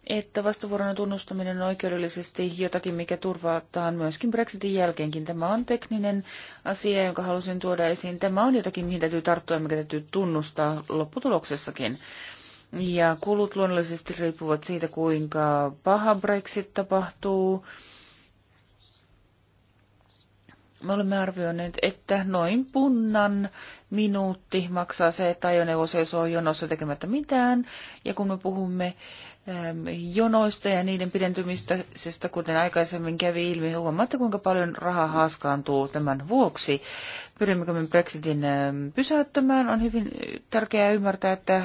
että vastavuoroinen tunnustaminen on oikeudellisesti jotakin, mikä turvataan myöskin Brexitin jälkeenkin. Tämä on tekninen asia, jonka halusin tuoda esiin. Tämä on jotakin, mihin täytyy tarttua ja mikä täytyy tunnustaa lopputuloksessakin. Ja kulut luonnollisesti riippuvat siitä, kuinka paha Brexit tapahtuu. Me olemme arvioineet, että noin punnan minuutti maksaa se, että ajoneuvo seisoo jonossa tekemättä mitään. Ja kun me puhumme ähm, jonoista ja niiden pidentymisestä, kuten aikaisemmin kävi ilmi, huomaatte kuinka paljon rahaa haaskaantuu tämän vuoksi. Pyrimmekö me Brexitin ähm, pysäyttämään? On hyvin tärkeää ymmärtää, että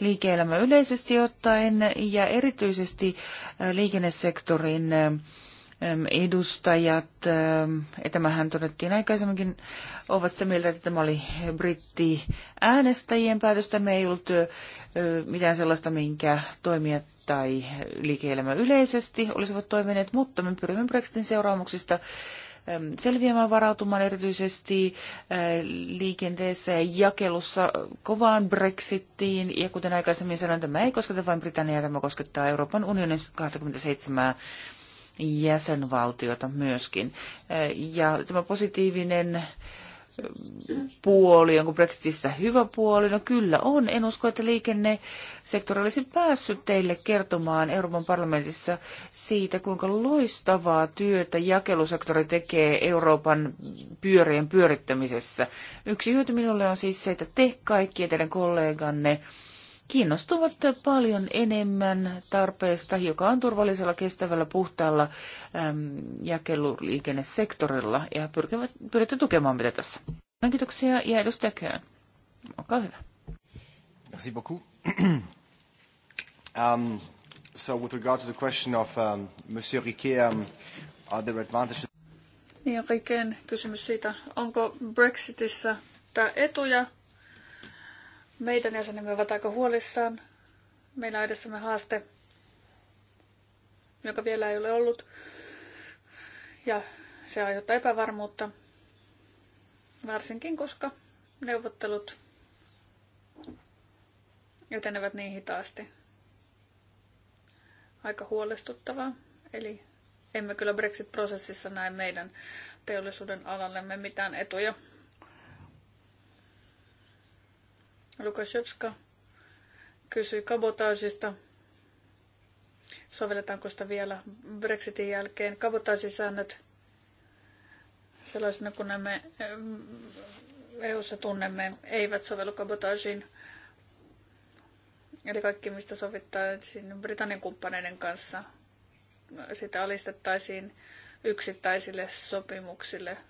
liike-elämä yleisesti ottaen ja erityisesti äh, liikennesektorin ähm, edustajat, ja tämähän todettiin aikaisemminkin, ovat sitä mieltä, että tämä oli britti äänestäjien päätös. Tämä ei ollut mitään sellaista, minkä toimijat tai liike-elämä yleisesti olisivat toivoneet, mutta me pyrimme Brexitin seuraamuksista selviämään varautumaan erityisesti liikenteessä ja jakelussa kovaan Brexittiin. Ja kuten aikaisemmin sanoin, tämä ei kosketa vain Britanniaa, tämä koskettaa Euroopan unionin 27 jäsenvaltiota myöskin. Ja tämä positiivinen puoli, onko Brexitissä hyvä puoli? No kyllä on. En usko, että liikennesektori olisi päässyt teille kertomaan Euroopan parlamentissa siitä, kuinka loistavaa työtä jakelusektori tekee Euroopan pyörien pyörittämisessä. Yksi hyöty minulle on siis se, että te kaikki ja teidän kolleganne kiinnostuvat paljon enemmän tarpeesta, joka on turvallisella, kestävällä, puhtaalla äm, jakeluliikennesektorilla ja pyrkivät, pyritte tukemaan mitä tässä. Kiitoksia ja edustaja Köön. Olkaa hyvä. Merci beaucoup. um, so with regard to the question of um, Monsieur Riquet, um, are there advantages? Niin, Riken kysymys siitä, onko Brexitissä tämä etuja meidän jäsenemme ovat aika huolissaan. Meillä on edessämme haaste, joka vielä ei ole ollut. Ja se aiheuttaa epävarmuutta, varsinkin koska neuvottelut etenevät niin hitaasti. Aika huolestuttavaa. Eli emme kyllä Brexit-prosessissa näe meidän teollisuuden alallemme mitään etuja. Lukashevska kysyi kabotaasista. Sovelletaanko sitä vielä Brexitin jälkeen? Kabotaasisäännöt sellaisena kuin me eh, EU-ssa tunnemme, eivät sovellu kabotaasiin. Eli kaikki, mistä sovittaisiin Britannian kumppaneiden kanssa, sitä alistettaisiin yksittäisille sopimuksille –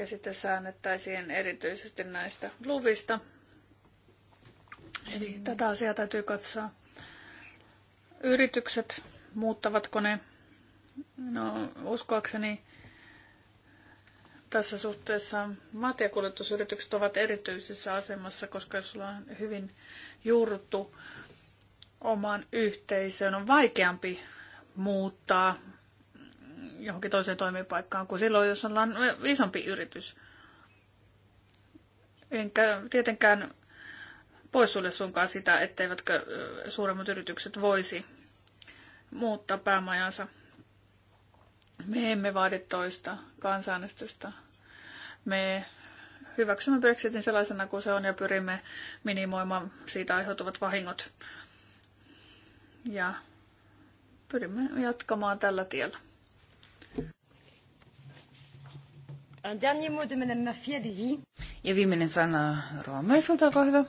ja sitten säännettäisiin erityisesti näistä luvista. Eli niin. tätä asiaa täytyy katsoa. Yritykset, muuttavatko ne? No, uskoakseni tässä suhteessa maantiekuljetusyritykset ovat erityisessä asemassa, koska jos sulla on hyvin juurruttu omaan yhteisöön, on vaikeampi muuttaa johonkin toiseen toimipaikkaan kuin silloin, jos ollaan isompi yritys. Enkä tietenkään poissulje sunkaan sitä, etteivätkö suuremmat yritykset voisi muuttaa päämajansa. Me emme vaadi toista kansanäänestystä. Me hyväksymme Brexitin sellaisena kuin se on ja pyrimme minimoimaan siitä aiheutuvat vahingot. Ja pyrimme jatkamaan tällä tiellä. Un dernier mot de Madame Ja viimeinen sana olkaa hyvä.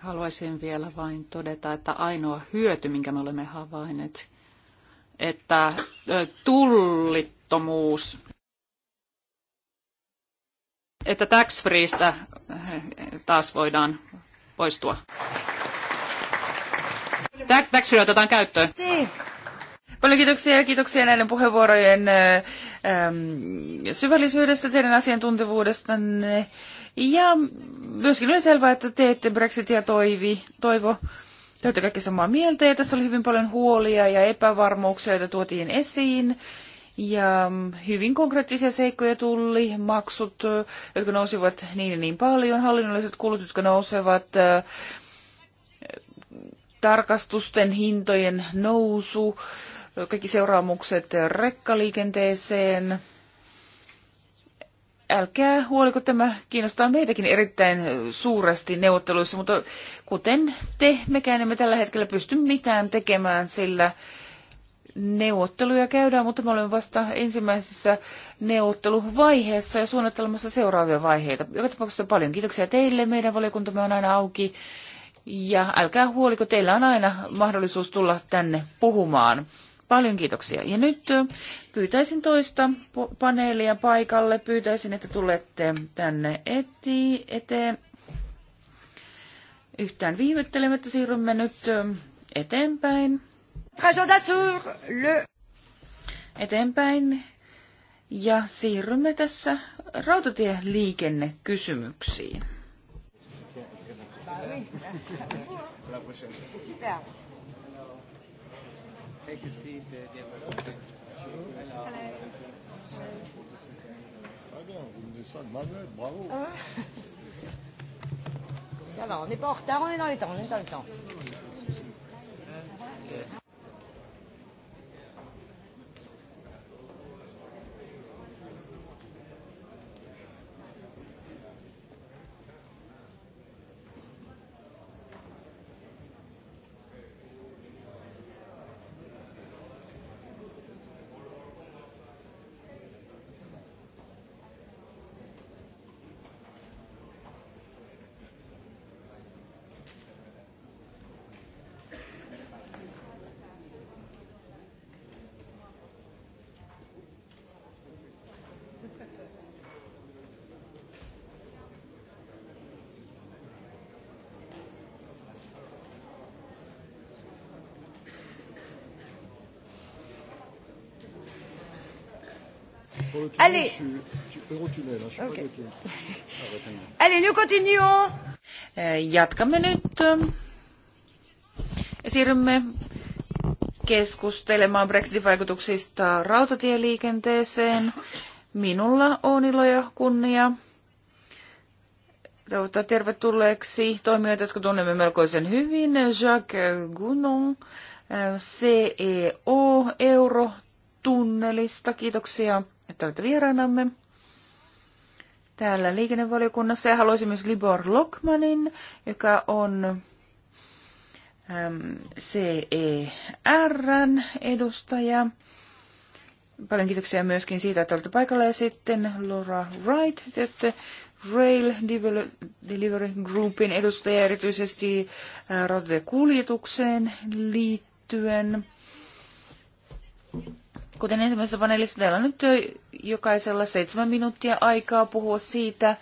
Haluaisin vielä vain todeta, että ainoa hyöty, minkä me olemme havainneet, että tullittomuus, että tax freestä taas voidaan poistua. Tax free otetaan käyttöön. Niin. Paljon kiitoksia ja kiitoksia näiden puheenvuorojen syvällisyydestä, teidän asiantuntevuudestanne. Ja myöskin oli selvää, että te ette Brexitia toivi, toivo. Te olette kaikki samaa mieltä ja tässä oli hyvin paljon huolia ja epävarmuuksia, joita tuotiin esiin. Ja mm, hyvin konkreettisia seikkoja tuli, maksut, jotka nousivat niin ja niin paljon, hallinnolliset kulut, jotka nousevat, tarkastusten hintojen nousu, kaikki seuraamukset rekkaliikenteeseen. Älkää huoliko, tämä kiinnostaa meitäkin erittäin suuresti neuvotteluissa, mutta kuten te, mekään emme tällä hetkellä pysty mitään tekemään, sillä neuvotteluja käydään, mutta me olemme vasta ensimmäisessä neuvotteluvaiheessa ja suunnittelemassa seuraavia vaiheita. Joka tapauksessa paljon kiitoksia teille. Meidän valiokuntamme on aina auki. Ja älkää huoliko, teillä on aina mahdollisuus tulla tänne puhumaan. Paljon kiitoksia. Ja nyt pyytäisin toista paneelia paikalle. Pyytäisin, että tulette tänne eti, eteen. Yhtään viivyttelemättä siirrymme nyt eteenpäin. Eteenpäin. Ja siirrymme tässä rautatieliikennekysymyksiin. Super. I could see the, the Très bien, vous Ça va, on n'est pas en retard, on est dans les temps, on est dans le temps. Allez. Okay. Allez, nous continuons. Eh, jatkamme nyt. Ähm, siirrymme keskustelemaan Brexitin vaikutuksista rautatieliikenteeseen. Minulla on ilo ja kunnia toivottaa tervetulleeksi toimijoita, jotka tunnemme melkoisen hyvin. Jacques Gounon, äh, CEO Eurotunnelista. Kiitoksia että olette vieraanamme täällä liikennevaliokunnassa ja haluaisin myös Libor Lokmanin, joka on CERn edustaja. Paljon kiitoksia myöskin siitä, että olette paikalla. Ja sitten Laura Wright, että Rail Delivery Groupin edustaja erityisesti rautatiekuljetukseen liittyen. Kuten ensimmäisessä paneelissa, täällä on nyt jokaisella seitsemän minuuttia aikaa puhua siitä,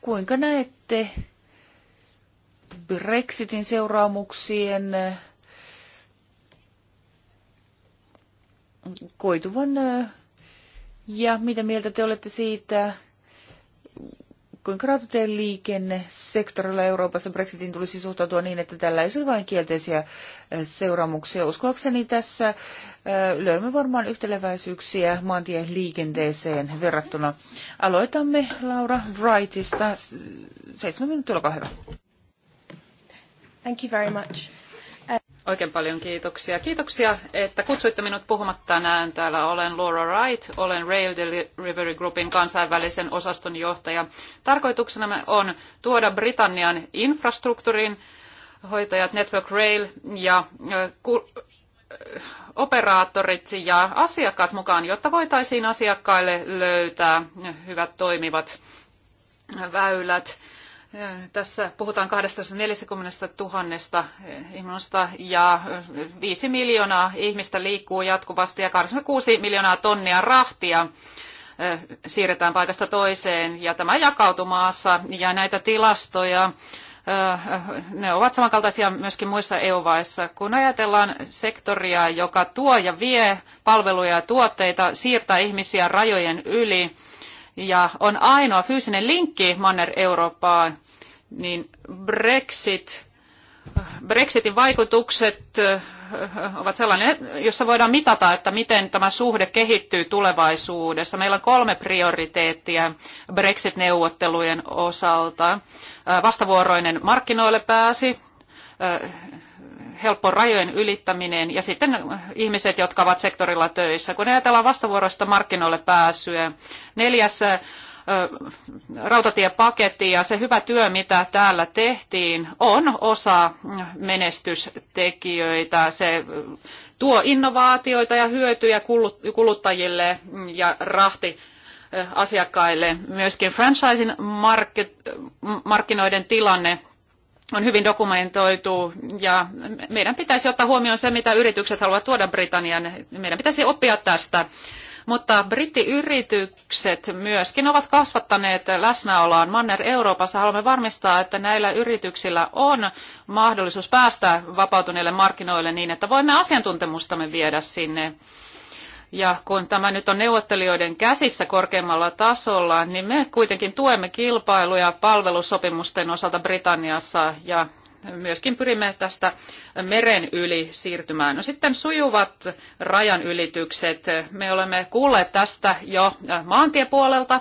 kuinka näette Brexitin seuraamuksien koituvan ja mitä mieltä te olette siitä, kuinka liikenne liikennesektorilla Euroopassa Brexitin tulisi suhtautua niin, että tällä ei ole vain kielteisiä äh, seuraamuksia. Uskoakseni tässä äh, löydämme varmaan yhtäläväisyyksiä maantien liikenteeseen verrattuna. Aloitamme Laura Wrightista. Seitsemän minuuttia, olkaa hyvä. Thank you very much. Oikein paljon kiitoksia. Kiitoksia, että kutsuitte minut puhumaan tänään. Täällä olen Laura Wright, olen Rail Delivery Groupin kansainvälisen osaston johtaja. Tarkoituksena on tuoda Britannian infrastruktuurin hoitajat Network Rail ja operaattorit ja asiakkaat mukaan, jotta voitaisiin asiakkaille löytää hyvät toimivat väylät tässä puhutaan 240 000 ihmistä ja 5 miljoonaa ihmistä liikkuu jatkuvasti ja 86 miljoonaa tonnia rahtia siirretään paikasta toiseen ja tämä jakautuu maassa ja näitä tilastoja ne ovat samankaltaisia myöskin muissa EU-vaissa. Kun ajatellaan sektoria, joka tuo ja vie palveluja ja tuotteita, siirtää ihmisiä rajojen yli, ja on ainoa fyysinen linkki Manner Eurooppaan, niin Brexit, Brexitin vaikutukset eh, ovat sellainen, jossa voidaan mitata, että miten tämä suhde kehittyy tulevaisuudessa. Meillä on kolme prioriteettia Brexit-neuvottelujen osalta. Eh, vastavuoroinen markkinoille pääsi, eh, helppo rajojen ylittäminen ja sitten ihmiset, jotka ovat sektorilla töissä. Kun ajatellaan vastavuoroista markkinoille pääsyä, neljäs rautatiepaketti ja se hyvä työ, mitä täällä tehtiin, on osa menestystekijöitä. Se tuo innovaatioita ja hyötyjä kuluttajille ja rahti asiakkaille. Myöskin franchising market, markkinoiden tilanne on hyvin dokumentoitu ja meidän pitäisi ottaa huomioon se, mitä yritykset haluavat tuoda Britannian. Meidän pitäisi oppia tästä. Mutta brittiyritykset myöskin ovat kasvattaneet läsnäoloaan Manner Euroopassa. Haluamme varmistaa, että näillä yrityksillä on mahdollisuus päästä vapautuneille markkinoille niin, että voimme asiantuntemustamme viedä sinne. Ja kun tämä nyt on neuvottelijoiden käsissä korkeammalla tasolla, niin me kuitenkin tuemme kilpailuja palvelusopimusten osalta Britanniassa ja myöskin pyrimme tästä meren yli siirtymään. No sitten sujuvat rajanylitykset. Me olemme kuulleet tästä jo maantiepuolelta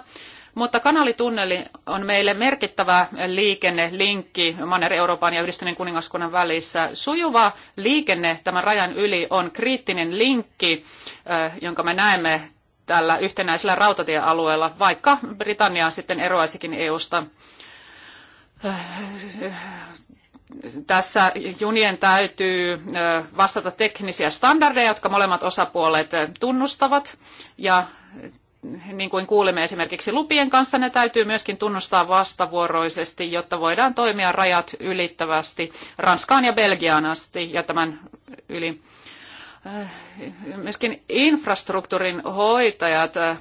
mutta kanalitunneli on meille merkittävä liikennelinkki Manner-Euroopan ja Yhdistyneen kuningaskunnan välissä. Sujuva liikenne tämän rajan yli on kriittinen linkki, eh, jonka me näemme tällä yhtenäisellä rautatiealueella, vaikka Britannia sitten eroaisikin EUsta. Eh, tässä junien täytyy eh, vastata teknisiä standardeja, jotka molemmat osapuolet tunnustavat, ja niin kuin kuulemme esimerkiksi lupien kanssa, ne täytyy myöskin tunnustaa vastavuoroisesti, jotta voidaan toimia rajat ylittävästi Ranskaan ja Belgiaan asti ja tämän yli. Äh, myöskin infrastruktuurin hoitajat äh,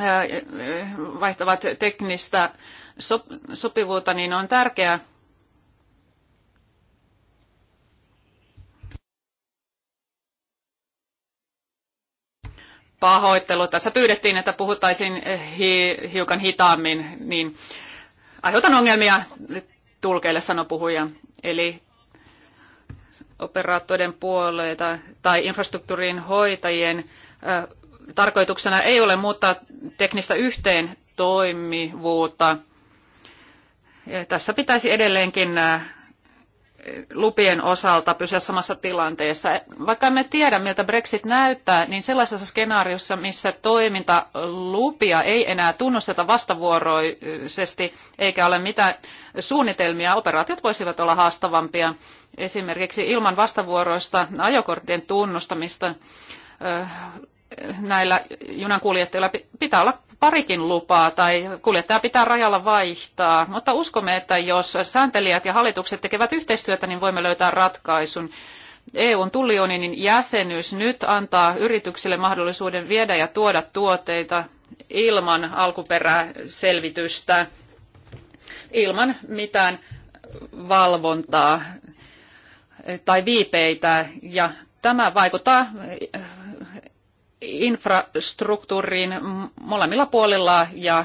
äh, vaihtavat teknistä sopivuutta, niin on tärkeää, pahoittelu. Tässä pyydettiin, että puhuttaisiin eh, hi- hiukan hitaammin, niin aiheutan ongelmia tulkeille, sano puhuja. Eli operaattoiden puolelta tai infrastruktuurin hoitajien eh, tarkoituksena ei ole muuttaa teknistä yhteen toimivuutta. Tässä pitäisi edelleenkin eh, lupien osalta pysyä samassa tilanteessa. Vaikka emme tiedä, miltä Brexit näyttää, niin sellaisessa skenaariossa, missä toimintalupia ei enää tunnusteta vastavuoroisesti eikä ole mitään suunnitelmia, operaatiot voisivat olla haastavampia. Esimerkiksi ilman vastavuoroista ajokorttien tunnustamista näillä junankuljettajilla pitää olla parikin lupaa tai kuljettaja pitää rajalla vaihtaa, mutta uskomme, että jos sääntelijät ja hallitukset tekevät yhteistyötä, niin voimme löytää ratkaisun. EUn tullionin jäsenyys nyt antaa yrityksille mahdollisuuden viedä ja tuoda tuotteita ilman alkuperäselvitystä, ilman mitään valvontaa tai viipeitä. Ja tämä vaikuttaa infrastruktuuriin molemmilla puolilla ja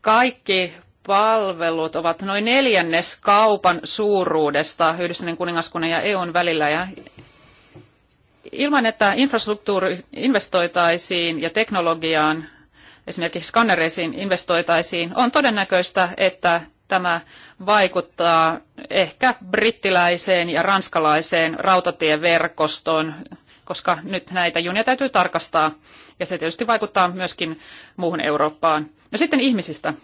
kaikki palvelut ovat noin neljännes kaupan suuruudesta Yhdistyneen kuningaskunnan ja EUn välillä. Ja ilman, että infrastruktuuri investoitaisiin ja teknologiaan, esimerkiksi skannereisiin investoitaisiin, on todennäköistä, että tämä vaikuttaa ehkä brittiläiseen ja ranskalaiseen rautatieverkostoon koska nyt näitä junia täytyy tarkastaa, ja se tietysti vaikuttaa myöskin muuhun Eurooppaan. No sitten ihmisistä.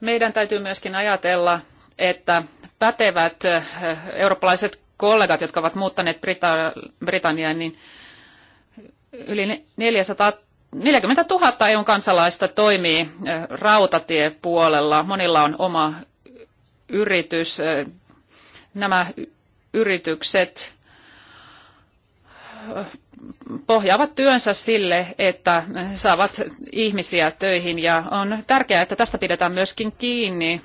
Meidän täytyy myöskin ajatella, että pätevät eh, eurooppalaiset kollegat, jotka ovat muuttaneet Brita- Britanniaan, niin yli 400 40 000 EUn kansalaista toimii eh, rautatiepuolella. Monilla on oma yritys. Eh, nämä yritykset pohjaavat työnsä sille, että saavat ihmisiä töihin ja on tärkeää, että tästä pidetään myöskin kiinni.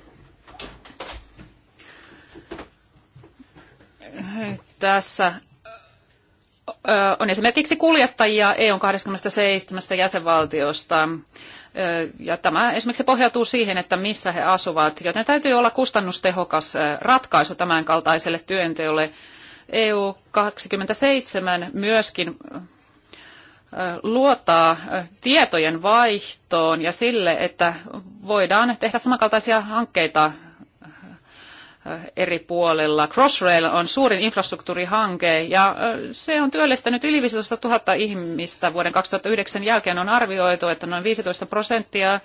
Tässä on esimerkiksi kuljettajia EUn 27 jäsenvaltiosta. Ja tämä esimerkiksi pohjautuu siihen, että missä he asuvat, joten täytyy olla kustannustehokas ratkaisu tämän kaltaiselle työnteolle EU 27 myöskin luottaa tietojen vaihtoon ja sille, että voidaan tehdä samankaltaisia hankkeita Eh, eri puolilla. Crossrail on suurin infrastruktuurihanke ja eh, se on työllistänyt yli 15 000 ihmistä. Vuoden 2009 jälkeen on arvioitu, että noin 15 prosenttia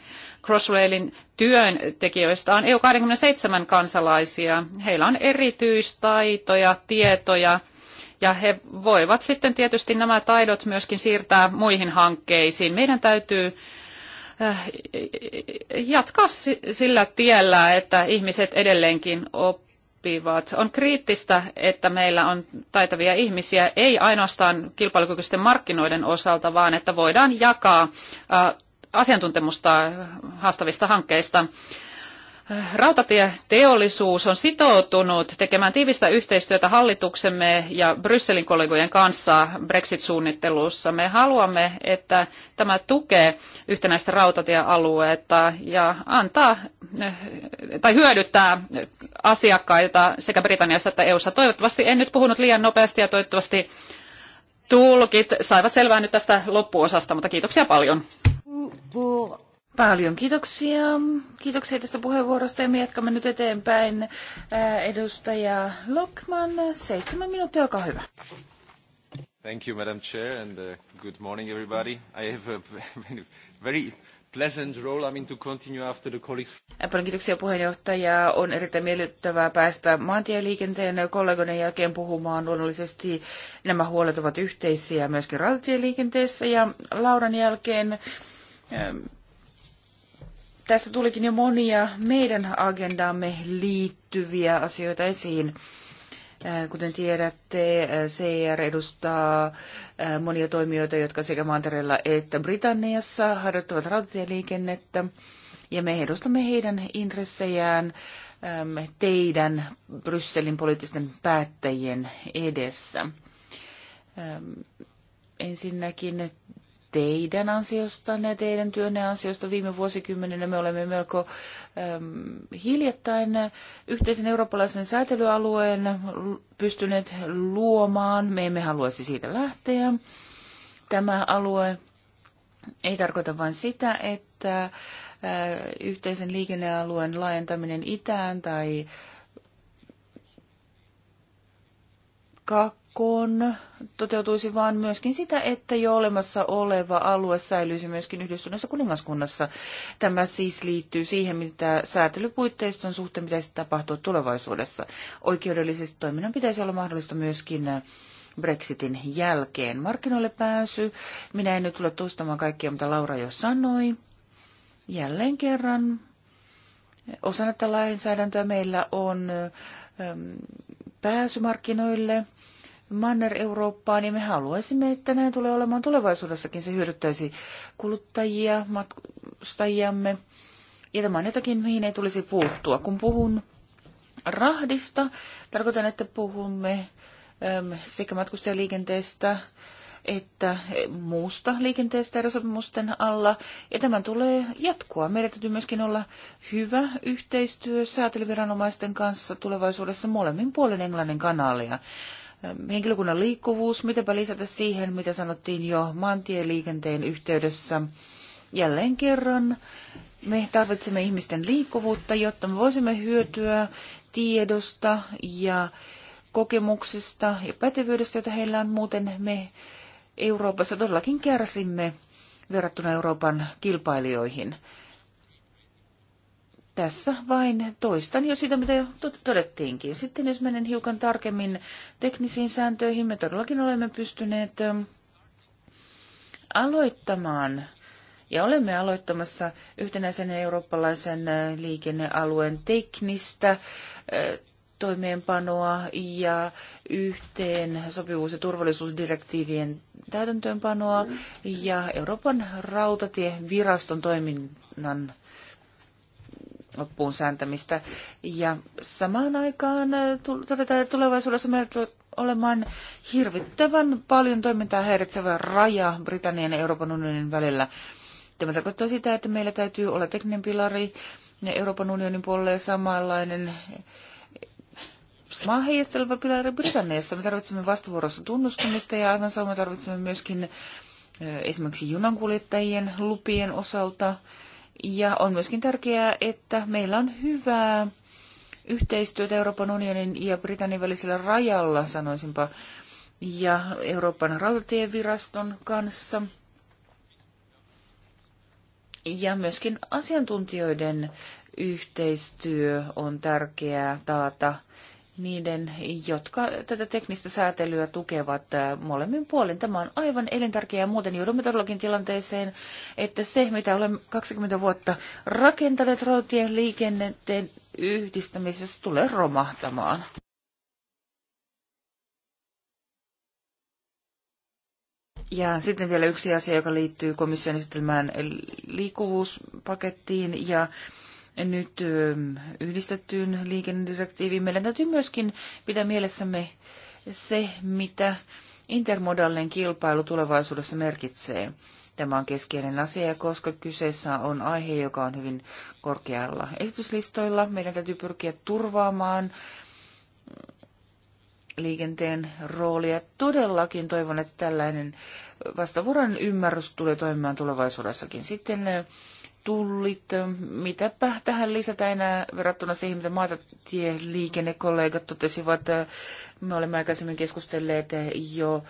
Crossrailin työntekijöistä on EU-27 kansalaisia. Heillä on erityistaitoja, tietoja ja he voivat sitten tietysti nämä taidot myöskin siirtää muihin hankkeisiin. Meidän täytyy Äh, jatkaa sillä tiellä, että ihmiset edelleenkin oppivat. On kriittistä, että meillä on taitavia ihmisiä, ei ainoastaan kilpailukykyisten markkinoiden osalta, vaan että voidaan jakaa äh, asiantuntemusta haastavista hankkeista. Rautatieteollisuus on sitoutunut tekemään tiivistä yhteistyötä hallituksemme ja Brysselin kollegojen kanssa Brexit-suunnittelussa. Me haluamme, että tämä tukee yhtenäistä rautatiealuetta ja antaa tai hyödyttää asiakkaita sekä Britanniassa että EU:ssa. Toivottavasti en nyt puhunut liian nopeasti ja toivottavasti tulkit saivat selvää nyt tästä loppuosasta, mutta kiitoksia paljon. Paljon kiitoksia. Kiitoksia tästä puheenvuorosta ja me jatkamme nyt eteenpäin. Edustaja Lokman, seitsemän minuuttia, olkaa hyvä. Thank you, Madam Chair, and uh, good morning, everybody. I have a very pleasant role, I mean, to continue after the colleagues. Paljon kiitoksia puheenjohtaja. On erittäin miellyttävää päästä maantieliikenteen kollegoiden jälkeen puhumaan. Luonnollisesti nämä huolet ovat yhteisiä myöskin rautatieliikenteessä ja Lauran jälkeen tässä tulikin jo monia meidän agendaamme liittyviä asioita esiin. Äh, kuten tiedätte, äh, CR edustaa äh, monia toimijoita, jotka sekä Mantereella että Britanniassa harjoittavat rautatieliikennettä. Ja me edustamme heidän intressejään ähm, teidän Brysselin poliittisten päättäjien edessä. Ähm, ensinnäkin teidän ansiostanne ja teidän työnne ansiosta viime vuosikymmeninä me olemme melko äm, hiljattain yhteisen eurooppalaisen säätelyalueen pystyneet luomaan. Me emme haluaisi siitä lähteä. Tämä alue ei tarkoita vain sitä, että yhteisen liikennealueen laajentaminen itään tai kak- pakoon toteutuisi, vaan myöskin sitä, että jo olemassa oleva alue säilyisi myöskin yhdistyneessä kuningaskunnassa. Tämä siis liittyy siihen, mitä säätelypuitteiston suhteen pitäisi tapahtua tulevaisuudessa. Oikeudellisesti toiminnan pitäisi olla mahdollista myöskin Brexitin jälkeen. Markkinoille pääsy. Minä en nyt tule toistamaan kaikkia, mitä Laura jo sanoi. Jälleen kerran. Osana tätä lainsäädäntöä meillä on pääsymarkkinoille Manner-Eurooppaan, niin me haluaisimme, että näin tulee olemaan tulevaisuudessakin. Se hyödyttäisi kuluttajia, matkustajiamme. Ja tämä on jotakin, mihin ei tulisi puuttua. Kun puhun rahdista, tarkoitan, että puhumme sekä matkustajaliikenteestä että muusta liikenteestä erosopimusten alla. Ja tämän tulee jatkua. Meidän täytyy myöskin olla hyvä yhteistyö säätelyviranomaisten kanssa tulevaisuudessa molemmin puolen Englannin kanaalia henkilökunnan liikkuvuus, mitäpä lisätä siihen, mitä sanottiin jo maantieliikenteen yhteydessä. Jälleen kerran me tarvitsemme ihmisten liikkuvuutta, jotta me voisimme hyötyä tiedosta ja kokemuksista ja pätevyydestä, joita heillä on. Muuten me Euroopassa todellakin kärsimme verrattuna Euroopan kilpailijoihin tässä vain toistan jo sitä, mitä jo todettiinkin. Sitten jos menen hiukan tarkemmin teknisiin sääntöihin, me todellakin olemme pystyneet ähm, aloittamaan ja olemme aloittamassa yhtenäisen eurooppalaisen äh, liikennealueen teknistä äh, toimeenpanoa ja yhteen sopivuus- ja turvallisuusdirektiivien täytäntöönpanoa ja Euroopan rautatieviraston toiminnan loppuun sääntämistä. Ja samaan aikaan äh, todetaan, että tulevaisuudessa meillä tulee olemaan hirvittävän paljon toimintaa häiritsevä raja Britannian ja Euroopan unionin välillä. Tämä tarkoittaa sitä, että meillä täytyy olla tekninen pilari ja Euroopan unionin puolelle samanlainen maa heijasteleva pilari Britanniassa. Me tarvitsemme vastavuorossa tunnustamista ja aivan samoin tarvitsemme myöskin äh, esimerkiksi junankuljettajien lupien osalta – ja on myöskin tärkeää, että meillä on hyvää yhteistyötä Euroopan unionin ja Britannian välisellä rajalla, sanoisinpa, ja Euroopan rautatieviraston kanssa. Ja myöskin asiantuntijoiden yhteistyö on tärkeää taata niiden, jotka tätä teknistä säätelyä tukevat äh, molemmin puolin. Tämä on aivan elintärkeää. Muuten joudumme todellakin tilanteeseen, että se, mitä olemme 20 vuotta rakentaneet rautien liikenteen yhdistämisessä, tulee romahtamaan. Ja sitten vielä yksi asia, joka liittyy komission esitelmään liikkuvuuspakettiin ja nyt ähm, yhdistettyyn liikennedirektiiviin. Meidän täytyy myöskin pitää mielessämme se, mitä intermodallinen kilpailu tulevaisuudessa merkitsee. Tämä on keskeinen asia, koska kyseessä on aihe, joka on hyvin korkealla esityslistoilla. Meidän täytyy pyrkiä turvaamaan liikenteen roolia. Todellakin toivon, että tällainen vastavuoron ymmärrys tulee toimimaan tulevaisuudessakin. Sitten äh, tullit, mitäpä tähän lisätä enää verrattuna siihen, mitä maatatieliikennekollegat totesivat. Me olemme aikaisemmin keskustelleet jo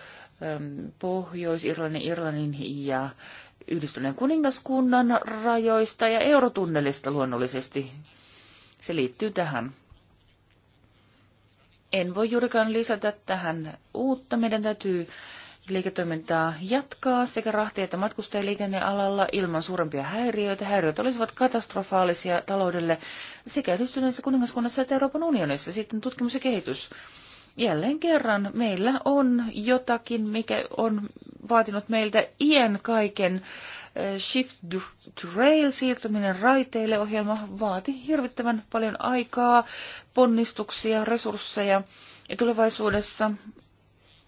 Pohjois-Irlannin, Irlannin ja Yhdistyneen kuningaskunnan rajoista ja eurotunnelista luonnollisesti. Se liittyy tähän. En voi juurikaan lisätä tähän uutta. Meidän täytyy liiketoimintaa jatkaa sekä rahti- että matkustajaliikennealalla ilman suurempia häiriöitä. Häiriöt olisivat katastrofaalisia taloudelle sekä yhdistyneessä kuningaskunnassa että Euroopan unionissa. Sitten tutkimus ja kehitys. Jälleen kerran meillä on jotakin, mikä on vaatinut meiltä iän kaiken eh, Shift to Rail, siirtyminen raiteille ohjelma vaati hirvittävän paljon aikaa, ponnistuksia, resursseja. Ja tulevaisuudessa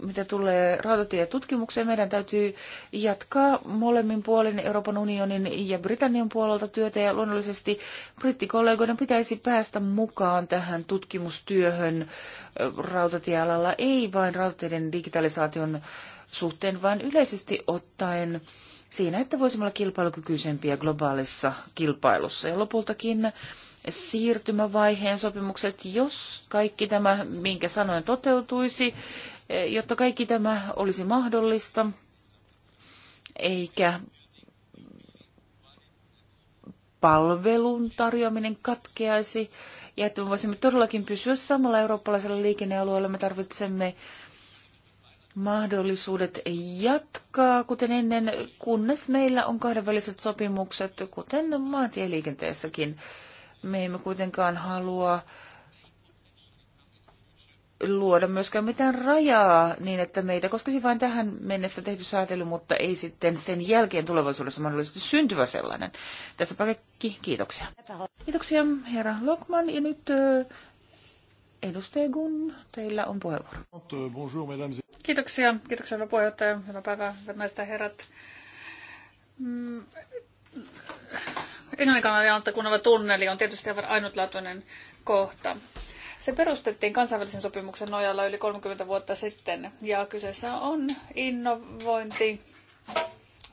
mitä tulee rautatietutkimukseen, meidän täytyy jatkaa molemmin puolin Euroopan unionin ja Britannian puolelta työtä ja luonnollisesti brittikollegoiden pitäisi päästä mukaan tähän tutkimustyöhön rautatiealalla, ei vain rautateiden digitalisaation suhteen, vaan yleisesti ottaen siinä, että voisimme olla kilpailukykyisempiä globaalissa kilpailussa. Ja lopultakin siirtymävaiheen sopimukset, jos kaikki tämä, minkä sanoin, toteutuisi, jotta kaikki tämä olisi mahdollista, eikä palvelun tarjoaminen katkeaisi, ja että me voisimme todellakin pysyä samalla eurooppalaisella liikennealueella. Me tarvitsemme mahdollisuudet jatkaa, kuten ennen, kunnes meillä on kahdenväliset sopimukset, kuten maantieliikenteessäkin. Me emme kuitenkaan halua luoda myöskään mitään rajaa niin, että meitä koskisi vain tähän mennessä tehty säätely, mutta ei sitten sen jälkeen tulevaisuudessa mahdollisesti syntyvä sellainen. Tässä kaikki kiitoksia. Kiitoksia herra Lokman ja nyt eh, edustaja Gun, teillä on puheenvuoro. Kiitoksia, kiitoksia hyvä puheenjohtaja, hyvää päivää, hyvät naiset ja herrat. Mm, Englannin kanalia tunneli on tietysti aivan ainutlaatuinen kohta. Se perustettiin kansainvälisen sopimuksen nojalla yli 30 vuotta sitten ja kyseessä on innovointi,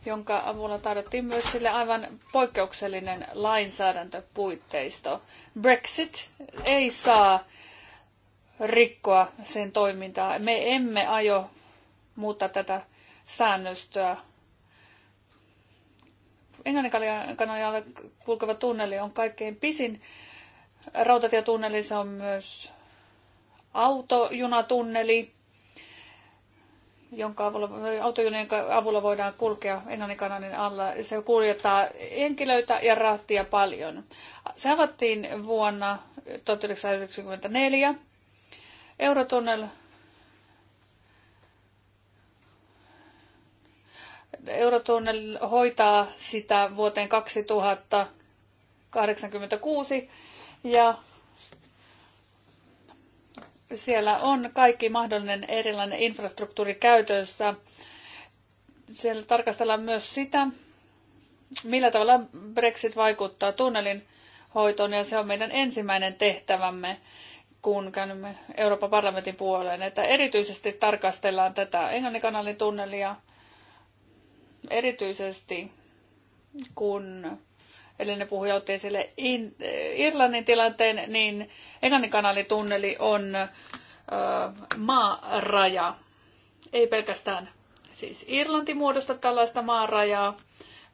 jonka avulla tarjottiin myös sille aivan poikkeuksellinen lainsäädäntöpuitteisto. Brexit ei saa rikkoa sen toimintaa. Me emme aio muuttaa tätä säännöstöä. Englannin kanajalle kulkeva tunneli on kaikkein pisin rautatietunneli, se on myös autojunatunneli, jonka avulla, autojunien avulla voidaan kulkea Englannin alla. Se kuljettaa henkilöitä ja rahtia paljon. Se avattiin vuonna 1994. Eurotunnel Eurotunnel hoitaa sitä vuoteen 2086 ja siellä on kaikki mahdollinen erilainen infrastruktuuri käytössä. Siellä tarkastellaan myös sitä, millä tavalla Brexit vaikuttaa tunnelin hoitoon ja se on meidän ensimmäinen tehtävämme, kun käymme Euroopan parlamentin puoleen, että erityisesti tarkastellaan tätä Englannin kanalin tunnelia, erityisesti kun edellinen puhuja otti esille In, eh, Irlannin tilanteen, niin Englannin tunneli on ö, eh, maaraja. Ei pelkästään siis Irlanti muodosta tällaista maarajaa,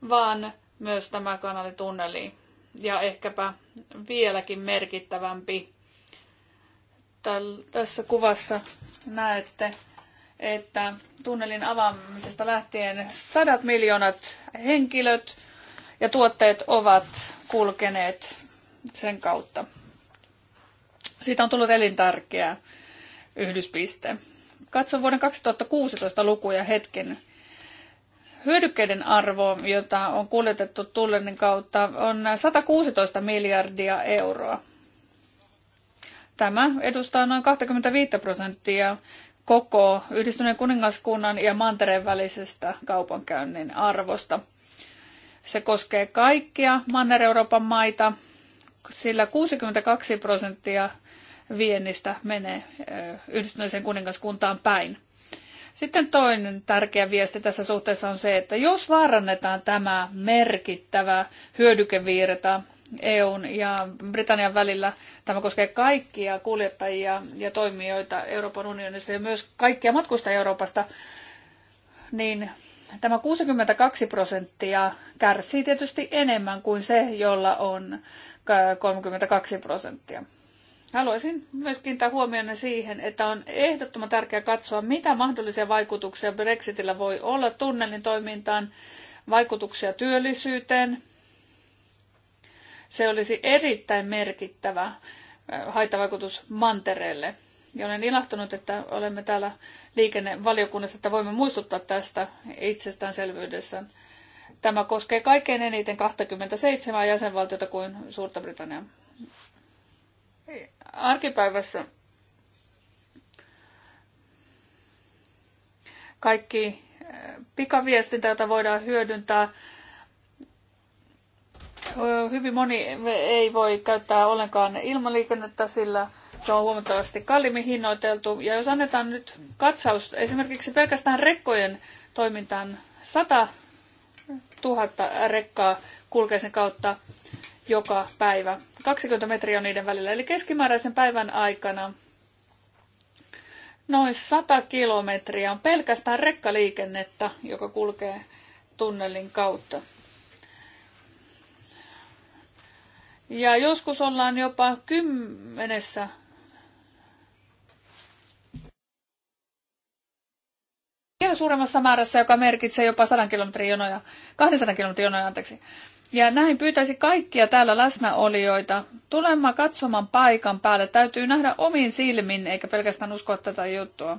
vaan myös tämä tunneli Ja ehkäpä vieläkin merkittävämpi. Tässä kuvassa näette että tunnelin avaamisesta lähtien sadat miljoonat henkilöt ja tuotteet ovat kulkeneet sen kautta. Siitä on tullut elintärkeä yhdyspiste. Katson vuoden 2016 lukuja hetken. Hyödykkeiden arvo, jota on kuljetettu tullennin kautta, on 116 miljardia euroa. Tämä edustaa noin 25 prosenttia koko yhdistyneen kuningaskunnan ja mantereen välisestä kaupankäynnin arvosta. Se koskee kaikkia Manner-Euroopan maita, sillä 62 prosenttia viennistä menee yhdistyneeseen kuningaskuntaan päin. Sitten toinen tärkeä viesti tässä suhteessa on se, että jos vaarannetaan tämä merkittävä hyödykevirta EUn ja Britannian välillä, tämä koskee kaikkia kuljettajia ja toimijoita Euroopan unionissa ja myös kaikkia matkustajia Euroopasta, niin Tämä 62 prosenttia kärsii tietysti enemmän kuin se, jolla on 32 prosenttia. Haluaisin myös kiinnittää huomioon siihen, että on ehdottoman tärkeää katsoa, mitä mahdollisia vaikutuksia Brexitillä voi olla tunnelin toimintaan, vaikutuksia työllisyyteen. Se olisi erittäin merkittävä eh, haittavaikutus mantereelle. Ja olen ilahtunut, että olemme täällä liikennevaliokunnassa, että voimme muistuttaa tästä itsestäänselvyydessä. Tämä koskee kaikkein eniten 27 jäsenvaltiota kuin Suurta-Britannia. Arkipäivässä kaikki eh, pikaviestintä, jota voidaan hyödyntää. Eh, hyvin moni ei voi käyttää ollenkaan ilmaliikennettä, sillä se on huomattavasti kalliimmin hinnoiteltu. Ja jos annetaan nyt katsaus esimerkiksi pelkästään rekkojen toimintaan 100 000 rekkaa kulkee sen kautta joka päivä. 20 metriä on niiden välillä. Eli keskimääräisen päivän aikana noin 100 kilometriä on pelkästään rekkaliikennettä, joka kulkee tunnelin kautta. Ja joskus ollaan jopa kymmenessä vielä suuremmassa määrässä, joka merkitsee jopa 100 kilometrin jonoja, 200 kilometrin jonoja, anteeksi. Ja näin pyytäisi kaikkia täällä läsnäolijoita tulemaan katsomaan paikan päälle. Täytyy nähdä omin silmin, eikä pelkästään uskoa tätä juttua.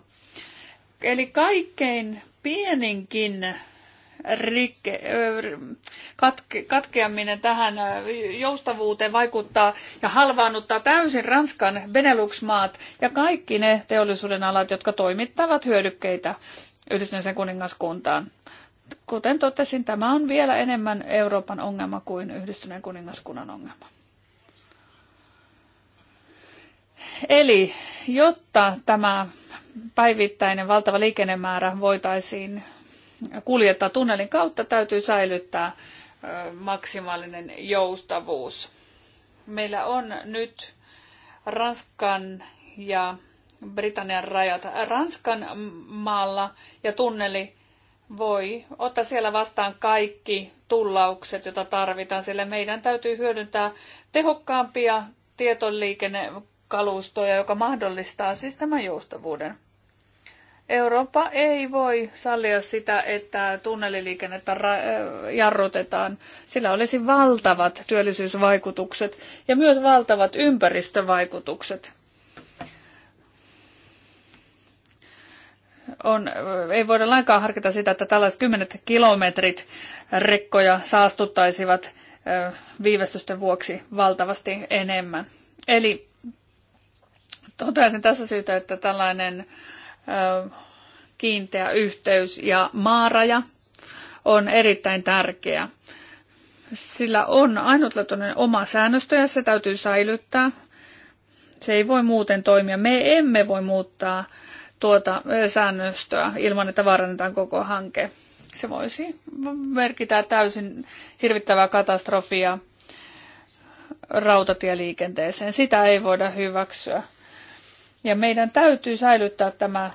Eli kaikkein pieninkin rikke, katke, katkeaminen tähän joustavuuteen vaikuttaa ja halvaannuttaa täysin Ranskan Benelux-maat ja kaikki ne teollisuuden alat, jotka toimittavat hyödykkeitä yhdistyneeseen kuningaskuntaan. Kuten totesin, tämä on vielä enemmän Euroopan ongelma kuin yhdistyneen kuningaskunnan ongelma. Eli jotta tämä päivittäinen valtava liikennemäärä voitaisiin kuljettaa tunnelin kautta, täytyy säilyttää maksimaalinen joustavuus. Meillä on nyt Ranskan ja Britannian rajat Ranskan maalla ja tunneli voi ottaa siellä vastaan kaikki tullaukset, joita tarvitaan, sillä meidän täytyy hyödyntää tehokkaampia tietoliikennekalustoja, joka mahdollistaa siis tämän joustavuuden. Eurooppa ei voi sallia sitä, että tunneliliikennettä jarrutetaan. Sillä olisi valtavat työllisyysvaikutukset ja myös valtavat ympäristövaikutukset. on, ei voida lainkaan harkita sitä, että tällaiset kymmenet kilometrit rekkoja saastuttaisivat viivästysten vuoksi valtavasti enemmän. Eli toteaisin tässä syytä, että tällainen kiinteä yhteys ja maaraja on erittäin tärkeä. Sillä on ainutlaatuinen oma säännöstö ja se täytyy säilyttää. Se ei voi muuten toimia. Me emme voi muuttaa tuota säännöstöä ilman, että vaarannetaan koko hanke. Se voisi merkitä täysin hirvittävää katastrofia rautatieliikenteeseen. Sitä ei voida hyväksyä. Ja meidän täytyy säilyttää tämä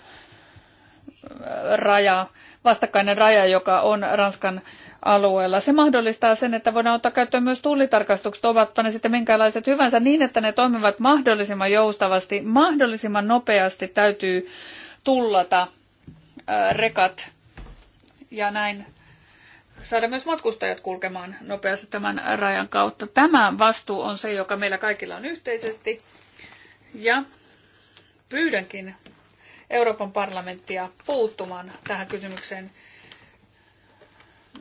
raja, vastakkainen raja, joka on Ranskan alueella. Se mahdollistaa sen, että voidaan ottaa käyttöön myös tullitarkastukset, ovatpa ne sitten minkälaiset hyvänsä, niin että ne toimivat mahdollisimman joustavasti. Mahdollisimman nopeasti täytyy tullata rekat ja näin saada myös matkustajat kulkemaan nopeasti tämän rajan kautta. Tämä vastuu on se, joka meillä kaikilla on yhteisesti. Ja pyydänkin Euroopan parlamenttia puuttumaan tähän kysymykseen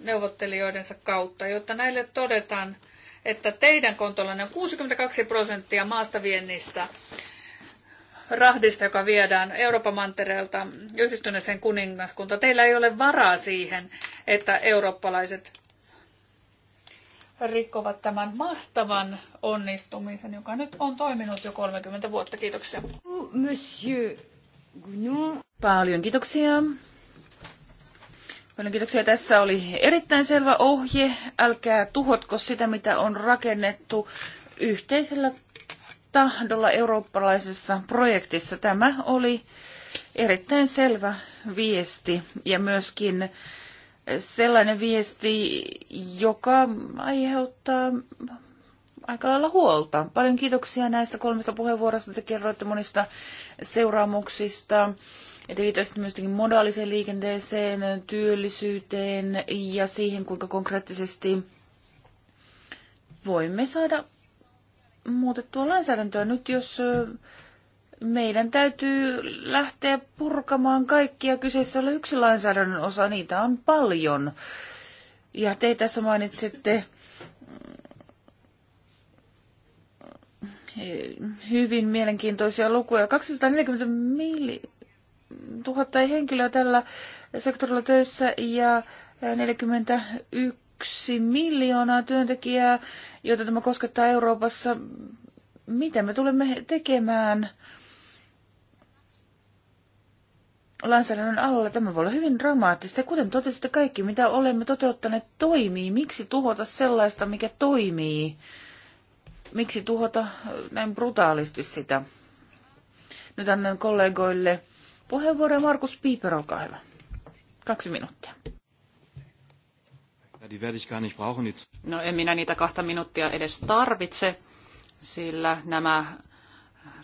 neuvottelijoidensa kautta, jotta näille todetaan, että teidän kontollanne on 62 prosenttia maasta viennistä rahdista, joka viedään Euroopan mantereelta yhdistyneeseen kuningaskunta. Teillä ei ole varaa siihen, että eurooppalaiset rikkovat tämän mahtavan onnistumisen, joka nyt on toiminut jo 30 vuotta. Kiitoksia. Monsieur Gounon. Paljon kiitoksia. Paljon kiitoksia. Tässä oli erittäin selvä ohje. Älkää tuhotko sitä, mitä on rakennettu yhteisellä tahdolla eurooppalaisessa projektissa. Tämä oli erittäin selvä viesti ja myöskin sellainen viesti, joka aiheuttaa aika lailla huolta. Paljon kiitoksia näistä kolmesta puheenvuorosta. Te kerroitte monista seuraamuksista ja viitaisi viittasitte myöskin modaaliseen liikenteeseen, työllisyyteen ja siihen, kuinka konkreettisesti voimme saada muutettua lainsäädäntöä. Nyt jos meidän täytyy lähteä purkamaan kaikkia kyseessä ole yksi lainsäädännön osa, niitä on paljon. Ja te tässä mainitsette mm, hyvin mielenkiintoisia lukuja. 240 miljoonaa tuhatta henkilöä tällä sektorilla töissä ja 41 miljoonaa työntekijää, joita tämä koskettaa Euroopassa. Mitä me tulemme tekemään lainsäädännön alalla? Tämä voi olla hyvin dramaattista. Kuten totesitte, kaikki mitä olemme toteuttaneet toimii. Miksi tuhota sellaista, mikä toimii? Miksi tuhota näin brutaalisti sitä? Nyt annan kollegoille puheenvuoroja. Markus Piiper, olkaa hyvä. Kaksi minuuttia. No en minä niitä kahta minuuttia edes tarvitse, sillä nämä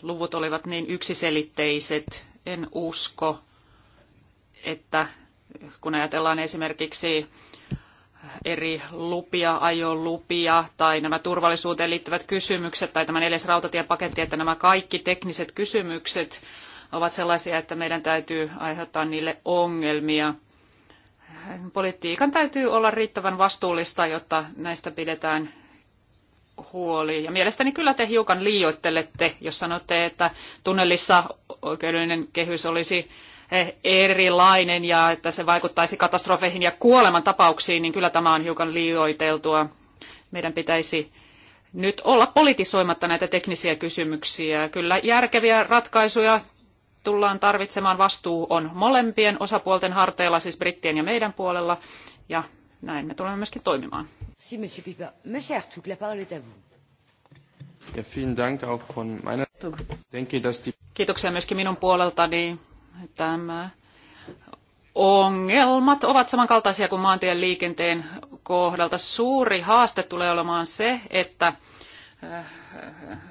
luvut olivat niin yksiselitteiset. En usko, että kun ajatellaan esimerkiksi eri lupia, ajolupia tai nämä turvallisuuteen liittyvät kysymykset tai tämä neljäs rautatiepaketti, että nämä kaikki tekniset kysymykset ovat sellaisia, että meidän täytyy aiheuttaa niille ongelmia. Politiikan täytyy olla riittävän vastuullista, jotta näistä pidetään huoli. Ja mielestäni kyllä te hiukan liioittelette, jos sanotte, että tunnelissa oikeudellinen kehys olisi eh, erilainen ja että se vaikuttaisi katastrofeihin ja kuoleman tapauksiin, niin kyllä tämä on hiukan liioiteltua. Meidän pitäisi nyt olla politisoimatta näitä teknisiä kysymyksiä. Kyllä järkeviä ratkaisuja tullaan tarvitsemaan. Vastuu on molempien osapuolten harteilla, siis brittien ja meidän puolella, ja näin me tulemme myöskin toimimaan. Si, monsieur Pipa. Monsieur Artuk, la parole est à vous. Ja vielen Dank auch von meiner denke, dass die... Kiitoksia myöskin minun puoleltani. Tämä ongelmat ovat samankaltaisia kuin maantien liikenteen kohdalta. Suuri haaste tulee olemaan se, että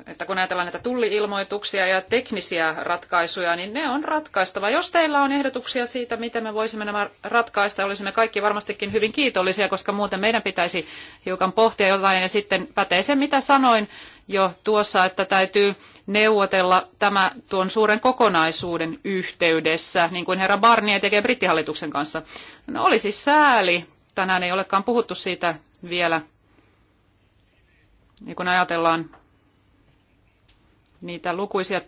että kun ajatellaan näitä tulliilmoituksia ja teknisiä ratkaisuja, niin ne on ratkaistava. Jos teillä on ehdotuksia siitä, miten me voisimme nämä ratkaista, olisimme kaikki varmastikin hyvin kiitollisia, koska muuten meidän pitäisi hiukan pohtia jotain ja sitten pätee se, mitä sanoin jo tuossa, että täytyy neuvotella tämä tuon suuren kokonaisuuden yhteydessä, niin kuin herra Barnier tekee brittihallituksen kanssa. No sääli. Tänään ei olekaan puhuttu siitä vielä niin kun ajatellaan niitä lukuisia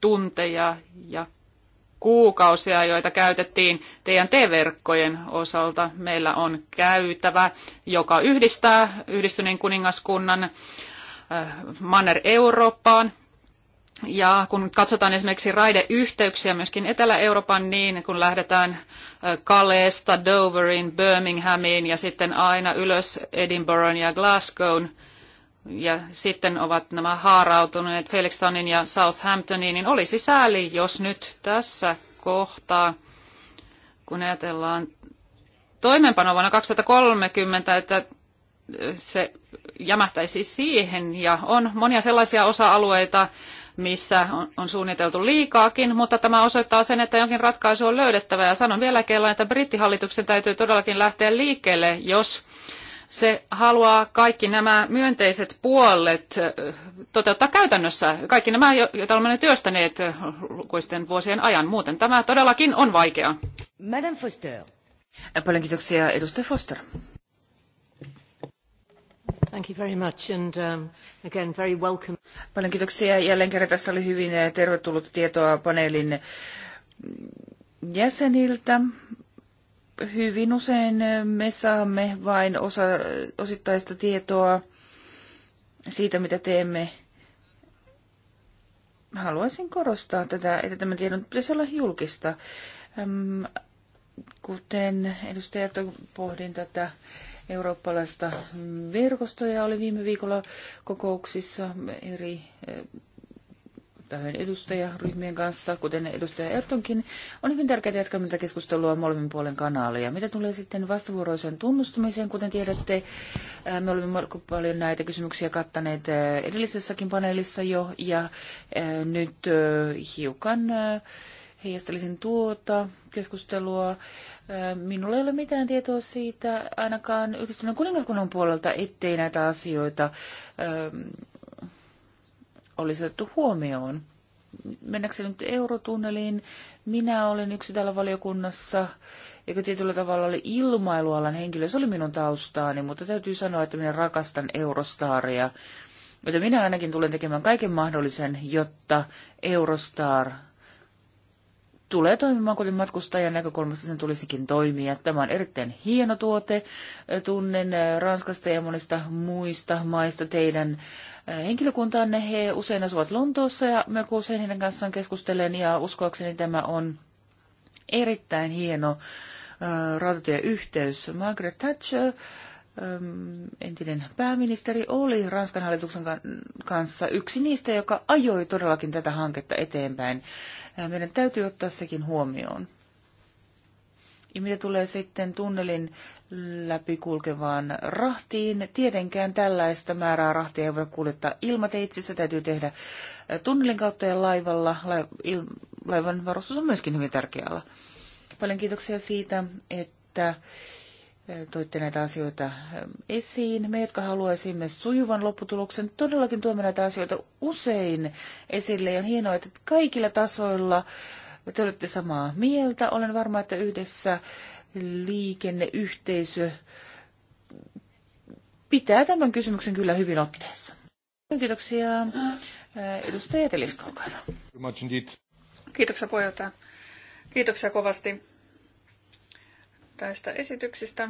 tunteja ja kuukausia, joita käytettiin teidän T-verkkojen osalta. Meillä on käytävä, joka yhdistää yhdistyneen kuningaskunnan äh, Manner Eurooppaan. Ja kun katsotaan esimerkiksi raideyhteyksiä myöskin Etelä-Euroopan, niin kun lähdetään Kaleesta, äh, Doverin, Birminghamiin ja sitten aina ylös Edinburghin ja Glasgown, ja sitten ovat nämä haarautuneet Felixtonin ja Southamptoniin, niin olisi sääli, jos nyt tässä kohtaa, kun ajatellaan toimenpano vuonna 2030, että se jämähtäisi siihen. Ja on monia sellaisia osa-alueita, missä on, suunniteltu liikaakin, mutta tämä osoittaa sen, että jonkin ratkaisu on löydettävä. Ja sanon vielä kerran, että brittihallituksen täytyy todellakin lähteä liikkeelle, jos se haluaa kaikki nämä myönteiset puolet toteuttaa käytännössä. Kaikki nämä, joita olemme työstäneet lukuisten vuosien ajan. Muuten tämä todellakin on vaikeaa. Madame Foster. Paljon kiitoksia, edustaja Foster. Thank you very much and um, again very welcome. Paljon kiitoksia. Jälleen kerran tässä oli hyvin tervetullut tietoa paneelin jäseniltä hyvin usein me saamme vain osa, osittaista tietoa siitä, mitä teemme. Haluaisin korostaa tätä, että tämä tiedon pitäisi olla julkista. Kuten edustaja pohdin tätä eurooppalaista verkostoja, oli viime viikolla kokouksissa eri tahojen edustajaryhmien kanssa, kuten edustaja Ertonkin, on hyvin tärkeää jatkaa tätä keskustelua molemmin puolen kanaaleja. Mitä tulee sitten vastavuoroisen tunnustamiseen, kuten tiedätte, äh, me olemme melko paljon näitä kysymyksiä kattaneet äh, edellisessäkin paneelissa jo, ja äh, nyt hiukan heijastelisin tuota keskustelua. Minulla ei ole mitään tietoa siitä, ainakaan yhdistyneen kuningaskunnan puolelta, ettei näitä asioita ähm, olisi otettu huomioon. Mennäkseni nyt eurotunneliin, minä olen yksi täällä valiokunnassa, joka tietyllä tavalla oli ilmailualan henkilö, se oli minun taustaani, mutta täytyy sanoa, että minä rakastan Eurostaria. Mutta minä ainakin tulen tekemään kaiken mahdollisen, jotta Eurostar tulee toimimaan kuten matkustajan näkökulmasta sen tulisikin toimia. Tämä on erittäin hieno tuote. Tunnen äh, Ranskasta ja monista muista maista teidän äh, henkilökuntaanne. He usein asuvat Lontoossa ja me usein heidän kanssaan keskustelen ja uskoakseni tämä on erittäin hieno äh, rautatieyhteys. Margaret Thatcher entinen pääministeri oli Ranskan hallituksen kanssa yksi niistä, joka ajoi todellakin tätä hanketta eteenpäin. Meidän täytyy ottaa sekin huomioon. Ja mitä tulee sitten tunnelin läpi kulkevaan rahtiin, tietenkään tällaista määrää rahtia ei voida kuljettaa Se täytyy tehdä tunnelin kautta ja laivalla. Laivan varustus on myöskin hyvin tärkeä ala. Paljon kiitoksia siitä, että toitte näitä asioita ähm, esiin. Me, jotka haluaisimme sujuvan lopputuloksen, todellakin tuomme näitä asioita usein esille. Ja on hienoa, että kaikilla tasoilla te olette samaa mieltä. Olen varma, että yhdessä liikenneyhteisö pitää tämän kysymyksen kyllä hyvin otteessa. Kiitoksia. Äh, edustaja Teliska, Kiitoksia puheenjohtaja. Kiitoksia kovasti Tästä esityksestä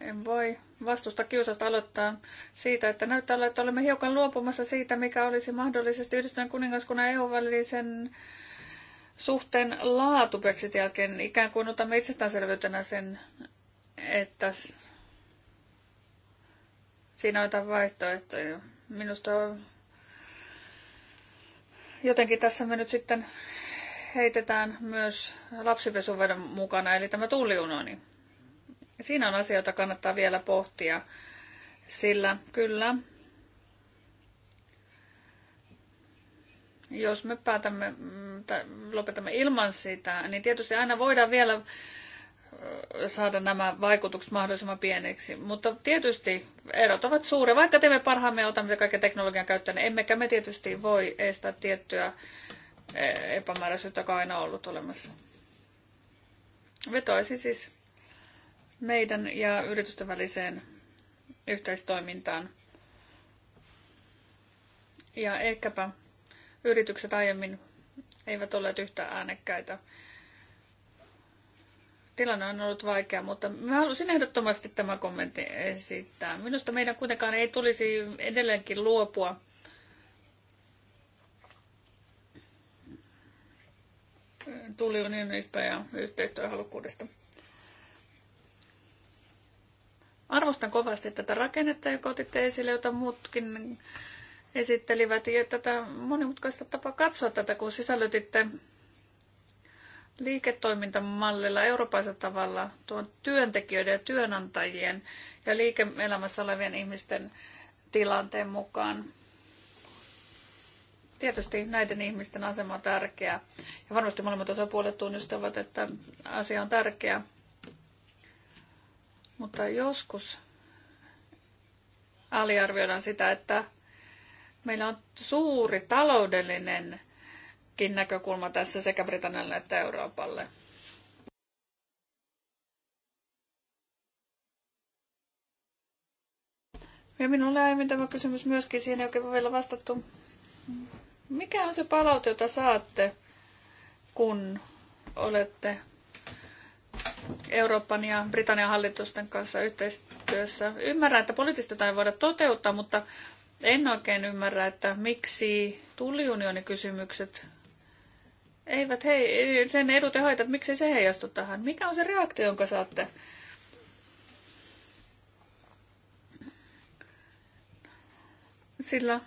En voi vastusta kiusata aloittaa siitä, että näyttää olla, että olemme hiukan luopumassa siitä, mikä olisi mahdollisesti Yhdistyneen kuningaskunnan EU-välisen suhteen laatu Brexitin jälkeen. Ikään kuin otamme itsestäänselvyytenä sen, että siinä on jotain vaihtoehtoja. Minusta on jotenkin tässä me nyt sitten heitetään myös lapsipesuveden mukana, eli tämä tulliunoni. Siinä on asioita kannattaa vielä pohtia, sillä kyllä, jos me päätämme mm, tai lopetamme ilman sitä, niin tietysti aina voidaan vielä saada nämä vaikutukset mahdollisimman pieneksi. Mutta tietysti erot ovat suuria. Vaikka teemme parhaamme ja otamme kaiken teknologian käyttöön, niin emmekä me tietysti voi estää tiettyä e, epämääräisyyttä, joka on aina ollut olemassa. Vetoisin siis meidän ja yritysten väliseen yhteistoimintaan. Ja ehkäpä yritykset aiemmin eivät olleet yhtä äänekkäitä. Tilanne on ollut vaikea, mutta mä halusin ehdottomasti tämä kommentti esittää. Minusta meidän kuitenkaan ei tulisi edelleenkin luopua tuliunionista ja yhteistyöhalukkuudesta. Arvostan kovasti tätä rakennetta, joka otitte esille, jota muutkin esittelivät, ja tätä monimutkaista tapaa katsoa tätä, kun sisällytitte liiketoimintamallilla, euroopaisella tavalla, tuon työntekijöiden ja työnantajien ja liike-elämässä olevien ihmisten tilanteen mukaan. Tietysti näiden ihmisten asema on tärkeä ja varmasti molemmat osapuolet tunnistavat, että asia on tärkeä. Mutta joskus aliarvioidaan sitä, että meillä on suuri taloudellinenkin näkökulma tässä sekä Britannialle että Euroopalle. Ja minulla ei tämä kysymys myöskin siinä, joka on vielä vastattu. Mikä on se palaute, jota saatte, kun olette Euroopan ja Britannian hallitusten kanssa yhteistyössä. Ymmärrän, että poliittista jotain voida toteuttaa, mutta en oikein ymmärrä, että miksi tulliunionikysymykset eivät hei, sen edut ja haitat, miksi se heijastu tähän? Mikä on se reaktio, jonka saatte? Sillä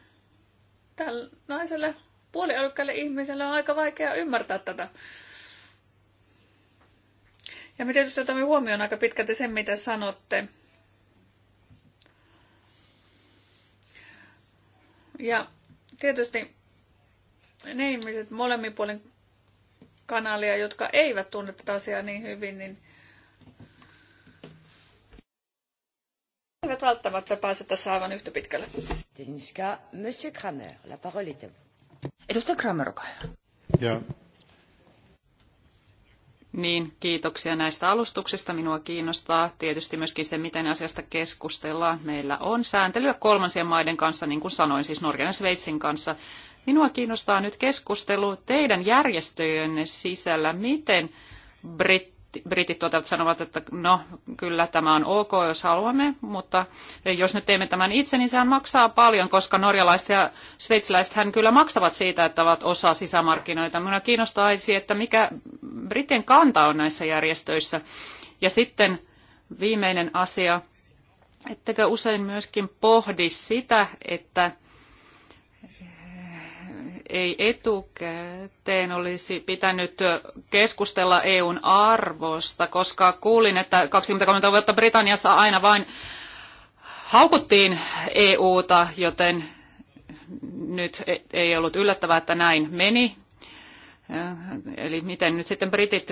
tällaiselle puoliälykkäälle ihmiselle on aika vaikea ymmärtää tätä. Ja me tietysti otamme huomioon aika pitkälti sen, mitä sanotte. Ja tietysti ne ihmiset molemmin puolen kanalia, jotka eivät tunne tätä asiaa niin hyvin, niin eivät välttämättä pääse tässä aivan yhtä pitkälle. Monsieur Kramer, la parole est à vous. Edustaja Kramer, olkaa hyvä. Ja niin, kiitoksia näistä alustuksista. Minua kiinnostaa tietysti myöskin se, miten asiasta keskustellaan. Meillä on sääntelyä kolmansien maiden kanssa, niin kuin sanoin, siis Norjan ja Sveitsin kanssa. Minua kiinnostaa nyt keskustelu teidän järjestöjenne sisällä, miten brit britit tuotavat sanovat, että no kyllä tämä on ok, jos haluamme, mutta jos nyt teemme tämän itse, niin sehän maksaa paljon, koska norjalaiset ja sveitsiläiset hän kyllä maksavat siitä, että ovat osa sisämarkkinoita. Minua kiinnostaisi, että mikä Britin kanta on näissä järjestöissä. Ja sitten viimeinen asia, ettekö usein myöskin pohdi sitä, että ei etukäteen olisi pitänyt keskustella EUn arvosta, koska kuulin, että 23 vuotta Britanniassa aina vain haukuttiin EUta, joten nyt e- ei ollut yllättävää, että näin meni. Eli miten nyt sitten britit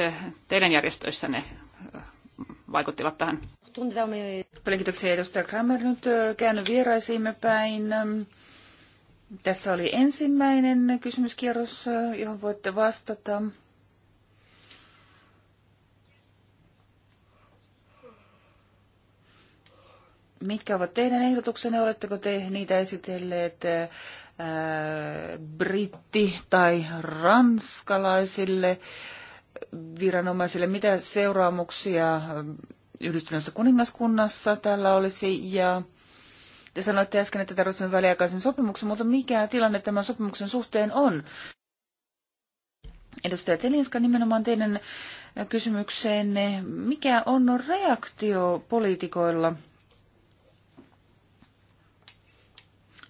teidän järjestöissänne vaikuttivat tähän? Paljon kiitoksia edustaja Kramer. Nyt käännyn vieraisiimme päin. Tässä oli ensimmäinen kysymyskierros, johon voitte vastata. Mitkä ovat teidän ehdotuksenne? Oletteko te niitä esitelleet ää, äh, britti- tai ranskalaisille viranomaisille? Mitä seuraamuksia äh, yhdistyneessä kuningaskunnassa tällä olisi? Ja te sanoitte äsken, että tarvitsemme väliaikaisen sopimuksen, mutta mikä tilanne tämän sopimuksen suhteen on? Edustaja Telinska, nimenomaan teidän kysymykseenne, mikä on reaktio poliitikoilla?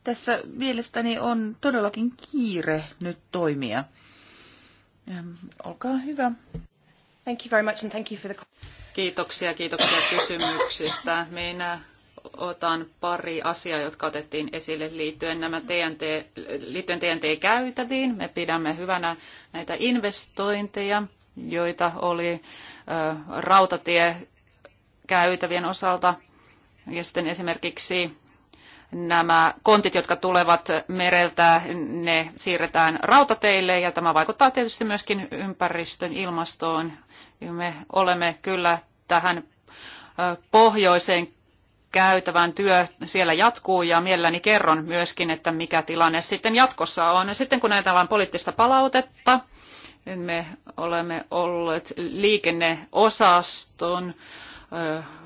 Tässä mielestäni on todellakin kiire nyt toimia. Ehm, olkaa hyvä. Thank you very much and thank you for the... Kiitoksia, kiitoksia kysymyksistä. Minä otan pari asiaa, jotka otettiin esille liittyen, nämä TNT, liittyen TNT-käytäviin. Me pidämme hyvänä näitä investointeja, joita oli rautatie käytävien osalta. Ja sitten esimerkiksi nämä kontit, jotka tulevat mereltä, ne siirretään rautateille ja tämä vaikuttaa tietysti myöskin ympäristön ilmastoon. Me olemme kyllä tähän pohjoiseen käytävän työ siellä jatkuu ja mielelläni kerron myöskin, että mikä tilanne sitten jatkossa on. Sitten kun ajatellaan poliittista palautetta, me olemme olleet liikenneosaston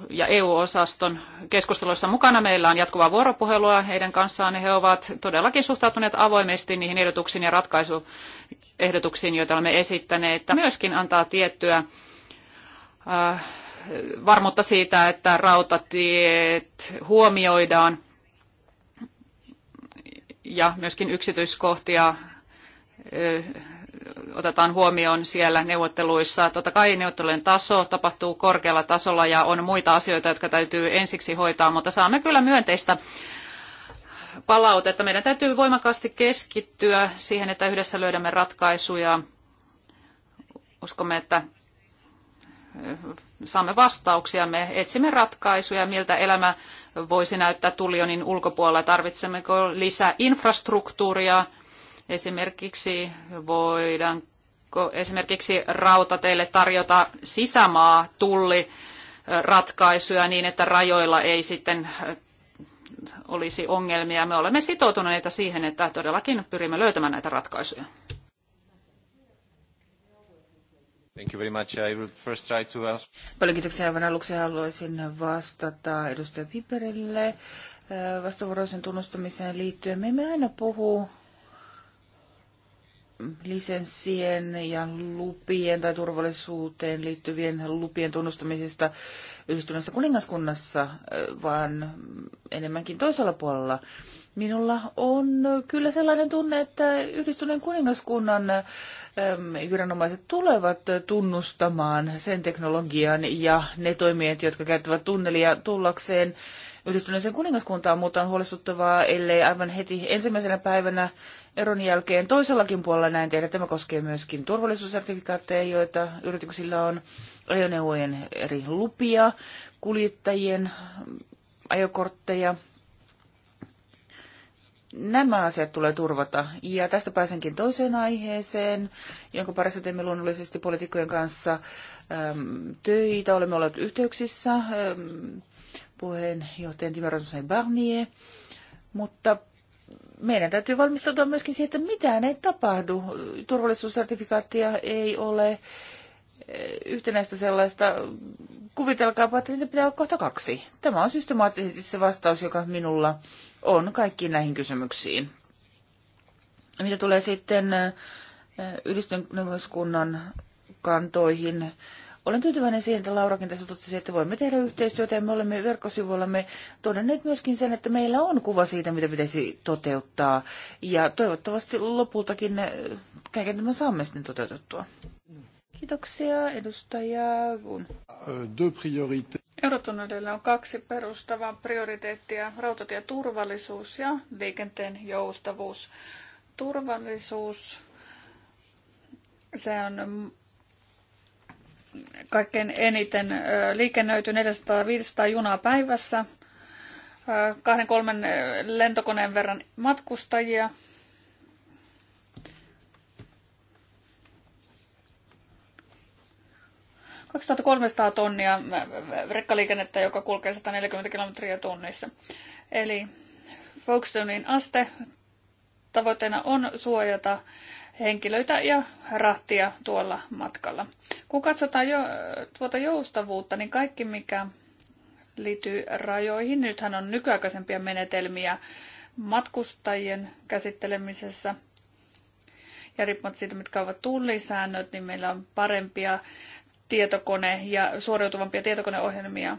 ja EU-osaston keskusteluissa mukana. Meillä on jatkuvaa vuoropuhelua heidän kanssaan. He ovat todellakin suhtautuneet avoimesti niihin ehdotuksiin ja ratkaisuehdotuksiin, joita olemme esittäneet. Myöskin antaa tiettyä varmuutta siitä, että rautatiet huomioidaan ja myöskin yksityiskohtia otetaan huomioon siellä neuvotteluissa. Totta kai neuvottelujen taso tapahtuu korkealla tasolla ja on muita asioita, jotka täytyy ensiksi hoitaa, mutta saamme kyllä myönteistä palautetta. Meidän täytyy voimakkaasti keskittyä siihen, että yhdessä löydämme ratkaisuja. Uskomme, että saamme vastauksia, me etsimme ratkaisuja, miltä elämä voisi näyttää tulionin ulkopuolella. Tarvitsemmeko lisää infrastruktuuria, esimerkiksi voidaan esimerkiksi rautateille tarjota sisämaa tulli ratkaisuja niin, että rajoilla ei sitten olisi ongelmia. Me olemme sitoutuneita siihen, että todellakin pyrimme löytämään näitä ratkaisuja. Thank you very much. I will first try to ask... Paljon kiitoksia. Aivan aluksi haluaisin vastata edustaja Piperille äh, vastavuoroisen tunnustamiseen liittyen. Me emme aina puhu lisenssien ja lupien tai turvallisuuteen liittyvien lupien tunnustamisesta yhdistyneessä kuningaskunnassa, äh, vaan enemmänkin toisella puolella. Minulla on kyllä sellainen tunne, että yhdistyneen kuningaskunnan ähm, viranomaiset tulevat tunnustamaan sen teknologian ja ne toimijat, jotka käyttävät tunnelia tullakseen yhdistyneeseen kuningaskuntaan, mutta on huolestuttavaa, ellei aivan heti ensimmäisenä päivänä eron jälkeen toisellakin puolella näin tehdä. Tämä koskee myöskin turvallisuussertifikaatteja, joita yrityksillä on ajoneuvojen eri lupia, kuljettajien ajokortteja, nämä asiat tulee turvata. Ja tästä pääsenkin toiseen aiheeseen, jonka parissa teemme luonnollisesti poliitikkojen kanssa äm, töitä. Olemme olleet yhteyksissä ähm, puheenjohtajan Timo Rasmussen Barnier, mutta meidän täytyy valmistautua myöskin siihen, että mitään ei tapahdu. Turvallisuussertifikaattia ei ole äh, yhtenäistä sellaista. Kuvitelkaapa, että niitä pitää olla kohta kaksi. Tämä on systemaattisesti se vastaus, joka minulla on kaikkiin näihin kysymyksiin. Mitä tulee sitten yhdistyneuvoskunnan kantoihin, olen tyytyväinen siihen, että Laurakin tässä totesi, että voimme tehdä yhteistyötä ja me olemme verkkosivuillamme todenneet myöskin sen, että meillä on kuva siitä, mitä pitäisi toteuttaa. Ja toivottavasti lopultakin kaiken tämän saamme sitten toteutettua. Kiitoksia edustaja Gun. Eurotunnelilla on kaksi perustavaa prioriteettia, rautatieturvallisuus ja liikenteen joustavuus. Turvallisuus, se on kaikkein eniten liikennöity 400-500 junaa päivässä, kahden kolmen lentokoneen verran matkustajia 2300 tonnia rekkaliikennettä, joka kulkee 140 kilometriä tunnissa. Eli Folkestonein aste tavoitteena on suojata henkilöitä ja rahtia tuolla matkalla. Kun katsotaan jo, tuota joustavuutta, niin kaikki mikä liittyy rajoihin, nythän on nykyaikaisempia menetelmiä matkustajien käsittelemisessä. Ja riippumatta siitä, mitkä ovat tullisäännöt, niin meillä on parempia tietokone- ja suoriutuvampia tietokoneohjelmia.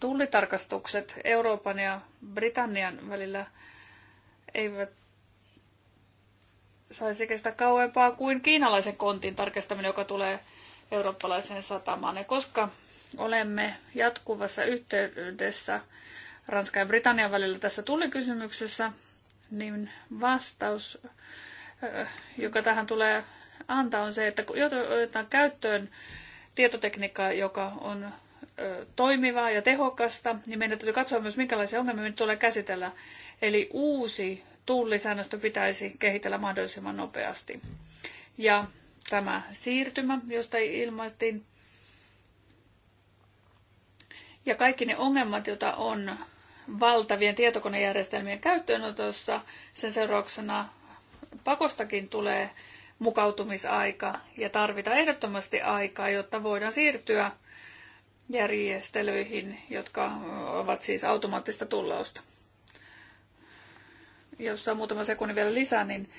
Tullitarkastukset Euroopan ja Britannian välillä eivät saisi kestää kauempaa kuin kiinalaisen kontin tarkastaminen, joka tulee eurooppalaiseen satamaan. Ja koska olemme jatkuvassa yhteydessä Ranskan ja Britannian välillä tässä tullikysymyksessä, niin vastaus, joka tähän tulee antaa, on se, että kun otetaan käyttöön tietotekniikkaa, joka on toimivaa ja tehokasta, niin meidän täytyy katsoa myös, minkälaisia ongelmia me nyt tulee käsitellä. Eli uusi tullisäännöstö pitäisi kehitellä mahdollisimman nopeasti. Ja tämä siirtymä, josta ilmaistiin, ja kaikki ne ongelmat, joita on valtavien tietokonejärjestelmien käyttöönotossa, sen seurauksena pakostakin tulee mukautumisaika ja tarvitaan ehdottomasti aikaa, jotta voidaan siirtyä järjestelyihin, jotka ovat siis automaattista tullausta. Jos saa muutama sekunnin vielä lisää, niin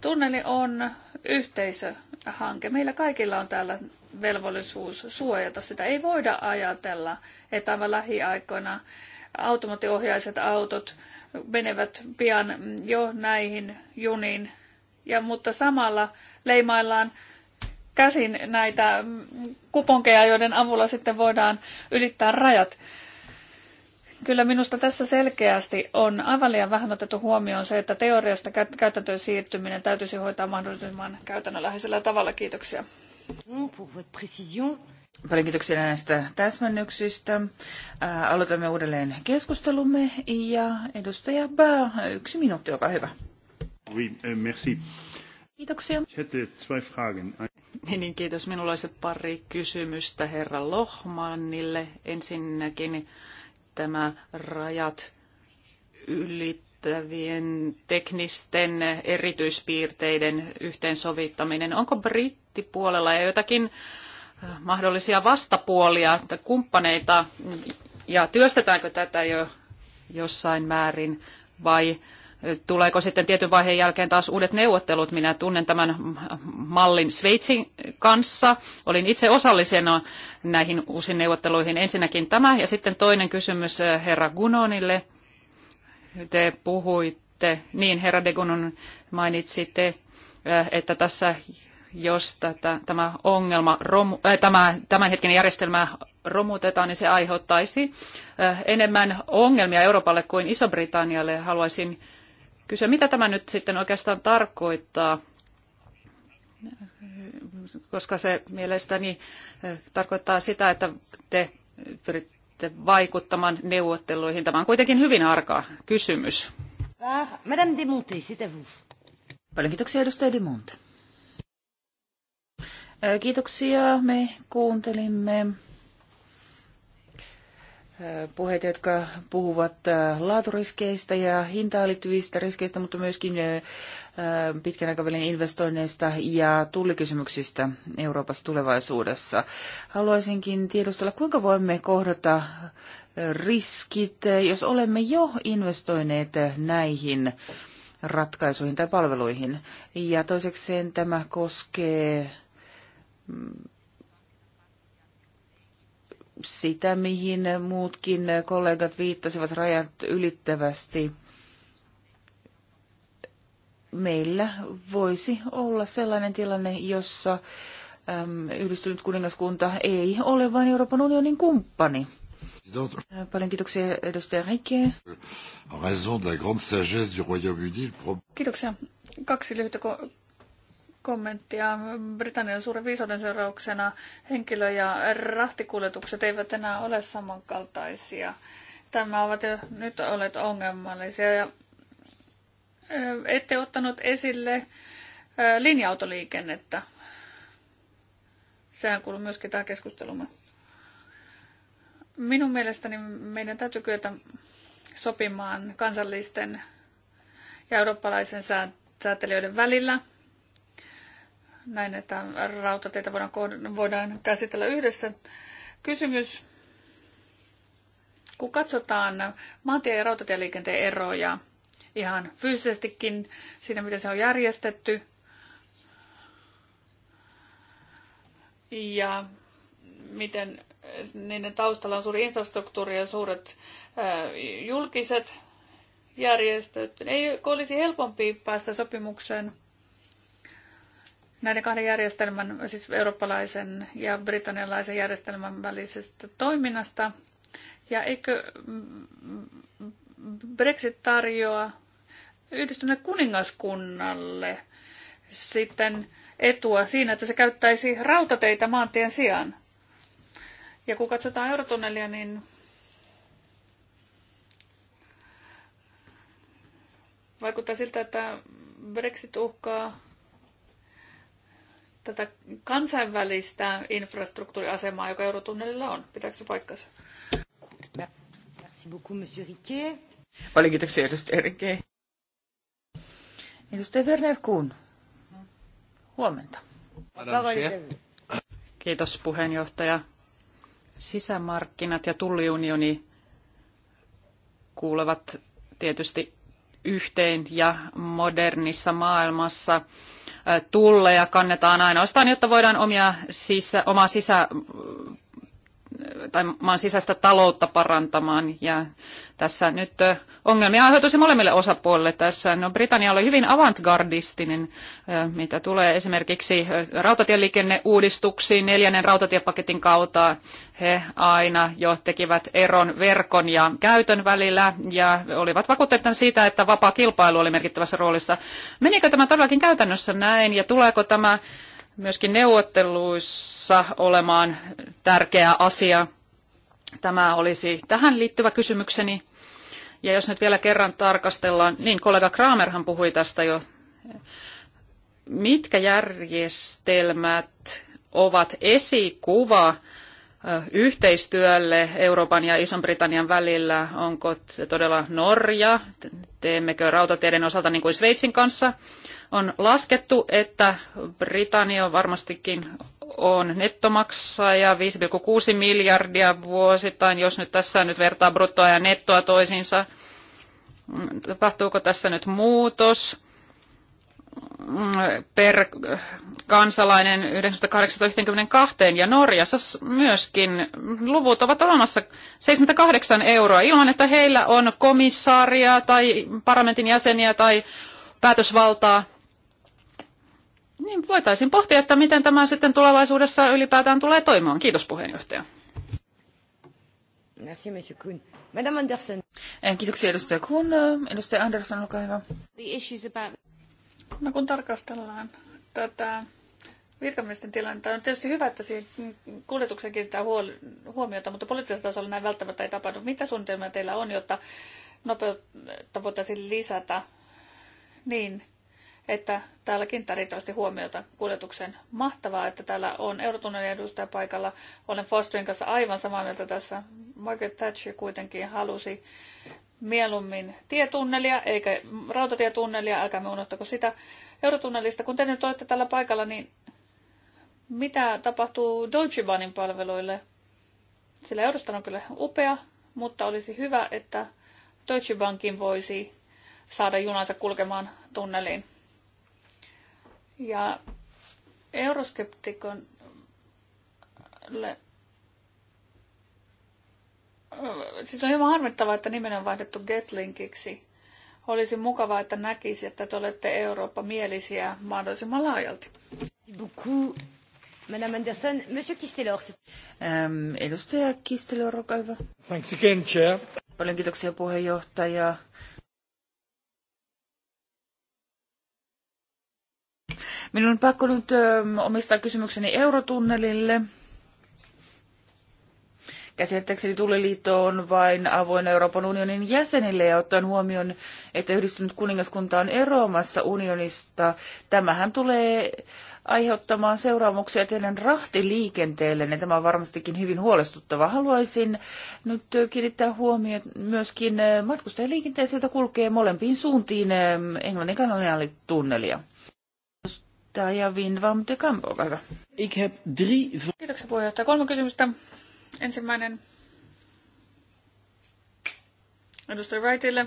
tunneli on yhteisöhanke. Meillä kaikilla on täällä velvollisuus suojata sitä. Ei voida ajatella, että aivan lähiaikoina automaattiohjaiset autot menevät pian jo näihin juniin ja, mutta samalla leimaillaan käsin näitä kuponkeja, joiden avulla sitten voidaan ylittää rajat. Kyllä minusta tässä selkeästi on aivan liian vähän otettu huomioon se, että teoriasta käytäntöön siirtyminen täytyisi hoitaa mahdollisimman käytännönläheisellä tavalla. Kiitoksia. Paljon kiitoksia näistä täsmennyksistä. Aloitamme uudelleen keskustelumme ja edustaja Bää, yksi minuutti, olkaa hyvä. Oui, euh, merci. Kiitoksia. Niin, niin, kiitos. Minulla olisi pari kysymystä herra Lohmannille. Ensinnäkin tämä rajat ylittävien teknisten erityispiirteiden yhteensovittaminen. Onko brittipuolella ja jotakin äh, mahdollisia vastapuolia, kumppaneita, ja työstetäänkö tätä jo jossain määrin, vai Tuleeko sitten tietyn vaiheen jälkeen taas uudet neuvottelut? Minä tunnen tämän mallin Sveitsin kanssa. Olin itse osallisena näihin uusiin neuvotteluihin. Ensinnäkin tämä ja sitten toinen kysymys eh, herra Gunonille. Te puhuitte, niin herra de Gunon mainitsitte, eh, että tässä jos tätä, tämä ongelma, rom, äh, eh, tämä, tämänhetkinen järjestelmä romutetaan, niin se aiheuttaisi enemmän ongelmia Euroopalle kuin Iso-Britannialle. Haluaisin kysyä, mitä tämä nyt sitten oikeastaan tarkoittaa, koska se mielestäni tarkoittaa sitä, että te pyritte vaikuttamaan neuvotteluihin. Tämä on kuitenkin hyvin arka kysymys. Ah, Paljon kiitoksia edustaja Demonte. Kiitoksia. Me kuuntelimme puheet, jotka puhuvat äh, laaturiskeistä ja hintaan liittyvistä riskeistä, mutta myöskin äh, pitkän aikavälin investoinneista ja tullikysymyksistä Euroopassa tulevaisuudessa. Haluaisinkin tiedustella, kuinka voimme kohdata äh, riskit, jos olemme jo investoineet näihin ratkaisuihin tai palveluihin. Ja toisekseen tämä koskee mm, sitä, mihin muutkin kollegat viittasivat rajat ylittävästi. Meillä voisi olla sellainen tilanne, jossa yhdistynyt kuningaskunta ei ole vain Euroopan unionin kumppani. Paljon kiitoksia edustaja Rike. Kiitoksia. Kaksi lyhyttä kommenttia. Britannian suuren viisauden seurauksena henkilö- ja rahtikuljetukset eivät enää ole samankaltaisia. Tämä ovat jo nyt olleet ongelmallisia. Ja ette ottanut esille linja-autoliikennettä. Sehän kuuluu myöskin tähän keskusteluun. Minun mielestäni meidän täytyy kyetä sopimaan kansallisten ja eurooppalaisen säätelijöiden välillä – näin, että rautateitä voidaan, voidaan käsitellä yhdessä. Kysymys. Kun katsotaan maantie- ja rautatieliikenteen eroja ihan fyysisestikin siinä, miten se on järjestetty, ja miten niiden taustalla on suuri infrastruktuuri ja suuret julkiset järjestöt. Niin ei olisi helpompi päästä sopimukseen näiden kahden järjestelmän, siis eurooppalaisen ja britannialaisen järjestelmän välisestä toiminnasta. Ja eikö Brexit tarjoa yhdistyneelle kuningaskunnalle sitten etua siinä, että se käyttäisi rautateitä maantien sijaan? Ja kun katsotaan eurotunnelia, niin vaikuttaa siltä, että Brexit uhkaa tätä kansainvälistä infrastruktuuriasemaa, joka eurotunnelilla on. Pitääkö se paikkansa? Merci beaucoup, monsieur Riquet. Paljon kiitoksia, edustaja Riquet. Edustaja Werner Kuhn. Huomenta. Kiitos puheenjohtaja. Sisämarkkinat ja tulliunioni kuuluvat tietysti yhteen ja modernissa maailmassa – tulleja kannetaan ainoastaan, jotta voidaan omia sisä, omaa sisä, tai maan sisäistä taloutta parantamaan. Ja tässä nyt ongelmia aiheutuisi molemmille osapuolille tässä. No, Britannia oli hyvin avantgardistinen, mitä tulee esimerkiksi rautatieliikenneuudistuksiin neljännen rautatiepaketin kautta. He aina jo tekivät eron verkon ja käytön välillä ja olivat vakuutteita siitä, että vapaa kilpailu oli merkittävässä roolissa. Menikö tämä todellakin käytännössä näin ja tuleeko tämä myöskin neuvotteluissa olemaan tärkeä asia. Tämä olisi tähän liittyvä kysymykseni. Ja jos nyt vielä kerran tarkastellaan, niin kollega Kramerhan puhui tästä jo, mitkä järjestelmät ovat esikuva yhteistyölle Euroopan ja iso britannian välillä? Onko se todella Norja? Teemmekö rautateiden osalta niin kuin Sveitsin kanssa? On laskettu, että Britannia varmastikin on nettomaksaja 5,6 miljardia vuosittain, jos nyt tässä nyt vertaa bruttoa ja nettoa toisiinsa. Tapahtuuko tässä nyt muutos? per kansalainen 98-92 ja Norjassa myöskin luvut ovat olemassa 78 euroa ilman, että heillä on komissaaria tai parlamentin jäseniä tai päätösvaltaa niin voitaisiin pohtia, että miten tämä sitten tulevaisuudessa ylipäätään tulee toimimaan. Kiitos puheenjohtaja. Merci, monsieur Kuhn. Madame Anderson. Eh, kiitoksia edustaja Kuhn. Edustaja Anderson, olkaa hyvä. The issues about... No kun tarkastellaan tätä virkamiesten tilannetta, on tietysti hyvä, että siihen kuljetukseen kiinnittää huomiota, mutta poliittisella tasolla näin välttämättä ei tapahdu. Mitä suunnitelmia teillä on, jotta nopeutta voitaisiin lisätä niin, että täällä kiinnittää riittävästi huomiota kuljetuksen Mahtavaa, että täällä on eurotunnelin edustaja paikalla. Olen Fosterin kanssa aivan samaa mieltä tässä. Margaret Thatcher kuitenkin halusi mieluummin tietunnelia eikä rautatietunnelia, älkää me unohtako sitä eurotunnelista. Kun te nyt olette tällä paikalla, niin mitä tapahtuu Deutsche Bahnin palveluille? Sillä Eurostan on kyllä upea, mutta olisi hyvä, että Deutsche Bankin voisi saada junansa kulkemaan tunneliin. Ja euroskeptikon Siis on hieman harmittavaa, että nimen on vaihdettu Getlinkiksi. Olisi mukavaa, että näkisi, että te olette Eurooppa-mielisiä mahdollisimman laajalti. Beaucoup. Madame Anderson, Monsieur Kistelor. Ähm, edustaja Kistelor, olkaa hyvä. Thanks again, Chair. Paljon kiitoksia puheenjohtaja. Minun on pakko nyt omistaa kysymykseni eurotunnelille. Käsittääkseni Tulliliitto on vain avoin Euroopan unionin jäsenille ja ottaen huomioon, että yhdistynyt kuningaskunta on eroamassa unionista. Tämähän tulee aiheuttamaan seuraamuksia teidän rahtiliikenteellenne. Niin tämä on varmastikin hyvin huolestuttava. Haluaisin nyt kiinnittää huomioon myöskin matkustajaliikenteeseen, jota kulkee molempiin suuntiin Englannin kanalinaalitunnelia. tunnelia. Edustaja Vinvam de Kamp, olkaa hyvä. Ik heb drie... Kiitoksia puheenjohtaja. Kolme kysymystä. Ensimmäinen edustaja Wrightille.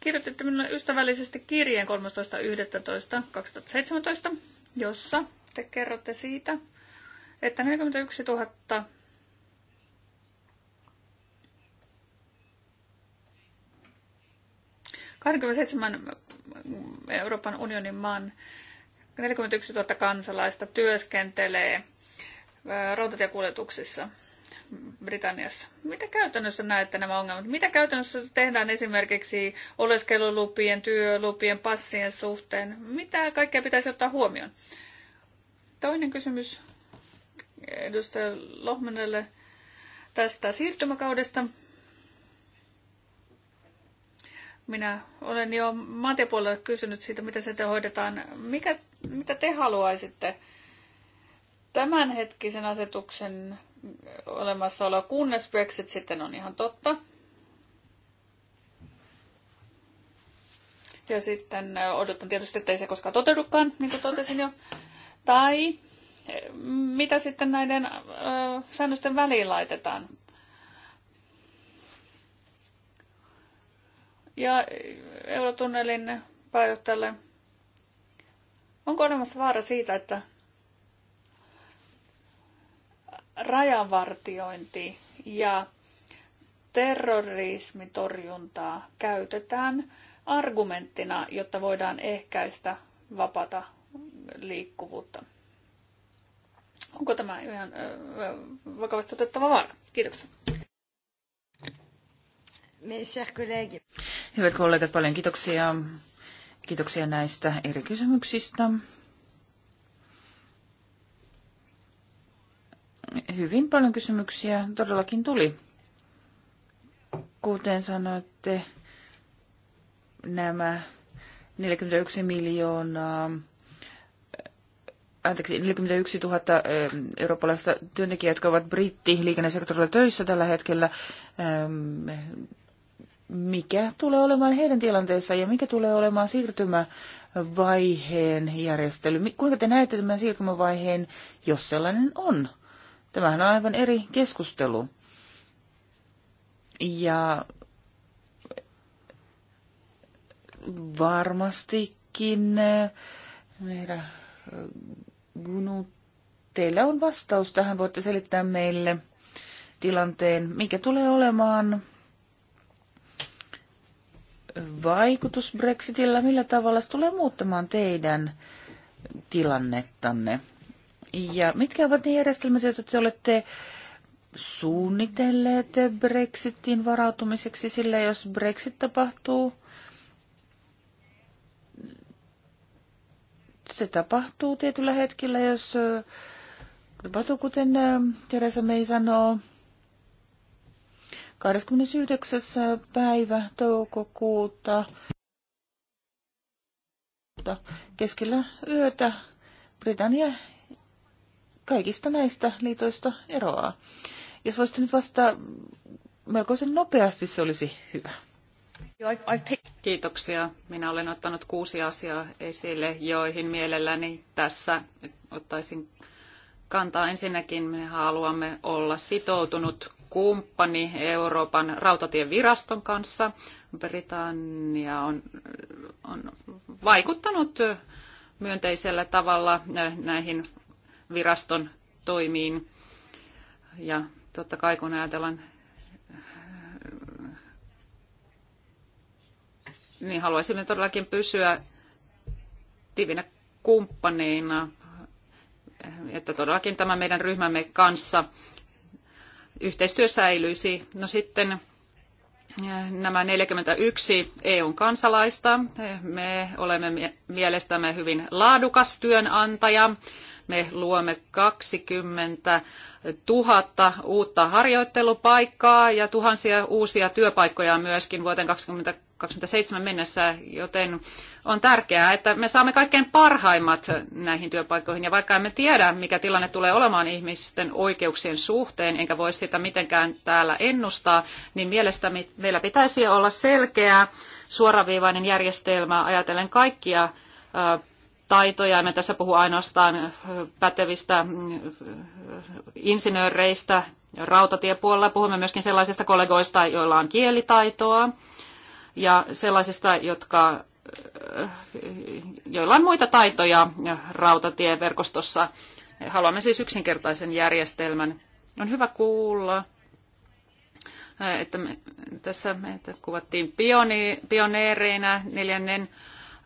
Kirjoititte minulle ystävällisesti kirjeen 13.11.2017, jossa te kerrotte siitä, että 41 000 27 Euroopan unionin maan 41 000 kansalaista työskentelee rautatiekuljetuksissa Britanniassa. Mitä käytännössä näette nämä ongelmat? Mitä käytännössä tehdään esimerkiksi oleskelulupien, työlupien, passien suhteen? Mitä kaikkea pitäisi ottaa huomioon? Toinen kysymys edustaja Lohmanelle tästä siirtymäkaudesta. Minä olen jo Matepuolella kysynyt siitä, mitä se hoidetaan. Mikä, mitä te haluaisitte tämänhetkisen asetuksen olla kunnes Brexit sitten on ihan totta? Ja sitten odotan tietysti, että ei se koskaan toteudukaan, niin kuin totesin jo. Tai eh, mitä sitten näiden ö, säännösten väliin laitetaan? ja Eurotunnelin pääjohtajalle. Onko olemassa vaara siitä, että rajavartiointi ja terrorismitorjuntaa käytetään argumenttina, jotta voidaan ehkäistä vapata liikkuvuutta. Onko tämä ihan vakavasti otettava vaara? Kiitoksia. Hyvät kollegat, paljon kiitoksia. Kiitoksia näistä eri kysymyksistä. Hyvin paljon kysymyksiä todellakin tuli. Kuten sanoitte, nämä 41 miljoonaa anteeksi, 41 000 eurooppalaista työntekijää, jotka ovat britti liikennesektorilla töissä tällä hetkellä mikä tulee olemaan heidän tilanteessa ja mikä tulee olemaan siirtymävaiheen järjestely. Kuinka te näette tämän siirtymävaiheen, jos sellainen on? Tämähän on aivan eri keskustelu. Ja varmastikin meidän eh, Gunu, teillä on vastaus tähän. Voitte selittää meille tilanteen, mikä tulee olemaan vaikutus Brexitillä, millä tavalla se tulee muuttamaan teidän tilannettanne? Ja mitkä ovat ne järjestelmät, joita te olette suunnitelleet Brexitin varautumiseksi, sillä jos Brexit tapahtuu, se tapahtuu tietyllä hetkellä, jos tapahtuu kuten Teresa May sanoo, 29. päivä toukokuuta keskellä yötä Britannia kaikista näistä liitoista eroaa. Jos voisitte nyt vastata melkoisen nopeasti, se olisi hyvä. Kiitoksia. Minä olen ottanut kuusi asiaa esille, joihin mielelläni tässä ottaisin kantaa. Ensinnäkin me haluamme olla sitoutunut kumppani Euroopan rautatieviraston kanssa. Britannia on, on vaikuttanut myönteisellä tavalla eh, näihin viraston toimiin. Ja totta kai kun ajatellaan, niin haluaisimme todellakin pysyä tiivinä kumppaneina, että todellakin tämä meidän ryhmämme kanssa – yhteistyö säilyisi. No sitten äh, nämä 41 EUn kansalaista. Me olemme mielestämme hyvin laadukas työnantaja. Me luomme 20 000 uutta harjoittelupaikkaa ja tuhansia uusia työpaikkoja myöskin vuoteen 2020 2027 mennessä, joten on tärkeää, että me saamme kaikkein parhaimmat näihin työpaikkoihin. Ja vaikka emme tiedä, mikä tilanne tulee olemaan ihmisten oikeuksien suhteen, enkä voi sitä mitenkään täällä ennustaa, niin mielestäni meillä pitäisi olla selkeä, suoraviivainen järjestelmä ajatellen kaikkia taitoja. Me tässä puhu ainoastaan pätevistä mm, insinööreistä, rautatiepuolella puhumme myöskin sellaisista kollegoista, joilla on kielitaitoa ja sellaisista, jotka, eh, joilla on muita taitoja rautatieverkostossa. Haluamme siis yksinkertaisen järjestelmän. On hyvä kuulla, eh, että me, tässä meitä kuvattiin pioni, pioneereinä neljännen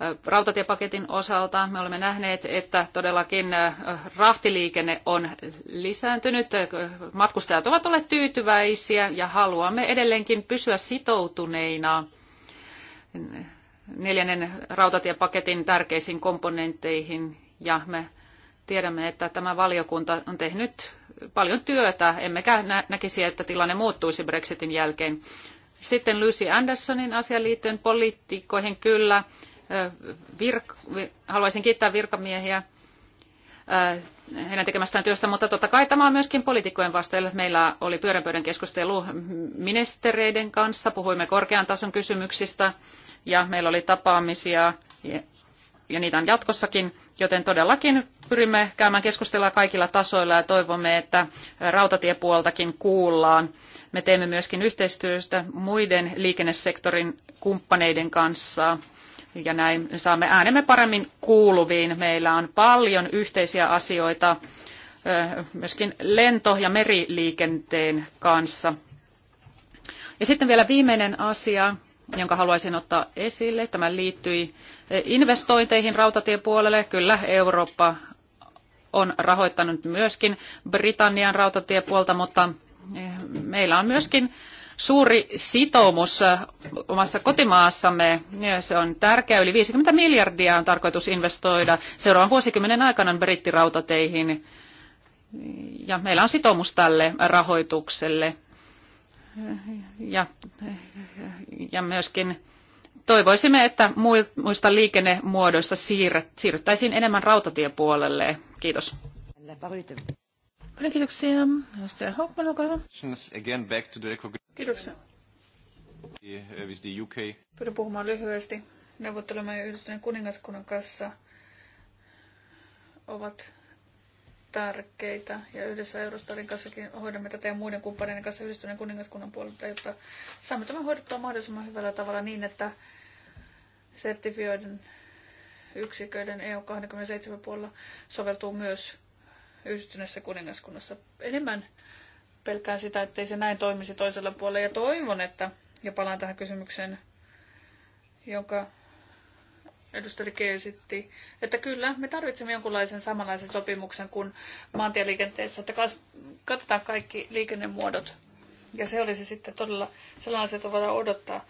eh, rautatiepaketin osalta me olemme nähneet, että todellakin rahtiliikenne on lisääntynyt. Matkustajat ovat olleet tyytyväisiä ja haluamme edelleenkin pysyä sitoutuneina neljännen rautatiepaketin tärkeisiin komponentteihin ja me tiedämme, että tämä valiokunta on tehnyt paljon työtä, emmekä näkisi, että tilanne muuttuisi Brexitin jälkeen. Sitten Lucy Andersonin asiaan liittyen poliitikkoihin kyllä. Virk- haluaisin kiittää virkamiehiä heidän tekemästään työstä, mutta totta kai tämä on myöskin poliitikkojen vasteella. Meillä oli pyöränpöydän keskustelu ministereiden kanssa, puhuimme korkean tason kysymyksistä ja meillä oli tapaamisia ja niitä on jatkossakin, joten todellakin pyrimme käymään keskustelua kaikilla tasoilla ja toivomme, että rautatiepuoltakin kuullaan. Me teemme myöskin yhteistyöstä muiden liikennesektorin kumppaneiden kanssa ja näin saamme äänemme paremmin kuuluviin. Meillä on paljon yhteisiä asioita myöskin lento- ja meriliikenteen kanssa. Ja sitten vielä viimeinen asia, jonka haluaisin ottaa esille. Tämä liittyi eh, investointeihin rautatiepuolelle. Kyllä, Eurooppa on rahoittanut myöskin Britannian rautatiepuolta, mutta eh, meillä on myöskin suuri sitoumus eh, omassa kotimaassamme. Se on tärkeä. Yli 50 miljardia on tarkoitus investoida seuraavan vuosikymmenen aikana brittirautateihin. Ja meillä on sitoumus tälle rahoitukselle ja, ja myöskin toivoisimme, että muista liikennemuodoista siirryttäisiin enemmän rautatiepuolelle. Kiitos. Paljon kiitoksia. Edustaja Hoffman, olkaa hyvä. Kiitoksia. Eh, Pyydän puhumaan lyhyesti. Neuvottelemme yhdistyneen kuningaskunnan kanssa ovat tärkeitä ja yhdessä Eurostarin kanssakin hoidamme tätä ja muiden kumppaneiden kanssa yhdistyneen kuningaskunnan puolelta, jotta saamme tämän hoidettua mahdollisimman hyvällä tavalla niin, että sertifioiden yksiköiden EU-27 puolella soveltuu myös yhdistyneessä kuningaskunnassa. Enemmän pelkään sitä, ettei se näin toimisi toisella puolella ja toivon, että, ja palaan tähän kysymykseen, jonka edustaja Rike esitti, että kyllä, me tarvitsemme jonkunlaisen samanlaisen sopimuksen kuin maantieliikenteessä, että katsotaan kaikki liikennemuodot. Ja se olisi sitten todella sellainen asia, jota voidaan odottaa.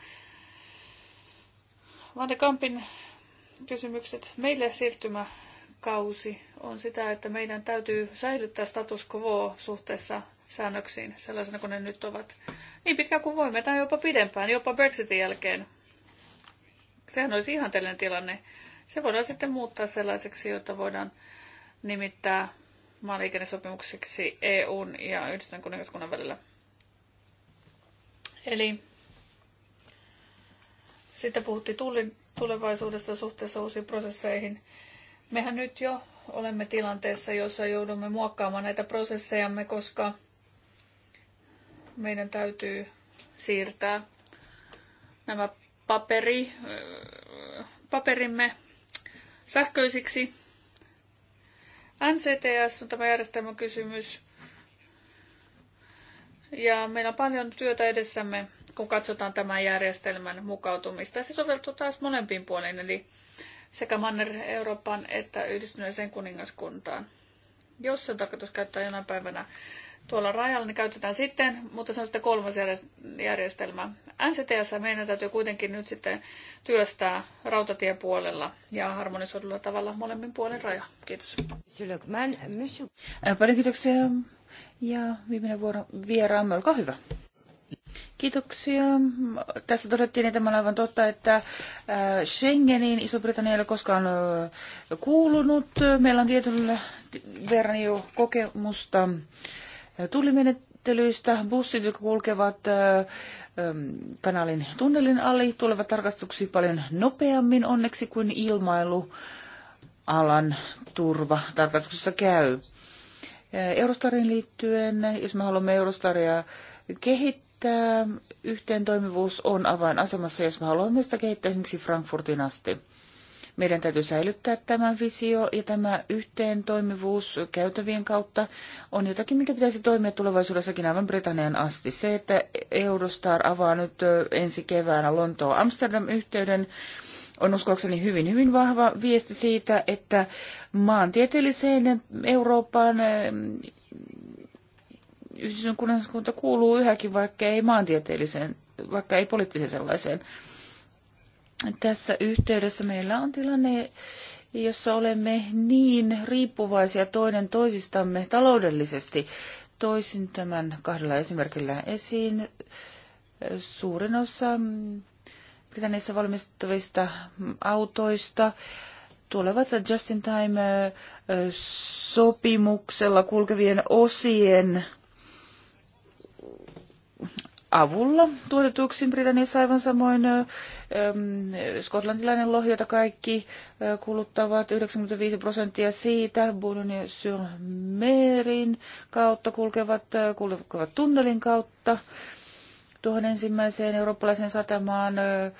Vante Kampin kysymykset. Meille siirtymäkausi on sitä, että meidän täytyy säilyttää status quo suhteessa säännöksiin sellaisena kuin ne nyt ovat. Niin pitkään kuin voimme, tai jopa pidempään, jopa Brexitin jälkeen Sehän olisi tällainen tilanne. Se voidaan sitten muuttaa sellaiseksi, jota voidaan nimittää maaliikennesopimukseksi EUn ja Yhdistön kuningaskunnan välillä. Eli sitten puhuttiin tullin tulevaisuudesta suhteessa uusiin prosesseihin. Mehän nyt jo olemme tilanteessa, jossa joudumme muokkaamaan näitä prosessejamme, koska meidän täytyy siirtää nämä paperi, paperimme sähköisiksi. NCTS on tämä järjestelmäkysymys. Ja meillä on paljon työtä edessämme, kun katsotaan tämän järjestelmän mukautumista. Se soveltuu taas molempiin puolin, eli sekä Manner-Euroopan että yhdistyneeseen kuningaskuntaan. Jos on tarkoitus käyttää jonain päivänä tuolla rajalla, niin käytetään sitten, mutta se on sitten kolmas järjestelmä. NCTS meidän täytyy kuitenkin nyt sitten työstää rautatiepuolella ja harmonisoidulla tavalla molemmin puolen raja. Kiitos. Paljon kiitoksia. Ja viimeinen vuoro vieraamme, olkaa hyvä. Kiitoksia. Tässä todettiin, että tämä on aivan totta, että Schengenin Iso-Britannia ei ole koskaan kuulunut. Meillä on tietyllä verran jo kokemusta tullimenettelyistä. Bussit, jotka kulkevat kanalin tunnelin alle, tulevat tarkastuksiin paljon nopeammin onneksi kuin ilmailualan turva tarkastuksessa käy. Eurostarin liittyen, jos me haluamme Eurostaria kehittää, yhteen toimivuus on avainasemassa, jos me haluamme sitä kehittää esimerkiksi Frankfurtin asti. Meidän täytyy säilyttää tämä visio ja tämä yhteen toimivuus käytävien kautta on jotakin, mikä pitäisi toimia tulevaisuudessakin aivan Britannian asti. Se, että Eurostar avaa nyt ensi keväänä Lontoon Amsterdam-yhteyden, on uskoakseni hyvin, hyvin vahva viesti siitä, että maantieteelliseen Eurooppaan yhdistyskunnan kuuluu yhäkin, vaikka ei maantieteelliseen, vaikka ei poliittiseen sellaiseen tässä yhteydessä meillä on tilanne, jossa olemme niin riippuvaisia toinen toisistamme taloudellisesti. Toisin tämän kahdella esimerkillä esiin. Suurin osa Britanniassa valmistavista autoista tulevat Just in Time sopimuksella kulkevien osien avulla tuotetuksi Britanniassa aivan samoin äm, skotlantilainen lohi, jota kaikki ä, kuluttavat 95 prosenttia siitä Boulogne sur Merin kautta kulkevat, ä, kulkevat tunnelin kautta tuohon ensimmäiseen eurooppalaiseen satamaan ä, ä,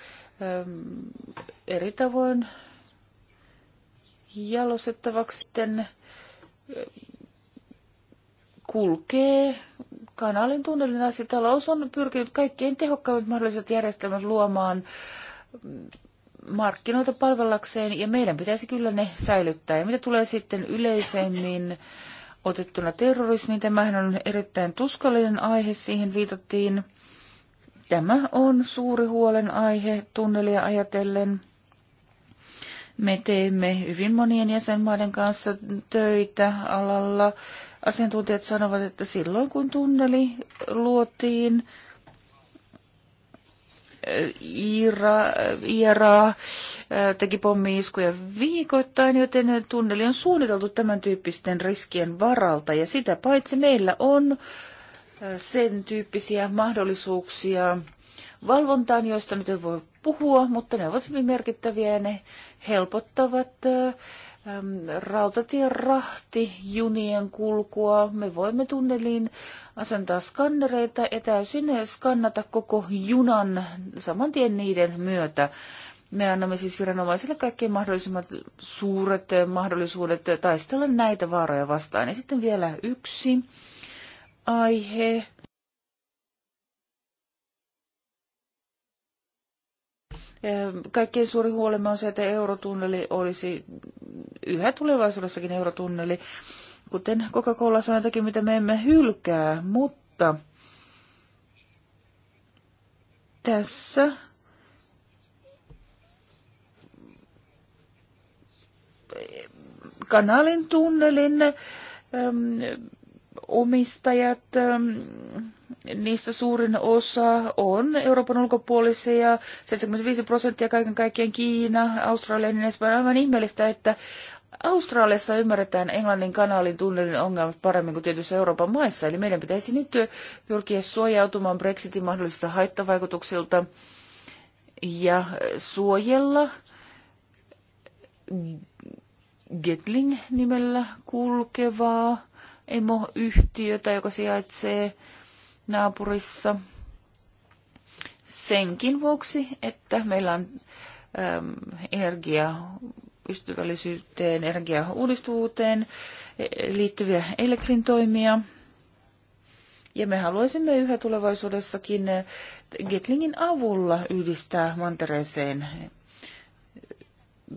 eri tavoin jalostettavaksi sitten kulkee kanaalin tunnelin asia. Talous on pyrkinyt kaikkein tehokkaimmat mahdolliset järjestelmät luomaan markkinoita palvellakseen, ja meidän pitäisi kyllä ne säilyttää. Ja mitä tulee sitten yleisemmin otettuna terrorismiin, tämähän on erittäin tuskallinen aihe, siihen viitattiin. Tämä on suuri huolenaihe tunnelia ajatellen. Me teemme hyvin monien jäsenmaiden kanssa töitä alalla asiantuntijat sanovat, että silloin kun tunneli luotiin, Iira, Iira teki pommi-iskuja viikoittain, joten tunneli on suunniteltu tämän tyyppisten riskien varalta. Ja sitä paitsi meillä on sen tyyppisiä mahdollisuuksia valvontaan, joista nyt ei voi puhua, mutta ne ovat hyvin merkittäviä ja ne helpottavat rautatierahti junien kulkua. Me voimme tunneliin asentaa skannereita ja täysin skannata koko junan saman tien niiden myötä. Me annamme siis viranomaisille kaikkein mahdollisimmat suuret mahdollisuudet taistella näitä vaaroja vastaan. Ja sitten vielä yksi aihe Kaikkein suuri huolemme on se, että eurotunneli olisi yhä tulevaisuudessakin eurotunneli. Kuten Coca-Cola sanoi jotakin, mitä me emme hylkää, mutta tässä kanalin tunnelin omistajat niistä suurin osa on Euroopan ulkopuolisia, 75 prosenttia kaiken kaikkiaan Kiina, Australia ja niin edespäin. On aivan ihmeellistä, että Australiassa ymmärretään Englannin kanaalin tunnelin ongelmat paremmin kuin tietyissä Euroopan maissa, eli meidän pitäisi nyt pyrkiä suojautumaan Brexitin mahdollisilta haittavaikutuksilta ja suojella Getling-nimellä kulkevaa emoyhtiötä, joka sijaitsee naapurissa senkin vuoksi, että meillä on äm, energia ystävällisyyteen, energiauudistuvuuteen e, liittyviä elektrintoimia toimia. Ja me haluaisimme yhä tulevaisuudessakin äh, Getlingin avulla yhdistää Mantereeseen äh,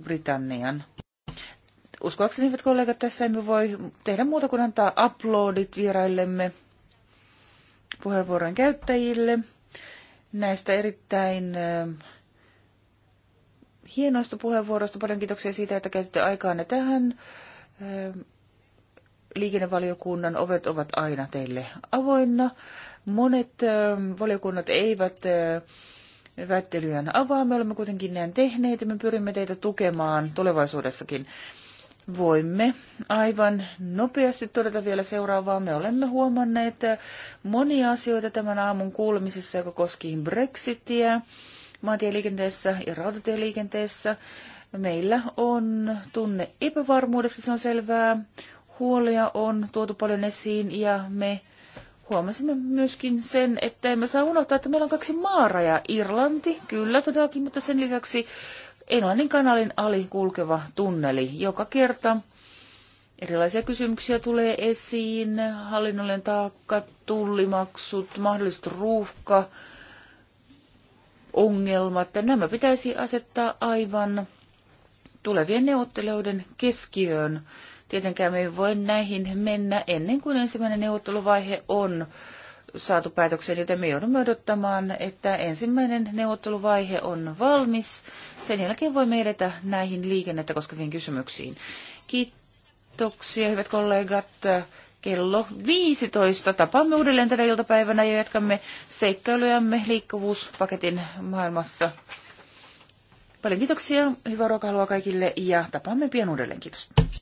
Britannian. Uskoakseni, hyvät kollegat, tässä emme voi tehdä muuta kuin antaa uploadit vieraillemme puheenvuoron käyttäjille näistä erittäin hienoista puheenvuoroista. Paljon kiitoksia siitä, että käytitte aikaanne tähän. Liikennevaliokunnan ovet ovat aina teille avoinna. Monet valiokunnat eivät väittelyään avaa. Me olemme kuitenkin näin tehneet ja me pyrimme teitä tukemaan tulevaisuudessakin voimme aivan nopeasti todeta vielä seuraavaa. Me olemme huomanneet monia asioita tämän aamun kuulemisessa, joka koski Brexitiä maantieliikenteessä ja rautatieliikenteessä. Meillä on tunne epävarmuudesta, se on selvää. Huolia on tuotu paljon esiin ja me huomasimme myöskin sen, että emme saa unohtaa, että meillä on kaksi maaraja. Irlanti, kyllä todellakin, mutta sen lisäksi Englannin kanalin ali kulkeva tunneli. Joka kerta erilaisia kysymyksiä tulee esiin, hallinnollinen taakka, tullimaksut, mahdolliset ruuhka, ongelmat. Nämä pitäisi asettaa aivan tulevien neuvottelijoiden keskiöön. Tietenkään me ei voi näihin mennä ennen kuin ensimmäinen neuvotteluvaihe on saatu päätökseen, joten me joudumme odottamaan, että ensimmäinen neuvotteluvaihe on valmis. Sen jälkeen voimme edetä näihin liikennettä koskeviin kysymyksiin. Kiitoksia, hyvät kollegat. Kello 15 tapaamme uudelleen tänä iltapäivänä ja jatkamme seikkailujamme liikkuvuuspaketin maailmassa. Paljon kiitoksia, hyvää ruokailua kaikille ja tapaamme pian uudelleen. Kiitos.